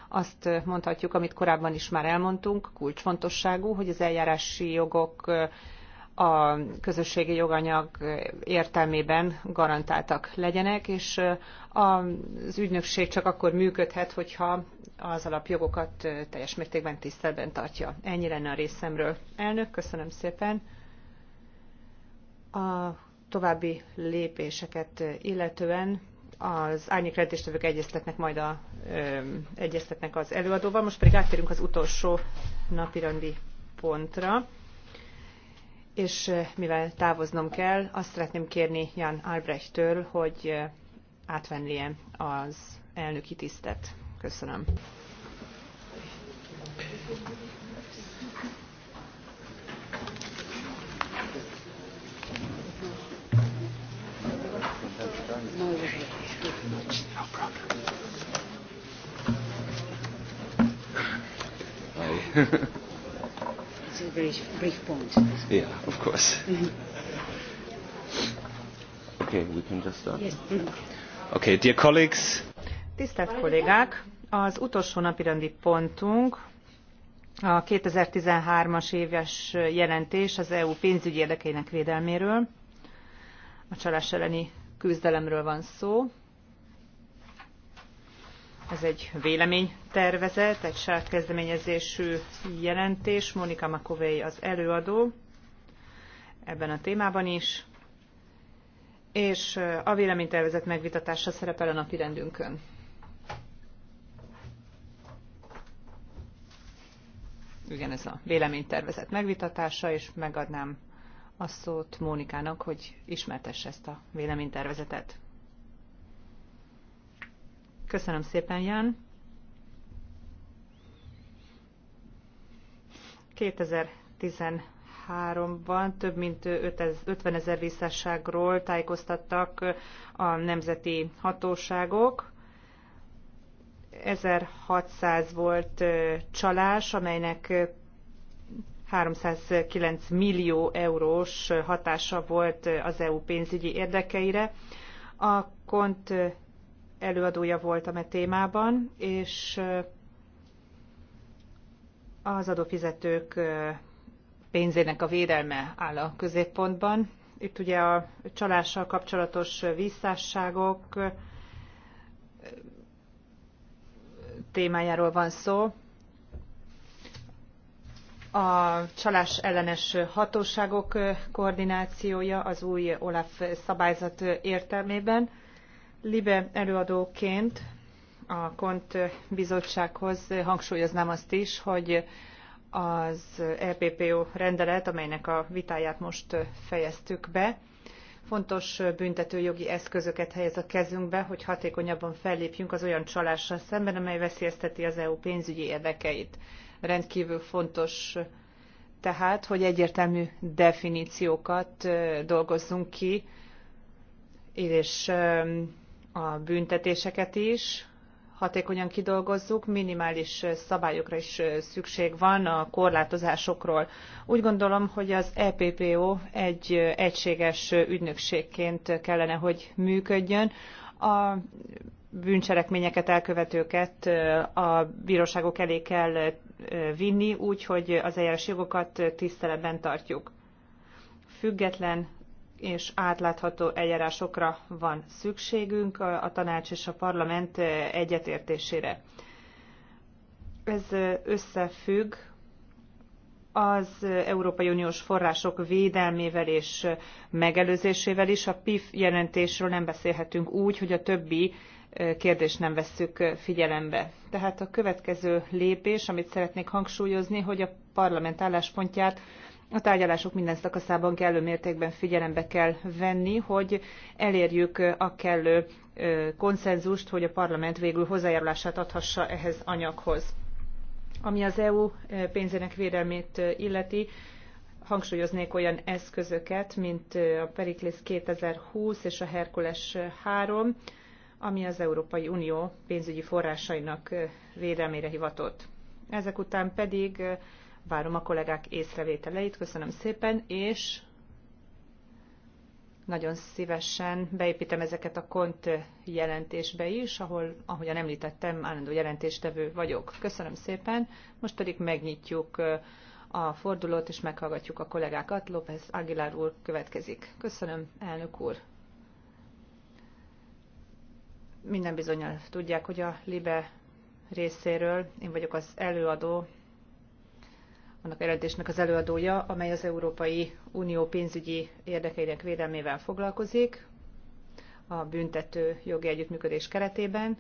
azt mondhatjuk, amit korábban is már elmondtunk, kulcsfontosságú, hogy az eljárási jogok a közösségi joganyag értelmében garantáltak legyenek, és az ügynökség csak akkor működhet, hogyha az alapjogokat teljes mértékben tiszteletben tartja. Ennyi lenne a részemről. Elnök, köszönöm szépen. A további lépéseket illetően az árnyékrendéstevők egyeztetnek majd a, ö, egyeztetnek az előadóval. Most pedig áttérünk az utolsó napirendi pontra és mivel távoznom kell, azt szeretném kérni Jan Albrecht-től, hogy átvennie az elnöki tisztet. Köszönöm. No problem very brief point. Yeah, of course. Mm-hmm. okay, we can just start. Yes. Mm-hmm. Okay, dear colleagues. Tisztelt kollégák, az utolsó napirendi pontunk a 2013-as éves jelentés az EU pénzügyi érdekeinek védelméről. A csalás elleni küzdelemről van szó. Ez egy véleménytervezet, egy saját kezdeményezésű jelentés. Monika Makovei az előadó ebben a témában is. És a véleménytervezet megvitatása szerepel a napi rendünkön. Igen, ez a véleménytervezet megvitatása, és megadnám a szót Mónikának, hogy ismertesse ezt a véleménytervezetet. Köszönöm szépen, Jan. 2013-ban több mint 50 ezer visszásságról tájékoztattak a nemzeti hatóságok. 1600 volt csalás, amelynek 309 millió eurós hatása volt az EU pénzügyi érdekeire. A kont előadója voltam e témában, és az adófizetők pénzének a védelme áll a középpontban. Itt ugye a csalással kapcsolatos visszásságok témájáról van szó. A csalás ellenes hatóságok koordinációja az új OLAF szabályzat értelmében Libe előadóként a Kont bizottsághoz hangsúlyoznám azt is, hogy az EPPO rendelet, amelynek a vitáját most fejeztük be, fontos büntetőjogi eszközöket helyez a kezünkbe, hogy hatékonyabban fellépjünk az olyan csalással szemben, amely veszélyezteti az EU pénzügyi érdekeit. Rendkívül fontos tehát, hogy egyértelmű definíciókat dolgozzunk ki, és a büntetéseket is hatékonyan kidolgozzuk, minimális szabályokra is szükség van a korlátozásokról. Úgy gondolom, hogy az EPPO egy egységes ügynökségként kellene, hogy működjön. A bűncselekményeket elkövetőket a bíróságok elé kell vinni, úgy, hogy az eljárás jogokat tiszteletben tartjuk. Független és átlátható eljárásokra van szükségünk a tanács és a parlament egyetértésére. Ez összefügg az Európai Uniós források védelmével és megelőzésével is. A PIF jelentésről nem beszélhetünk úgy, hogy a többi kérdést nem vesszük figyelembe. Tehát a következő lépés, amit szeretnék hangsúlyozni, hogy a parlament álláspontját a tárgyalások minden szakaszában kellő mértékben figyelembe kell venni, hogy elérjük a kellő konszenzust, hogy a parlament végül hozzájárulását adhassa ehhez anyaghoz. Ami az EU pénzének védelmét illeti, hangsúlyoznék olyan eszközöket, mint a Pericles 2020 és a Herkules 3, ami az Európai Unió pénzügyi forrásainak védelmére hivatott. Ezek után pedig várom a kollégák észrevételeit. Köszönöm szépen, és nagyon szívesen beépítem ezeket a kont jelentésbe is, ahol, ahogyan említettem, állandó jelentéstevő vagyok. Köszönöm szépen, most pedig megnyitjuk uh, a fordulót, és meghallgatjuk a kollégákat. López Aguilar úr következik. Köszönöm, elnök úr. Minden bizonyal tudják, hogy a LIBE részéről én vagyok az előadó annak a jelentésnek az előadója, amely az Európai Unió pénzügyi érdekeinek védelmével foglalkozik a büntető jogi együttműködés keretében.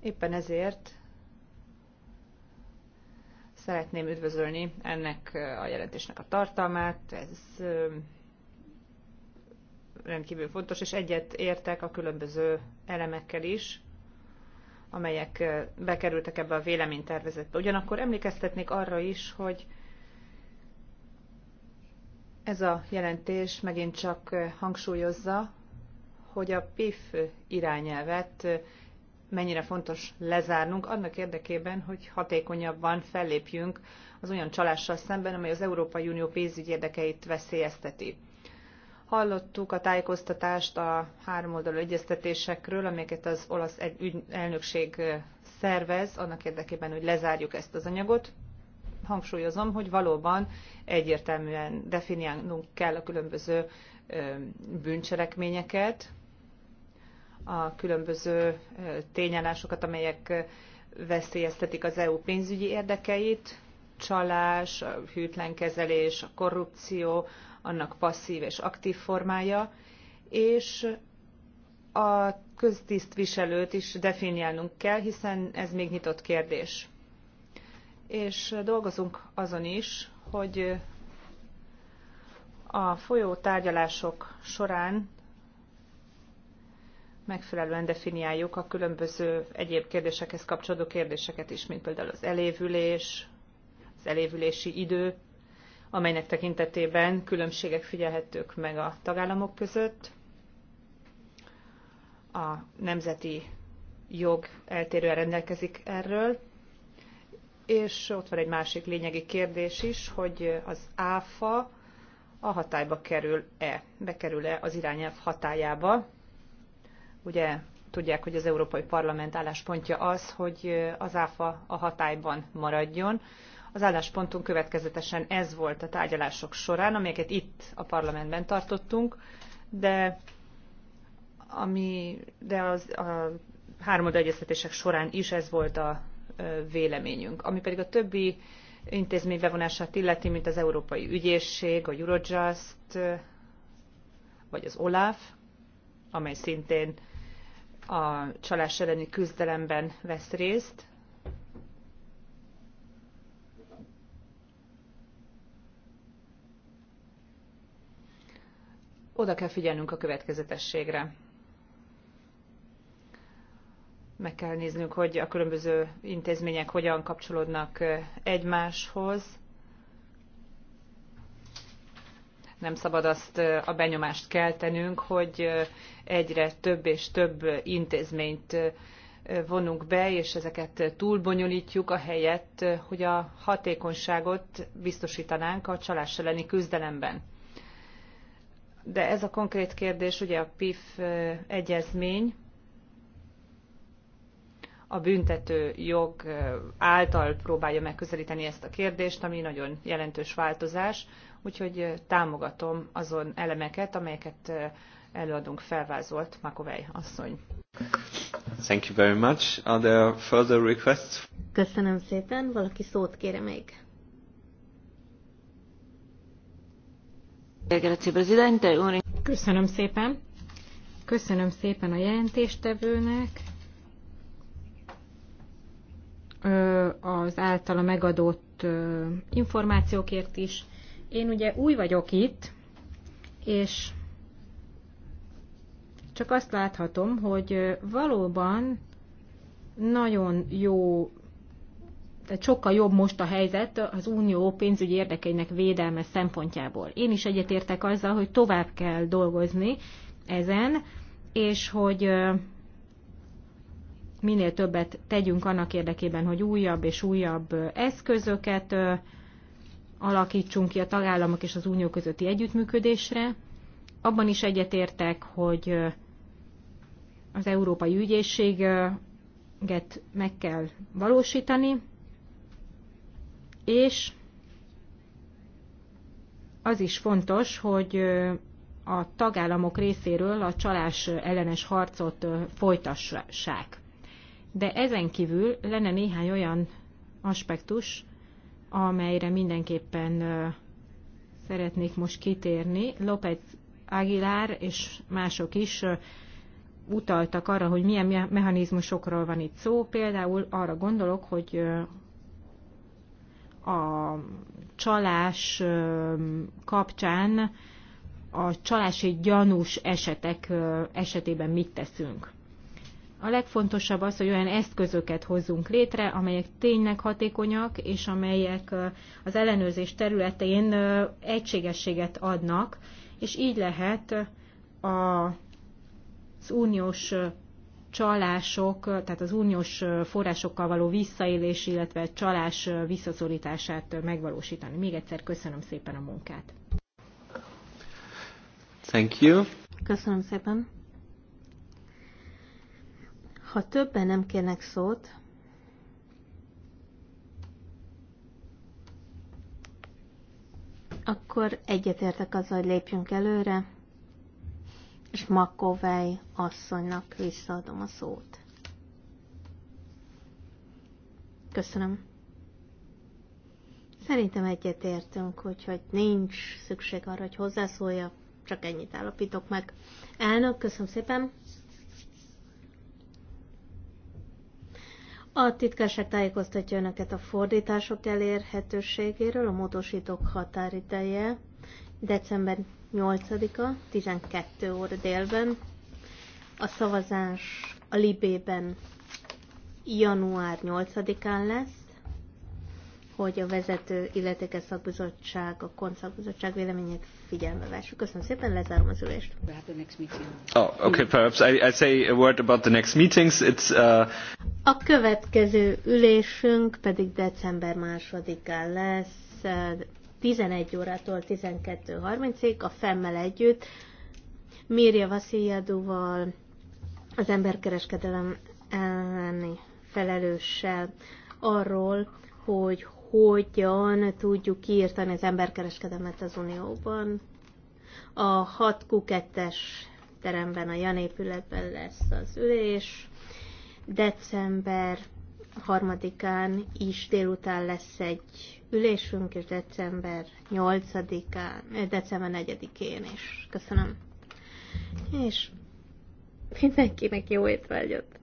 Éppen ezért szeretném üdvözölni ennek a jelentésnek a tartalmát. Ez rendkívül fontos, és egyet értek a különböző elemekkel is, amelyek bekerültek ebbe a véleménytervezetbe. Ugyanakkor emlékeztetnék arra is, hogy ez a jelentés megint csak hangsúlyozza, hogy a PIF irányelvet mennyire fontos lezárnunk annak érdekében, hogy hatékonyabban fellépjünk az olyan csalással szemben, amely az Európai Unió pénzügyi érdekeit veszélyezteti. Hallottuk a tájékoztatást a háromoldalú egyeztetésekről, amelyeket az olasz elnökség szervez, annak érdekében, hogy lezárjuk ezt az anyagot. Hangsúlyozom, hogy valóban egyértelműen definiálnunk kell a különböző bűncselekményeket, a különböző tényállásokat, amelyek veszélyeztetik az EU pénzügyi érdekeit, csalás, a hűtlen kezelés, a korrupció, annak passzív és aktív formája, és a köztisztviselőt is definiálnunk kell, hiszen ez még nyitott kérdés. És dolgozunk azon is, hogy a folyó tárgyalások során megfelelően definiáljuk a különböző egyéb kérdésekhez kapcsolódó kérdéseket is, mint például az elévülés, az elévülési idő, amelynek tekintetében különbségek figyelhetők meg a tagállamok között. A nemzeti jog eltérően rendelkezik erről, és ott van egy másik lényegi kérdés is, hogy az áfa a hatályba kerül-e, bekerül-e az irányelv hatájába. Ugye tudják, hogy az Európai Parlament álláspontja az, hogy az áfa a hatályban maradjon. Az álláspontunk következetesen ez volt a tárgyalások során, amelyeket itt a parlamentben tartottunk, de ami, de az, a háromoldal egyeztetések során is ez volt a véleményünk. Ami pedig a többi intézmény bevonását illeti, mint az Európai Ügyészség, a Eurojust, vagy az OLAF, amely szintén a csalás elleni küzdelemben vesz részt. Oda kell figyelnünk a következetességre. Meg kell néznünk, hogy a különböző intézmények hogyan kapcsolódnak egymáshoz. Nem szabad azt a benyomást keltenünk, hogy egyre több és több intézményt vonunk be, és ezeket túlbonyolítjuk, helyet, hogy a hatékonyságot biztosítanánk a csalás elleni küzdelemben de ez a konkrét kérdés ugye a PIF egyezmény, a büntető jog által próbálja megközelíteni ezt a kérdést, ami nagyon jelentős változás, úgyhogy támogatom azon elemeket, amelyeket előadunk felvázolt Makovej asszony. Thank you very much. Are there further requests? Köszönöm szépen. Valaki szót kére még? Köszönöm szépen. Köszönöm szépen a jelentéstevőnek. Az általa megadott információkért is. Én ugye új vagyok itt, és csak azt láthatom, hogy valóban nagyon jó tehát sokkal jobb most a helyzet az unió pénzügyi érdekeinek védelme szempontjából. Én is egyetértek azzal, hogy tovább kell dolgozni ezen, és hogy minél többet tegyünk annak érdekében, hogy újabb és újabb eszközöket alakítsunk ki a tagállamok és az unió közötti együttműködésre. Abban is egyetértek, hogy az Európai Ügyészséget meg kell valósítani, és az is fontos, hogy a tagállamok részéről a csalás ellenes harcot folytassák. De ezen kívül lenne néhány olyan aspektus, amelyre mindenképpen szeretnék most kitérni. López Aguilar és mások is utaltak arra, hogy milyen mechanizmusokról van itt szó. Például arra gondolok, hogy a csalás kapcsán a csalási gyanús esetek esetében mit teszünk. A legfontosabb az, hogy olyan eszközöket hozzunk létre, amelyek tényleg hatékonyak, és amelyek az ellenőrzés területén egységességet adnak, és így lehet az uniós csalások, tehát az uniós forrásokkal való visszaélés, illetve csalás visszaszorítását megvalósítani. Még egyszer köszönöm szépen a munkát. Thank you. Köszönöm szépen. Ha többen nem kérnek szót, akkor egyetértek azzal, hogy lépjünk előre és Makovej asszonynak visszaadom a szót. Köszönöm. Szerintem egyetértünk, hogy nincs szükség arra, hogy hozzászólja, csak ennyit állapítok meg. Elnök, köszönöm szépen. A titkárság tájékoztatja önöket a fordítások elérhetőségéről, a módosítók határideje december 8-a, 12 óra délben. A szavazás a Libében január 8-án lesz, hogy a vezető illetékes szakbizottság, a konszakbizottság véleményét figyelme vessük. Köszönöm szépen, lezárom az ülést. Oh, okay, perhaps I, I say a word about the next meetings. It's, uh... A következő ülésünk pedig december másodikán lesz, 11 órától 12.30-ig a Femmel együtt, Mirja Vasziljaduval, az emberkereskedelem elleni felelőssel arról, hogy hogyan tudjuk kiírtani az emberkereskedelmet az Unióban. A 6 q es teremben, a Jan épületben lesz az ülés. December harmadikán is délután lesz egy ülésünk, és december 8-án, eh, december 4-én is. Köszönöm. És mindenkinek jó étvágyat!